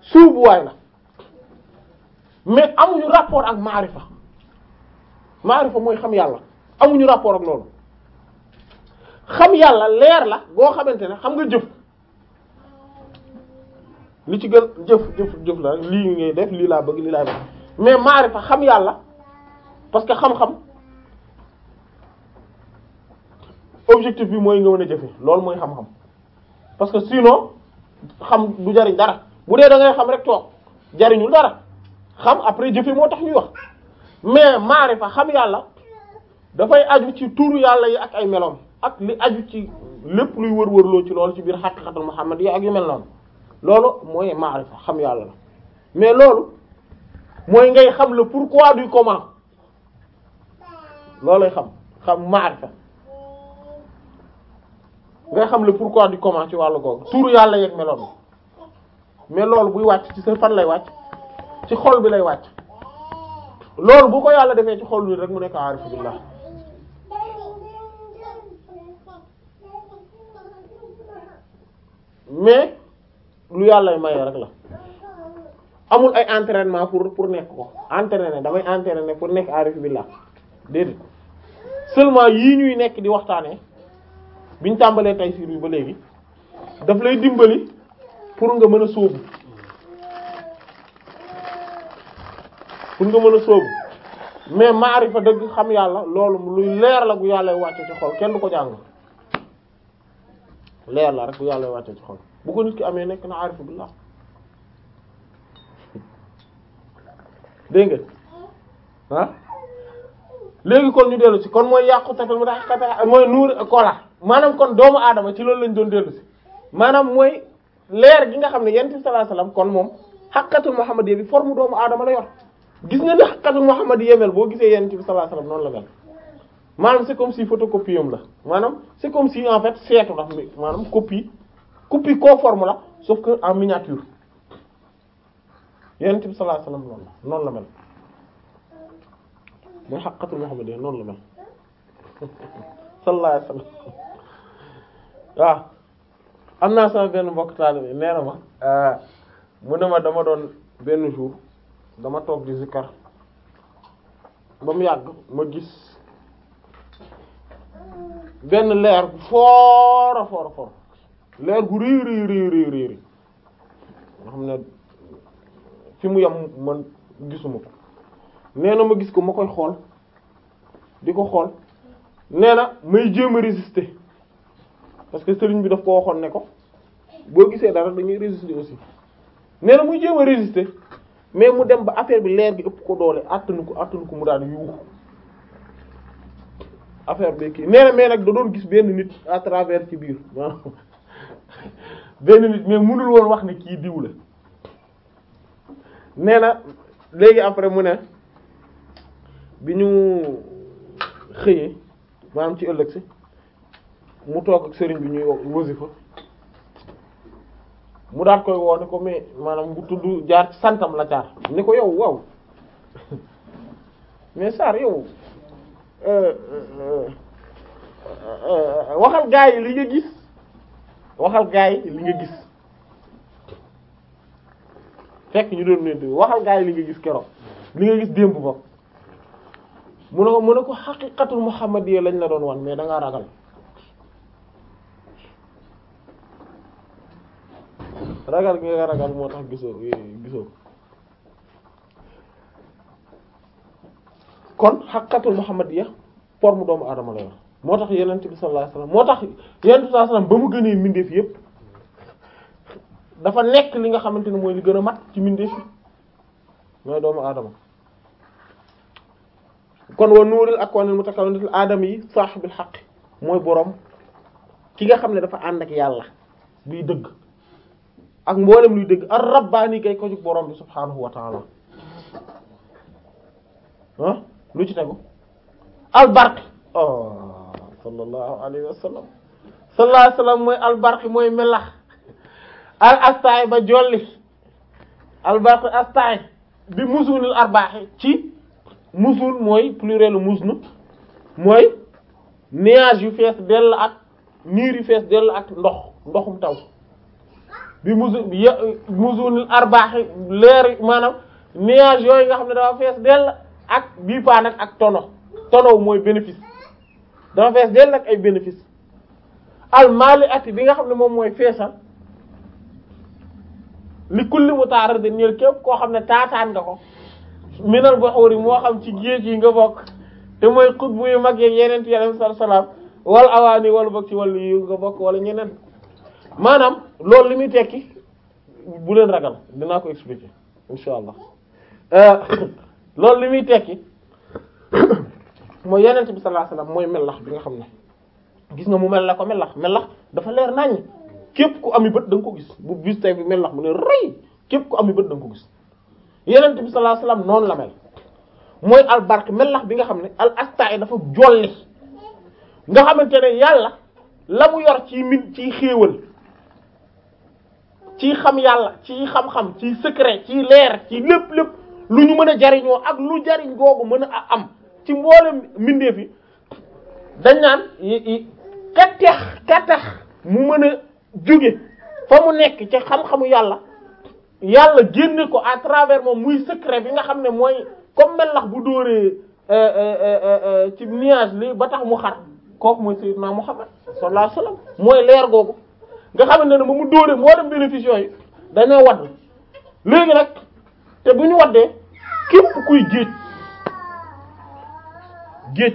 suubuwaay la mais amuñu rapport ak maarifa maarifa mooy xam yàlla amuñu rapport ak loolu xam yàlla leer la boo xamante ne xam nga jëf li ci gën jëf jëf jëf la lii ngay def lii laa bëgg lii laa bëgg mais maarifa xam yàlla parce que xam-xam objectif bi mooy nga mën a loolu mooy xam-xam parce que sinon xam du jariñ dara bu dee da ngay xam rek toog jariñul dara xam après jëfe moo tax ñuy wax mais maarifa xam yàlla dafay aju ci turu yàlla yi ak ay meloom ak li aju ci lépp luy wër-wërloo ci loolu ci biir xat xaqiqatul muhammad yi ak yu mel noonu loolu mooy maarifa xam yàlla la mais loolu mooy ngay xam le pourquoi du comment loolu loolay xam xam maarifa ngay xam le pourquoi du comment ci wàllu googu turu yàlla yeeg meloon mais loolu buy wàcc ci sa fan lay wàcc ci xol bi lay wàcc loolu bu ko yàlla defee ci xol nit rek mu nekk aarifu mais lu yàlla mayee rek la amul ay entraînement pour pour nekk ko entraîner damay entraîner pour nekk aarifu billah déedéet seulement yi ñuy nekk di waxtaanee biñ tàmbalee tey siir bi ba léegi daf lay dimbali pour nga mën a sóobu pour nga mën a sóobu mais maarifa dëgg xam yàlla loolu luy leer la gu yàlla wàcce ci xol kenn du ko jàng leer la rek gu yàlla wàcce ci xol bu ko nit ki amee nekk na aarifa billah dégg nga ah léegi kon ñu dellu si kon mooy yàqu tatal mu dax kata mooy nuur kola maanaam kon doomu aadama ci loolu lañ doon dellu maanaam mooy leer gi nga xam ne yent bi sallallahu alayhi wasallam kon moom xaqatul muhammadiyya bi forme doomu aadama la yor gis nga ndax xatu Muhammad yemel boo gisee yonent bi sallallahu alayhi wasallam noonu la mel maanaam c'est comme si photocopie am la maanaam c'est comme si en fait seetu la maanaam copie copie conforme la sauf que en miniature yonent bi sallallahu alayhi noonu la noonu la mel mooy xaqatul Muhammad yéen noonu la mel sallallahu alayhi am naa sama benn mbokk taal bi nee ma euh, mu ne ma dama doon benn jour. dama toog di zikkar ba mu yàgg ma gis benn leer bu foora foora foora leer gu rii rii xam ne fi mu yem man gisuma ko nee na ma gis ko ma koy xool di ko xool nee na may jéem a résister parce que sëriñ bi daf ko waxoon ne ko boo gisee dara dañuy résister aussi nee na muy jéem a résister mais mu dem ba affaire bi leer gi ëpp ko doole àttanu ko attanu ko mu daan yuuxu affaire bi kii nee mais nag da doon gis benn nit à travers ci biir benn nit mais mënul woon wax ni kii diw la nee na léegi après mu ne bi ñu xëyee maanaam ci ëllëg si mu toog ak sëriñ bi ñuy wasifa mu daat koy woo ko mais maanaam bu tudd jaar santam la caar ni ko yow waaw mais Sarr yow euh, euh, euh, waxal gaa yi li nga gis waxal gaa yi li nga gis fekk ñu doon nent waxal gaa yi li nga gis keroog li nga gis démb ba mu ne ko mu ne ko xaqiqatul muhammadiyya lañ la doon wan mais da ngaa ragal ragal gi nga ragal moo tax gisoo eh, gisoo kon xaqatul muhammadiyya forme doomu aadama la yor moo tax yonent bi sallallahu moo tax yonent bi sallallahu alayhi wasallam ba mu dafa nekk li nga xamante ne mooy li gën a mat ci mbindeef yi doomu aadama kon wa nuuril akwaanil mutakawwinatil aadama yi saahibil xaq mooy boroom ki nga xam ne dafa ànd ak yàlla buy dëgg ak mboolem luy dëgg ar rabbaani kay ko borom bi subhaanahu wa lu ci tegu albarki oh sallallahu alayhi wa sallam sallallahu mooy albarki mooy melax al astaay ba jolli albarki astaay bi musunil arbaaxi ci musul mooy plurielu musnu mooy nuage yu fees dell ak niir yu fees dell ak ndox ndoxum taw bi musu musunil arbaaxi leer maanaam nuage yooyu nga xam ne dafa fees dell ak bii paa ak tono tono mooy bénéfice dafa fees dell nag ay bénéfice almaali ati bi nga xam ne moom mooy feesal li kulli mu taarar de ñeel képp koo xam ne taataan nga ko minal baxuur yi moo xam ci géej yi nga bokk te mooy xutbu yu mag yeeg yeneen ti yàlla salaam wala awaani wala bokk ci wàllu yi nga bokk wala ñeneen maanaam loolu li muy tekki bu leen ragal dinaa ko expliquer insha allah euh, loolu li muy tekki mooy yenent bi sallallahu alayhi mooy mellax bi nga xam ne gis nga mu mel la ko mellax melax dafa leer nañ képp ku ami bët da ko gis bu bis tay bi melax mu ne rëy képp ku ami bët da nga ko gis yenent bi sallallahu alayhi noonu la mel mooy al bark melax bi nga xam ne al asta dafa jolli nga xamante ne yàlla la mu yor ci min ci xéewal ci xam yàlla ci xam-xam ci secret ci leer ci lépp lépp lu ñu mën a jariñoo ak lu jariñ googu mën a am ci mboolem mbindeef yi dañ naan katex katex mu mën a jóge foo mu nekk ci xam-xamu yàlla yàlla génne ko à travers moom muy secret bi nga xam ne mooy comme melax bu dóoree euh, euh, euh, ci nuage li ba tax mu xar kooku mooy sayyidna Muhammad sallallahu alayhi wasallam mooy leer googu nga xamante ne ba mu dóoree moo dem bénéfice yooyu dañoo wadd léegi nag te bu ñu waddee képp kuy géej géej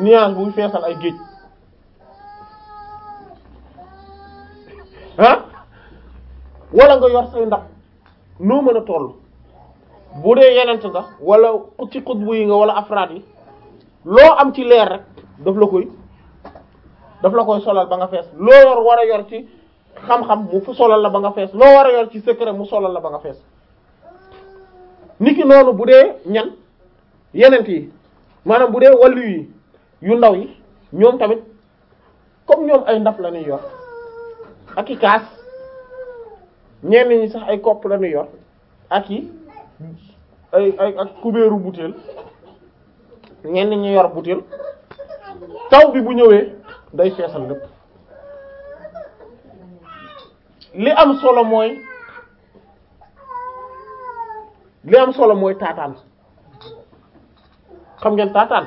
nuage buy feesal ay géej ah wala nga yor say ndax noo mën a toll bu dee yenent nga wala ci xutbu yi nga wala afraad yi loo am ci leer rek daf la koy daf la koy solal ba nga fees loo yor war a yor ci xam-xam mu fu solal la ba nga fees loo war a yor ci secret mu solal la ba nga fees ki noonu bu dee ñan yenent yi maanaam bu dee wàllu yi yu ndaw yi ñoom tamit comme ñoom ay ndaf la ñuy yor ak i kaas ñenn ñi sax ay kopp la ñuy yor ak i ay ay ak kubéeru butéel ñenn ñi yor butéel taw bi bu ñëwee day feesal lépp li am solo mooy li am solo mooy taataan xam ngeen taataan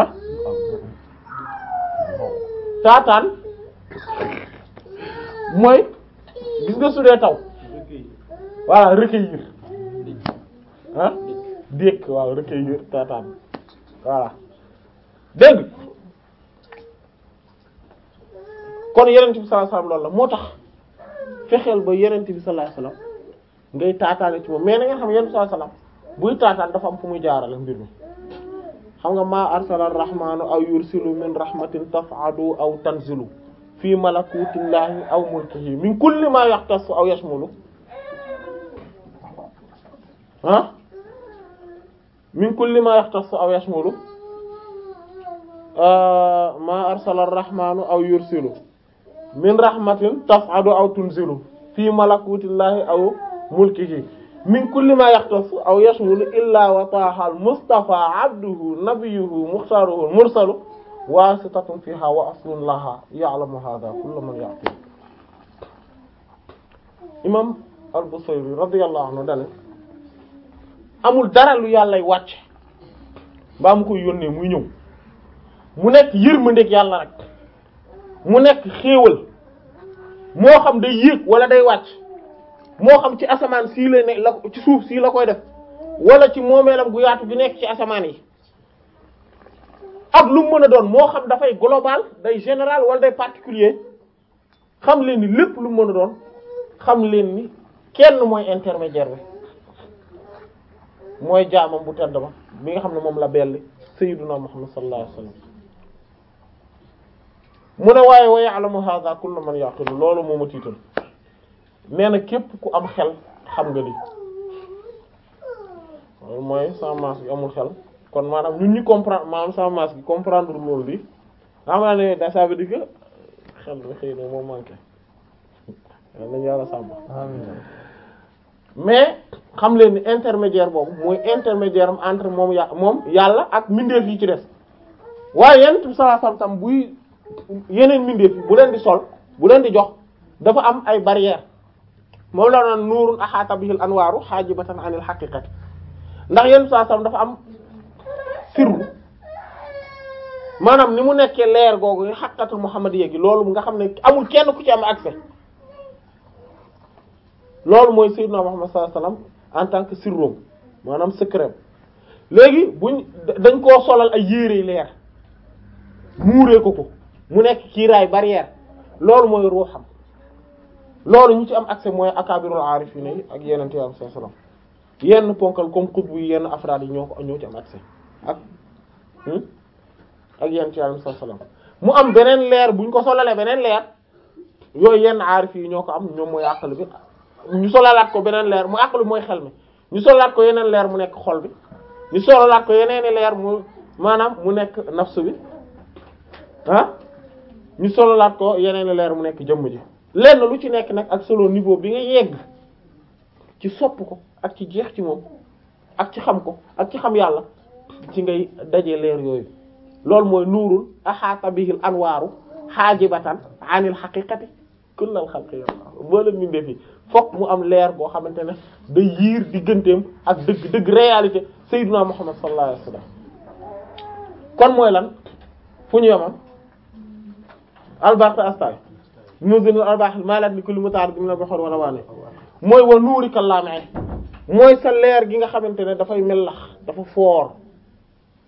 ah taataan mooy gis nga su dee taw voilà recueillir ah déeg waaw recueillir taataan voilà dégg kon yonent bi loolu la moo tax fexeel ba yonent bi sallallahu alayhi wasallam ngay taataane ci mais na nga xam yonent bi buy taataan dafa am fu muy jaaral mbir mi xam nga maa arsala arrahmanu aw yursilu min rahmatin taf'adu aw tanzilu fii malakutillahi aw mulkihi min kulli ma yaqtasu aw yashmulu ah min kulli ma yaqtasu aw yashmulu maa arsala rahmaanu aw yursilu min rahmatin taf'adu aw tunzilu fii malakutillahi aw mulkihi min kulli ma yaxtasu aw yashmulu illa wa taahal mustafa abduhu nabiyuhu muxtaaruhu mursalu waasitatun fiha wa aslun laha ya'lamu hadha kullu man ya'qil imam al-Busayri radiyallahu anhu dane amul dara lu yàllay wàcce baa mu koy yónnee muy ñëw mu nekk yërmandeeg yàlla rek mu nekk xéewal moo xam day yéeg wala day wàcc moo xam ci asamaan sii lay ne la ci suuf sii la koy def wala ci moomeelam gu yaatu gi nekk ci asamaan yi ak lu mu mën a doon moo xam dafay global day général wala day particulier xam leen ni lépp lu mu mën a doon xam leen ni kenn mooy intermédiaire bi mooy jaamam bu tedd ba bi nga xam ne moom la belli sayyiduna Muhammad sallallahu alayhi mu ne waaye wa ya'lamu hadha kullu man yaqilu loolu moom ma tiital nee na képp ku am xel xam nga li mooy sans masse amul xel kon maanaam lu ñu comprendre maanaam sans masse bi comprendre loolu bi ama ne da ça veut dire que na moo manqué yal nañu yàlla sàmm mais xam leen ni intermédiaire boobu mooy intermédiaire am entre moom moom yàlla ak mbindeef yi ci def waaye yenn tout ça sam-sam buy yeneen mbindeef bu leen di sol bu leen di jox dafa am ay barrière moom la naan nuurun ahaata bihil anwaaru haajibatan anil haqiqati ndax yenn saa sam dafa am sirru maanaam ni mu nekkee leer googu yi xaqatul muhammadiyya gi loolu nga xam ne amul kenn ku ci am accès loolu mooy sayyidina muhammad sallallahu alayhi wasallam en tant que sirroom maanaam secret léegi bu dañ koo solal ay yére leer muuree ko ko mu nekk kiiraay barrière loolu mooy ruuxam loolu ñu ci am accès mooy akabirul arifina yi ak yeneen yi am sa yenn ponkal comme xutbu yi yenn afraad yi ñoo ko ñoo ci am accès ak hmm? ak yenn ci am sa mu am beneen leer buñ ko solalee beneen leer yooyu yenn aarif yi ñoo ko am ñoom mooy àqal bi ñu solalaat ko beneen leer mu àqal bi mooy xel mi ñu solalaat ko yeneen leer mu nekk xol bi ñu solalaat ko yeneeni leer mu maanaam mu nekk nafsu bi ah? ñu sololaat ko yeneen leer mu nekk jëmm ji lenn lu ci nekk nag ak solo niveau bi nga yegg ci sopp ko ak ci jeex ci moom ak ci xam ko ak ci xam yàlla ci ngay daje leer yooyu loolu mooy nuurul axaata bihil anwaaru xaajibatan anil xaqiqati kullal xalqi yàlla boo leen bindee fii fokk mu am leer boo xamante ne da yiir digganteem ak dëgg dëgg réalité sayyiduna muhammad sallallahu alayhi wasallam kon mooy lan fu ñu yomam albarta astag nuzinul arbaaxil maalaat li kulli mutaarib min al-bahr wala waane mooy wa nuurika laame mooy sa leer gi nga xamante ne dafay mellax dafa foor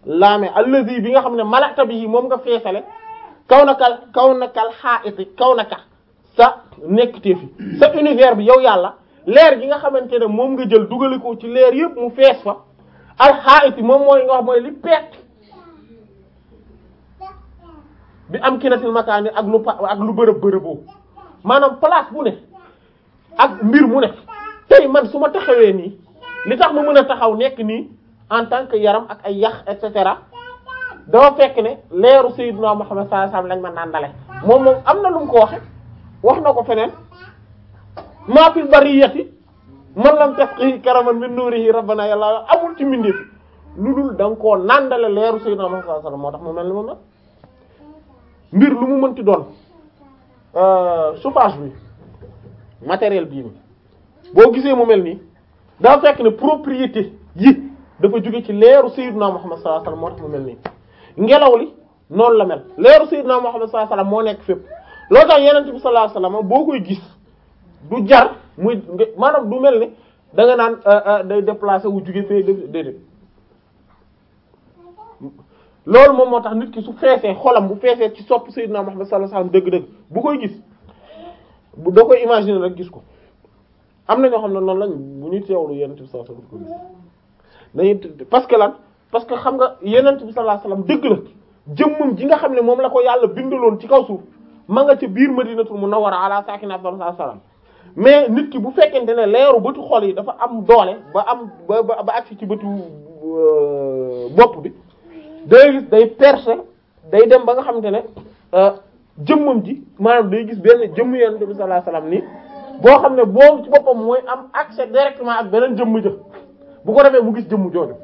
laame allazi bi nga xam ne malata bi moom nga feesale kaw nakal kaw nakal xaaiti kaw naka sa nekk téefi sa univers bi yow yàlla leer gi nga xamante ne moom nga jël dugaliko ci leer yëpp mu fees fa al xaaiti moom mooy nga wax mooy li pet bi am kinatil makaani ak lu pa ak lu bërëb bërëboo maanaam place bu ne ak mbir mu ne tey man su ma taxawee nii li tax ma mën a taxaw nekk nii en tant que yaram ak ay yax et cetera dafa fekk ne leeru sayyidina Muhammad sallallahu alayhi wasallam lañ ma nàndale moom moom am na lu mu ko waxe wax na ko feneen maa fil bariyati man lam tasqihi karaman min nurihi rabbana yàlla amul ci mbindeef lu dul da nga koo nàndale leeru sayyidina Muhammad sallallahu alayhi wasallam moo tax mu mel ni ma mbir lu mu mënti doon euh, chauffage bi matériel bii mi boo gisee mu mel nii daa fekk ne propriété yi dafa jóge ci leeru Sayyidina na sallallahu alayhi wasallam moo tax mu mel nii ngelaw li noonu la mel leeru Sayyidina Muhammad sallallahu alayhi wasallam moo nekk fépp loo tax yenent bi sallallahu alayhi wasallam boo koy gis du jar muy maanaam du mel ni da nga naan euh, euh, day déplacer wu jóge fee déedéet loolu moom moo tax nit ki su feesee xolam bu feesee ci sopp Seydina Muhammad sallallahu alayhi wasallam dëgg-dëgg bu koy gis bu da koy imaginer rek gis ko am na ñoo xam ne noonu lañ bu ñu teewlu yenent bi sallallahu alayhi wasallam dañuy parce que lan parce que xam nga yenent bi sallallahu alayhi wasallam dëgg la jëmmam ji nga xam ne moom la ko yàlla bindaloon ci kaw suuf ma nga ca biir Madinatul Munawwara ala sakina sallallahu alayhi wasallam mais nit ki bu fekkente ne leeru bëtu xol yi dafa am doole ba am ba ba agsi ci bëtu euh, bopp bi day gis day percer day dem ba nga xamante ne euh, jëmmam ji maanaam day gis benn jëmm yonent bi sallallahu alayhi boo xam ne boobu ci boppam mooy am accès directement ak beneen jëmm jë bu ko defee mu gis jëmm jooju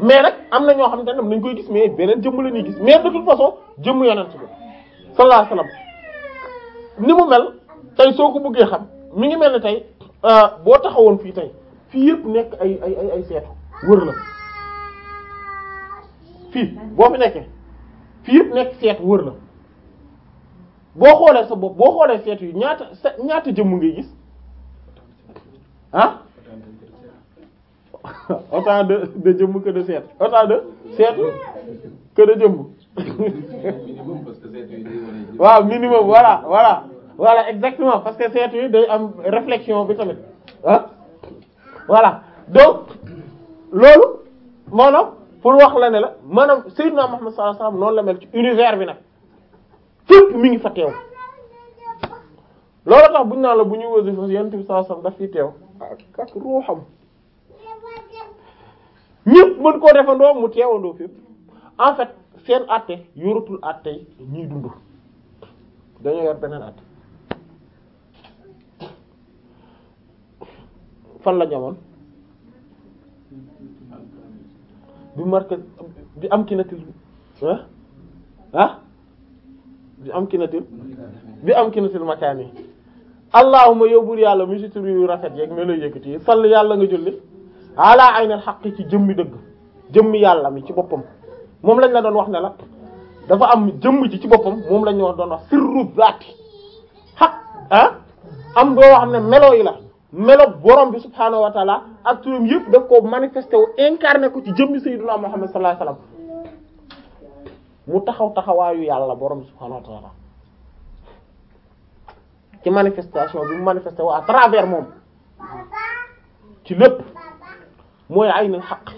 mais nag am na ñoo xam ne dañ koy gis mais beneen jëmm la ñuy gis mais de toute façon jëmm yonent bi sallallahu alayhi wasallam ni mu mel tey soo ko bëggee xam mi ngi mel ni tey euh, boo taxawoon fii tey fii yëpp nekk ay ay ay ay seetu wër la. fii boo fi nekkee fii yëpp nekk seet wër la boo xoolee sa bopp boo xoolee seet yi ñaata sa ñaata jëmm ngay gis ah autant de de jëmm que de de seet que de jëmm minimum voilà voilà voilà exactement parce que seet yi day am réflexion bi ah voilà donc loolu maanaam pour wax la ne la maanaam Seydina Muhammad sallallahu alayhi wasallam noonu la mel ci univers bi nag fépp mi ngi fa teew loolu tax buñu naan la bu ñuy wasifa yonent bi sallallahu alayhi wasallam daf fi teew ak ak ñëpp mën koo defandoo mu teewandoo fépp en fait seen àtte yoratul àtte yi ñuy dund dañoo yor beneen àtte fan la ñamoon bi markaz bi amkinatil ah ah bi amkinatil bi amkinatil makaani allahumma yow buur yàlla mu si tur yu rafet yeeg melo yëkkati salli yàlla nga julli ala aynal xaq ci jëmmi dëgg jëmmi yàlla mi ci boppam moom lañ la doon wax ne la dafa am jëmm ci ci boppam moom lañ doon wax sirru zaati xaq ah am boo xam ne melo yi la melo borom bi subhaanahu wa ak turam yëpp def ko manifesté wu incarné ko ci jëmmi sayyiduna Muhammad sallallahu alayhi mu taxaw taxawaayu yàlla borom bi subhaanahu wa taala ci manifestation bi mu manifesté wu à travers moom ci lépp mooy ay aynul haqq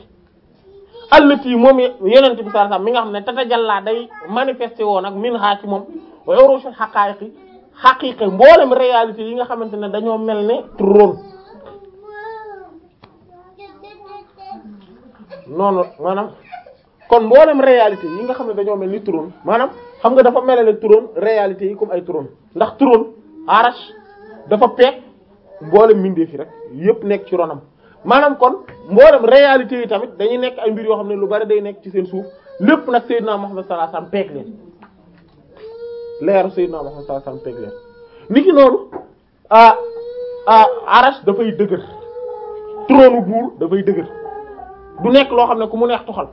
allati moom yenent bi sallallahu alayhi wasallam mi nga xam ne jallaa day manifesté woo nag min ha ci moom wa urushul xaqiiqa mboolem réalité yi nga xamante ne dañoo mel ne turam noonu maanaam kon mboolem réalité yi nga xam ne dañoo mel ni turam maanaam xam nga dafa melale turam réalité yi comme ay turam ndax turam arash dafa peeg mboolem mbindeef fi rek yépp nekk ci ronam maanaam kon mboolem réalité yi tamit dañu nekk ay mbir yoo xam ne lu bari day nekk ci seen suuf lépp nag Seydina Muhammad sallallahu alayhi wasallam peeg leen leer Seydina Muhammad sallallahu alayhi wasallam teg leen ni ki noonu ah ah arash dafay dëgër trône buur dafay dëgër du nekk loo xam ne ku mu neex toxal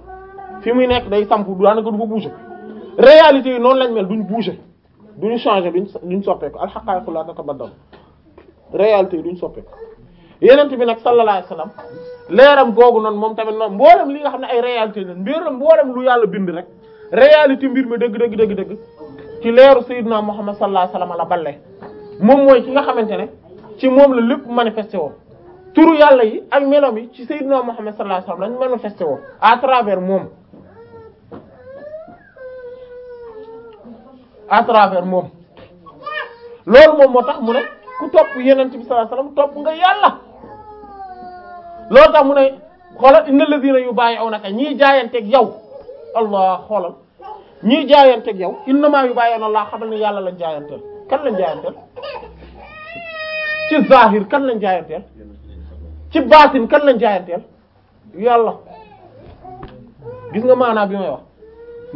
fi muy nekk day samp daanaka du ko bouger réalité yi noonu lañ mel duñ bouger duñ changer duñ duñ soppeeku al haqa'iqu la tatabaddal réalité yu duñ soppee yenent bi nag sallallahu alayhi wasallam leeram googu noonu moom tamit noonu mboolem li nga xam ne ay réalité la mbiram mboolem lu yàlla bind rek réalité mbir ma dëgg dëgg dëgg dëgg ci leeru sayyidina Muhammad sallallahu alayhi wasallam la balle moom mooy ki nga xamante ne ci moom la lépp manifesté woo turu yàlla yi ak meloom yi ci sayyidina Muhammad sallallahu alayhi wasallam lañ manifesté woo à travers moom à travers moom loolu moom moo tax mu ne ku topp yenent bi sallallahu alayhi wasallam topp nga yàlla loolu tax mu ne xoolal innal ladina yubayyi'unaka ñiy jaayanteeg yow allah xoolal ñuy jaayanteeg yow innamaa yu bàyyee na laa xamal ni yàlla lañ jaayanteel kan lañ jaayanteel ci zahir kan lañ jaayanteel ci baatin kan lañ jaayanteel yàlla gis nga maanaa bi may wax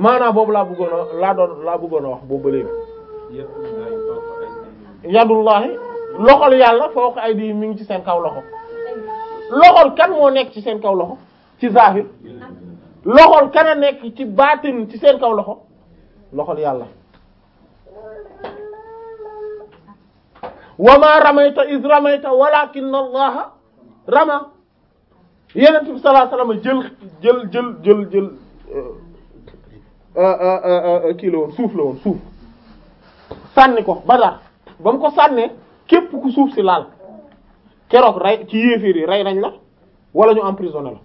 maanaa boobu laa bëggoon a laa doon laa bëggoon a wax boobu ba léegi yadullahi loxol yàlla fawqa aydi mi ngi ci seen kaw loxo loxol kan moo nekk ci seen kaw loxo ci zahir loxol kana nekk ci baatin ci seen kaw loxo loxol yàlla wama ramayta iz ramayta walakin allaha rama yenent bi sallallahu alayhi wasallam jël jël jël jël jël euh, euh, euh, kii la woon suuf la woon suuf sànni ko badar ba mu ko sànnee képp ku suuf si laal keroog rey ci yéeféer rey nañ la wala ñu emprisonné la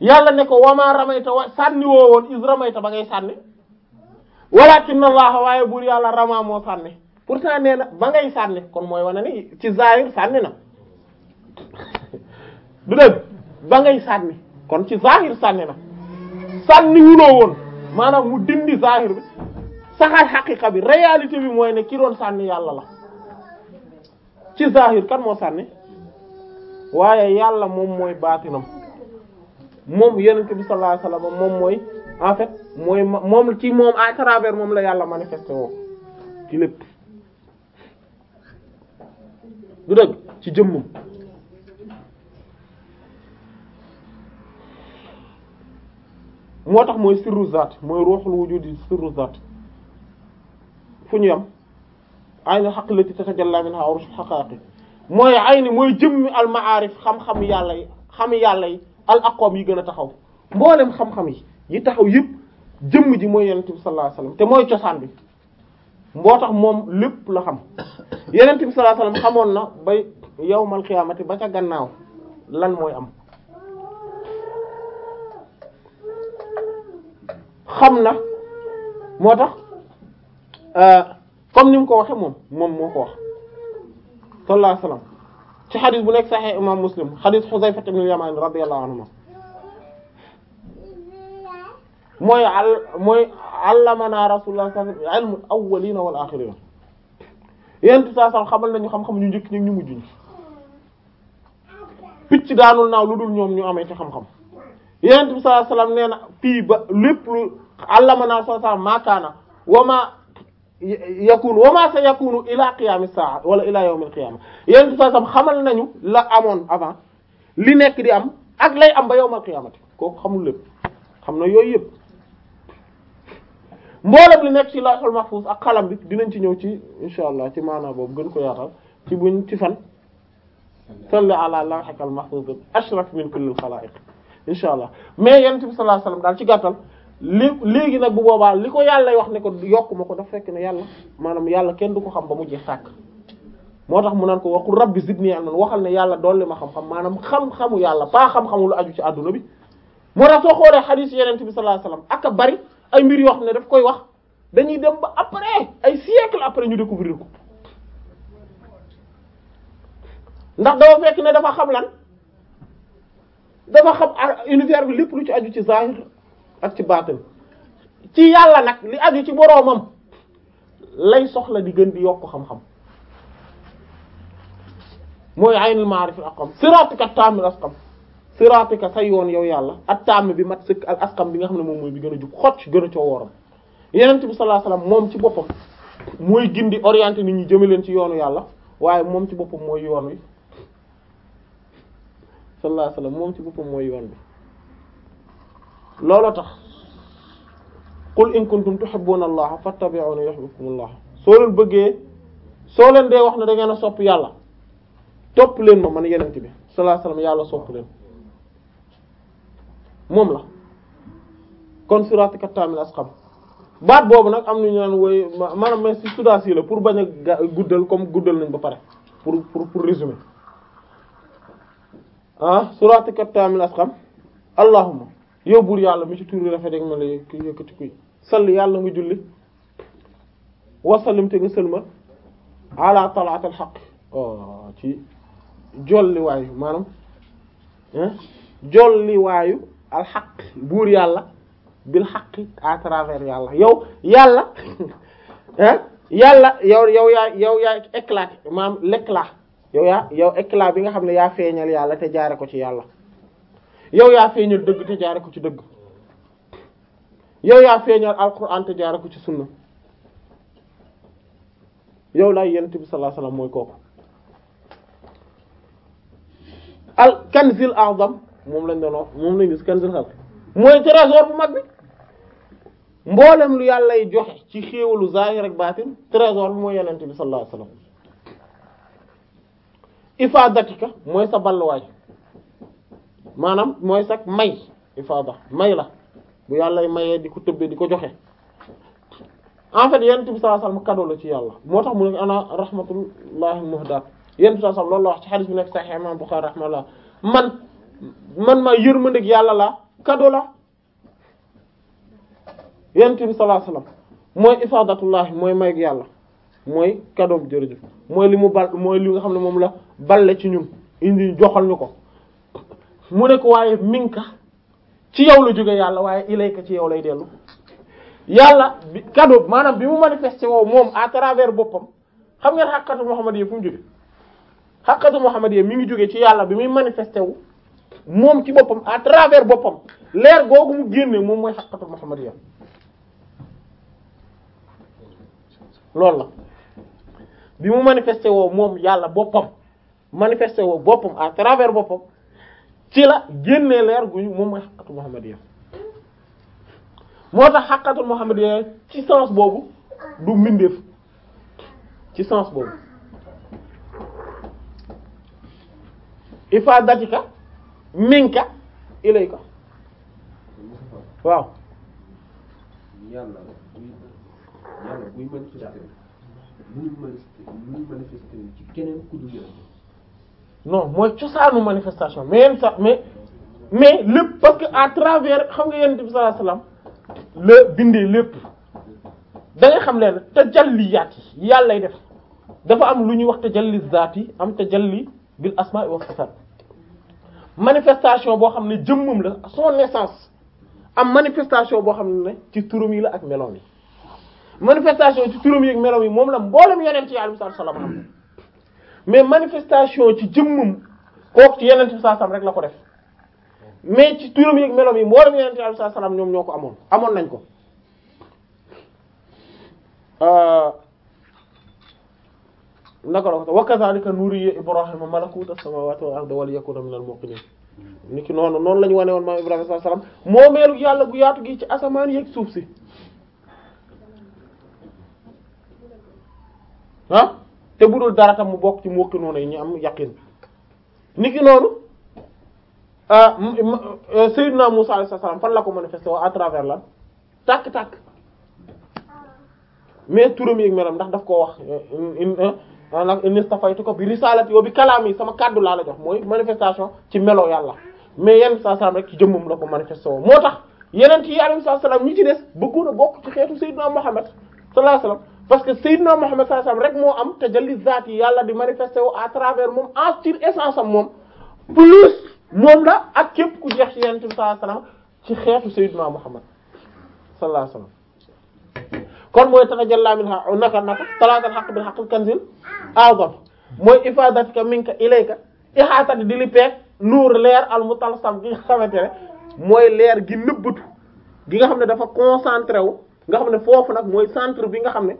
yàlla ne ko wamaa ramayta wa sànni woo woon is ramayta ba ngay sànni walakin allah waaye buur yàlla ramaa moo sànni pourtant nee na ba ngay sànni kon mooy wane ni ci zahir sànni na du dëgg ba ngay sànni kon ci zahir sànni na sànni wuloo woon maanaam mu dindi zahir bi saxal xaqiqa bi réalité bi mooy ne ki doon sànni yàlla la ci zahir kan moo sànni waaye yàlla moom mooy baatinam moom yonent bi sallallahu alayhi wasallam moom mooy en fait mooy moom ci moom à travers moom la yàlla manifesté woo ci lépp du dëgg ci jëmmum moo tax mooy sirru zaat mooy ruuxul wujudi sirru zaat fu ñu yam ayna xaq lati tatajalla minha arushul xaqaaqi mooy ayni mooy jëmmi al xam-xam yàlla yi xam yàlla yi al aqwam yi gën a taxaw mboolem xam-xam yi yi taxaw yëpp jëmm ji mooy yonent bi sallallahu alayhi te mooy cosaan bi moo tax moom lépp la xam yonent bi sallallahu alayhi wasallam xamoon na bay yawmal qiyaamati ba ca gannaaw lan mooy am xam na moo tax euh, comme ni mu ko waxee moom moom moo ko wax sallallahu alayhi wasallam ci xadis bu nekk saxee imam muslim xadis Xuzayfa ibn Yamaan radiyallahu anhu mooy al mooy allamana rasulullah sallallahu alayhi wa sallam ilmul awwalina wal axirina yent saa sax xamal nañu xam-xam ñu njëkk ñu ñu mujj ñi picc daanul naaw lu dul ñoom ñu amee ci xam-xam yent bi sallallahu alayhi wa sallam nee na fii ba lépp lu allamana sallallahu alayhi wa sallam maakaana wa ma yakunu wa ma sa yakunu ila qiyam as-sa'a wala ila yawm al-qiyama yonent bi sallam xamal nañu la amoon avant li nekk di am ak lay am ba yawm al-qiyamati kooku xamul lépp xam na yooyu yëpp mboolem li nekk ci lawhul mahfuz ak xalam bi dinañ ci ñëw ci insha allah ci maanaa boobu gën ko yaatal ci buñ ci fan salli ala lawhikal mahfuz ashraf min kullil xalaa'iq insha allah mais yonent bi sallallahu alayhi wasallam daal ci gàttal li léegi nag bu boobaa li ko yàlla wax ne ko yokkuma ko dafa fekk ne yàlla maanaam yàlla kenn du ko xam ba mu jeex sàkk moo tax mu naan ko waxul rabbi zidni ilman waxal ne yàlla dolli ma xam-xam maanaam xam-xamu yàlla pas xam xamul lu aju ci àdduna bi moo tax soo xoolee xadiis yenente bi sallallahu alayhi wasallam ak a bari ay mbir yoo xam ne daf koy wax dañuy dem ba après ay siècle après ñu découvrir ko ndax dafa fekk ne dafa xam lan dafa xam univers bi lépp lu ci aju ci zahir ak ci baatin ci yàlla nag li aju ci boroomam lay soxla di gën di yokk xam-xam mooy aynul ma'arif al aqam siratika tamil asqam siratika say yoon yow yàlla ak tamm bi mat sëkk al asqam bi nga xam ne moom mooy bi gën a jub xocc gën a coo wooram yenent bi sallallahu alayhi wasallam moom ci boppam mooy gindi orienté nit ñi jëme leen ci yoonu yàlla waaye moom ci boppam mooy yoon wi sallallahu alayhi wasallam moom ci boppam mooy yoon bi looloo tax qul in kuntum tuhibbuna allaha fattabi'uni yuhibbukum allah soo leen bëggee soo leen dee wax ne da a sopp yàlla topp leen ma man yenent bi sallallahu alayhi wasallam yàlla sopp leen moom la kon suratika tamil asqam boobu nag am nañu naan wooy maanaam la pour bañ a guddal comme guddal nañ ba pare pour pour pour résumer ah suratika tamil asqam allahumma yow buur yàlla mu ci tur bi rafet ak ma la yëkkati kuy sall yàlla nga julli wasallim te nga sëlma ala talaatal xaq oh, ci jolliwaayu maanaam jolliwaayu al xaq buur yàlla bil xaqi à travers yàlla yow yàlla yàlla yow yow yaa yow yaa éclat maanaam l'éclat yow yaa yow éclat bi nga xam ne yaa feeñal yàlla te jaare ko ci yàlla yow yaa feeñal dëgg te jaare ko ci dëgg yow yaa feeñal alquran te jaare ko ci sunna yow laay yonent bi sallallahu alayhi wasallam mooy kooku al kanzil azam moom lañ doon wax moom lañ gis kanzil xal mooy trésor bu mag bi mboolem lu yàlla lay joxe ci xéewalu zahir rek baatin trésor bi mooy yonent bi sallallahu alayhi wasallam ifadatika mooy sa balluwaay maanaam mooy sax may ifaada may la bu yàlla mayee di ko tëbbee di ko joxe en fait yonent bi sallallahu alayhi la ci yàlla moo tax mu ne ana rahmatullahi muhdaat yonent bi sallallahu alayhi wasallam loolu la wax ci hadith bi nekk sahih imam Bukhari rahmatullah man man maa yërmandeeg yàlla la cadeau la yonent bi mooy ifaadatullahi mooy may yàlla mooy cadeau bi jërëjëf mooy li mu bal mooy li nga xam ne moom la balle ci ñun indi joxal ñu ko mu ne ko waaye minka ci yow la jóge yàlla waaye ilayka ci yow lay dellu yàlla bi cadeau maanaam bi mu manifesté woo moom à travers boppam xam nga ngeen xàqatu Muhammad yi fu mu jóge xàqatu Muhammad yi mi ngi jógee ci yàlla bi muy manifesté wu moom ci boppam à travers boppam leer googu mu génne moom mooy xàqatu Muhammad yi loolu la bi mu manifesté woo moom yàlla boppam manifesté woo boppam à travers boppam ci la génnee leer gu moom mooy xaqatu muhammadiyya moo tax xaqatu muhammadiyya ci sens boobu du mbindeef ci sens boobu ifadatika minka ilayka waaw yàlla yàlla buy manifester non mooy cosaanu manifestation mais sax mais mais lépp parce que à travers xam nga yonent bi sallallahu alayhi wasallam la bindee lépp da ngay xam leen tajalliyaat yi yàllay def dafa am lu ñuy wax tajalli zaat yi am tajalli bil asmaa wa sifat manifestation boo xam ne jëmmam la son naissance am manifestation boo xam ne ci turam yi la ak meloom yi manifestation ci turam yi ak meloom yi moom la mboolem yonent yi alayhi salaam am mais manifestation ci jëmmum kooku ci yeneen bi sallam rek la ko def mais ci turam yi ak melom yi mboolem yeneen bi sallam ñoom ñoo ko amoon amoon nañ ko euh, naka la ko wa kadhalika nuriya ibrahima malakuta samawati wal ardi wa liyakuna minal muqinin ni noonu noonu la wane woon maam ibrahima sallallahu moo meelu yàlla gu yaatu gi ci asamaan yeeg suuf si ah te bu dul dara tam mu bokk ci mbokki noonu yi ñu am yaqin niki noonu ah, euh, Seydina Musa alayhi salaam fan la ko manifesté wa à travers lan tàkk-tàkk mais turam yeeg melam ndax daf ko wax euh, nag nistafaytu ko bi risalati yow bi kalaam yi sama kàddu laa la jox mooy manifestation ci melo yàlla mais yenn saa salaam rek ci jëmmam la ko manifesté woo moo tax yeneen ci alayhi salaam ñi ci des bëggoon a bokk ci xeetu Seydina Muhammad sallallahu parce que Seydina Muhammad sallallahu alayhi wasallam rek moo am tajalli zaat yi yàlla di manifester wu à travers moom en sur essence am moom plus moom la ak képp ku jeex ci yonent bi ci xeetu Seydina Muhammad sallallahu kon mooy tajalla min haq talaatal haqq bil haqq kanzil azam mooy ifadatika minka ilayka ihatati di li peeg leer al mutalsam gi nga xamante mooy leer gi nëbbatu gi nga xam ne dafa concentré wu nga xam ne foofu nag mooy centre bi nga xam ne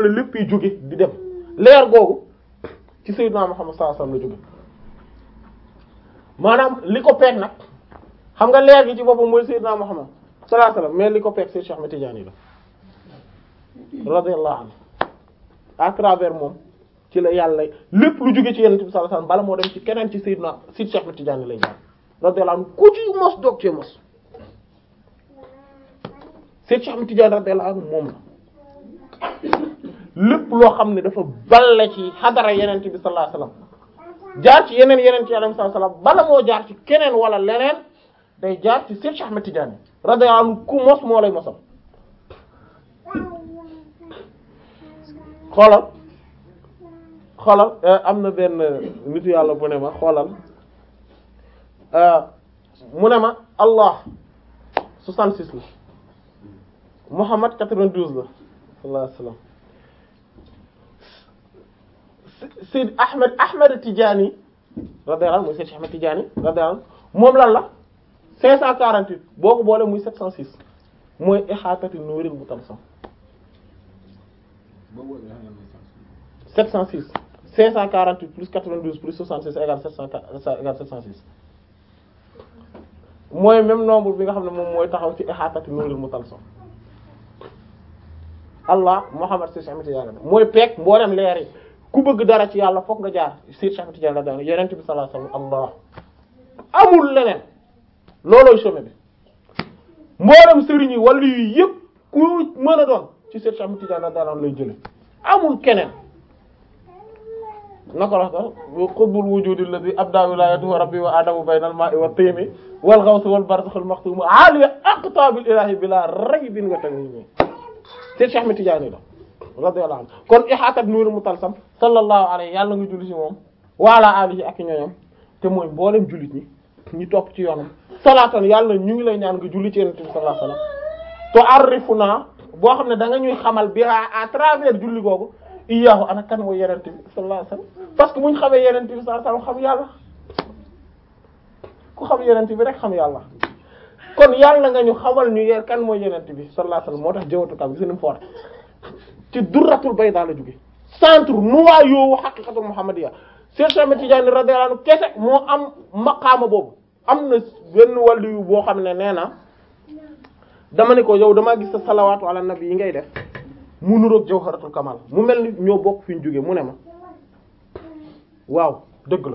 fa lépp yi jóge di dem leer googu ci Sayyidina na sallallahu alayhi wasallam la jóge maanaam li ko peeg nag xam nga leer gi ci boppam mooy Sayyidina Muhammad sallallahu alayhi wasallam mais li ko peeg Cheikh Ahmed Tidiane la radiyallahu anhu à moom ci la yàlla lépp lu jóge ci Yonent bi sallallahu alayhi wasallam bala moo dem ci keneen ci Sayyidina si Cheikh Ahmed Tidiane lay jaar radiyallahu anhu ku ci mos doog cee mos Cheikh Ahmed Tidiane radiyallahu anhu moom la lépp loo xam ne dafa balle ci xadara yeneen bi sallallahu alayhi jaar ci yeneen yeneen ci alayhi salaam bala moo jaar ci keneen wala leneen day jaar ci Seex Ahmed Tidiane radiyallahu anhu ku mos moo lay mosal xoolal xoolal eh, am na benn nitu yàlla bu ne ma xoolal eh, mu ne ma Allah 66 la Muhammad 92 la sallallahu alayhi Seydi Ahmed Ahmed Tidjani radiyallahu anhu mooy Seydi Ahmed Tidjani radiyallahu anhu moom lan la 548 boo ko boolee muy 706 mooy ihaatati nuuril mutamsam 706 548 plus 92 plus 76 égale 706 mooy même nombre bi nga xam ne moom mooy taxaw ci ihaatati nuuril mutamsam Allah Muhammad Seydi Ahmed Tidjani mooy peeg mboolem leer yi ku bëgg dara ci yàlla foog nga jaar sir Cheikh Tidiane la daan yenent bi sallallahu alayhi wasallam allah amul leneen loolooy chemin bi mboolem sëriñ yi wala yu yëpp ku mën doon ci sir Cheikh Tidiane la daan lay jële amul keneen nako la sax qutbul wujudi alladhi abda wilayatuhu rabbi wa adamu bayna al-ma'i wa at-taymi wal ghawth wal barzakh al-maqtum aliya aqtab bila raybin wa tamim sir Cheikh Tidiane la radiyallahu anhu kon ihaatat nuuru mutalsam sallallahu alayhi yàlla nga julli moom waala alihi ak ñoñom mooy mboolem jullit ñi ñi topp ci yoonam salaatan yàlla ñu ngi lay ñaan nga julli ci yonent bi sallallahu alayhi wasallam to arrifu boo xam ne da nga ñuy xamal bi à travers julli googu iyaahu ana kan mooy yonent bi sallallahu alayhi parce que bu ñu xamee yonent bi sallallahu alayhi wasallam xam yàlla ku xam yonent bi rek xam yàlla kon yàlla nga ñu xamal ñu yer kan mooy yonent bi sallallahu alayhi wasallam moo tax jëwatu kam gis nañu fort ci durratul bayda la jóge centre noyau haqiqatul muhammadiyya Cheikh Ahmed Tidiane radiyallahu anhu kese moo am maqaama boobu am na benn wàllu yu boo xam ne nee na dama ne ko yow damaa gis sa salawaatu ala nabi yi ngay def mu nuroog jawharatul kamal mu mel ni ñoo bokk fi ñu jóge mu ne ma waaw dëgg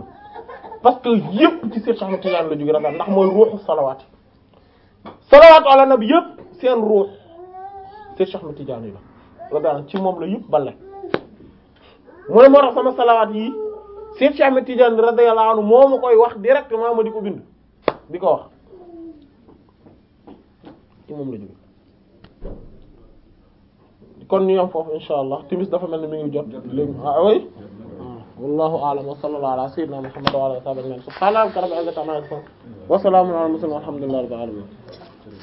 parce que yépp ci Cheikh Ahmed Tidiane la jóge radiyallahu ndax mooy ruuxu salawaat salawaatu ala nabi yépp seen ruux Cheikh Ahmed la radiyallahu ci moom la yëpp balle mu ne moo tax sama salawaat yi Cheikh Cheikh Ahmed Tidiane radiyallahu anhu koy wax directement ma di ko bind di ko wax ci moom la jóge kon ñu yam foofu insha timis dafa mel ni mi jot léegi ah oui a'lam wa sallallahu ala sayyidina muhammad wa ala alihi wa sahbihi subhanallahi rabbil izzati amma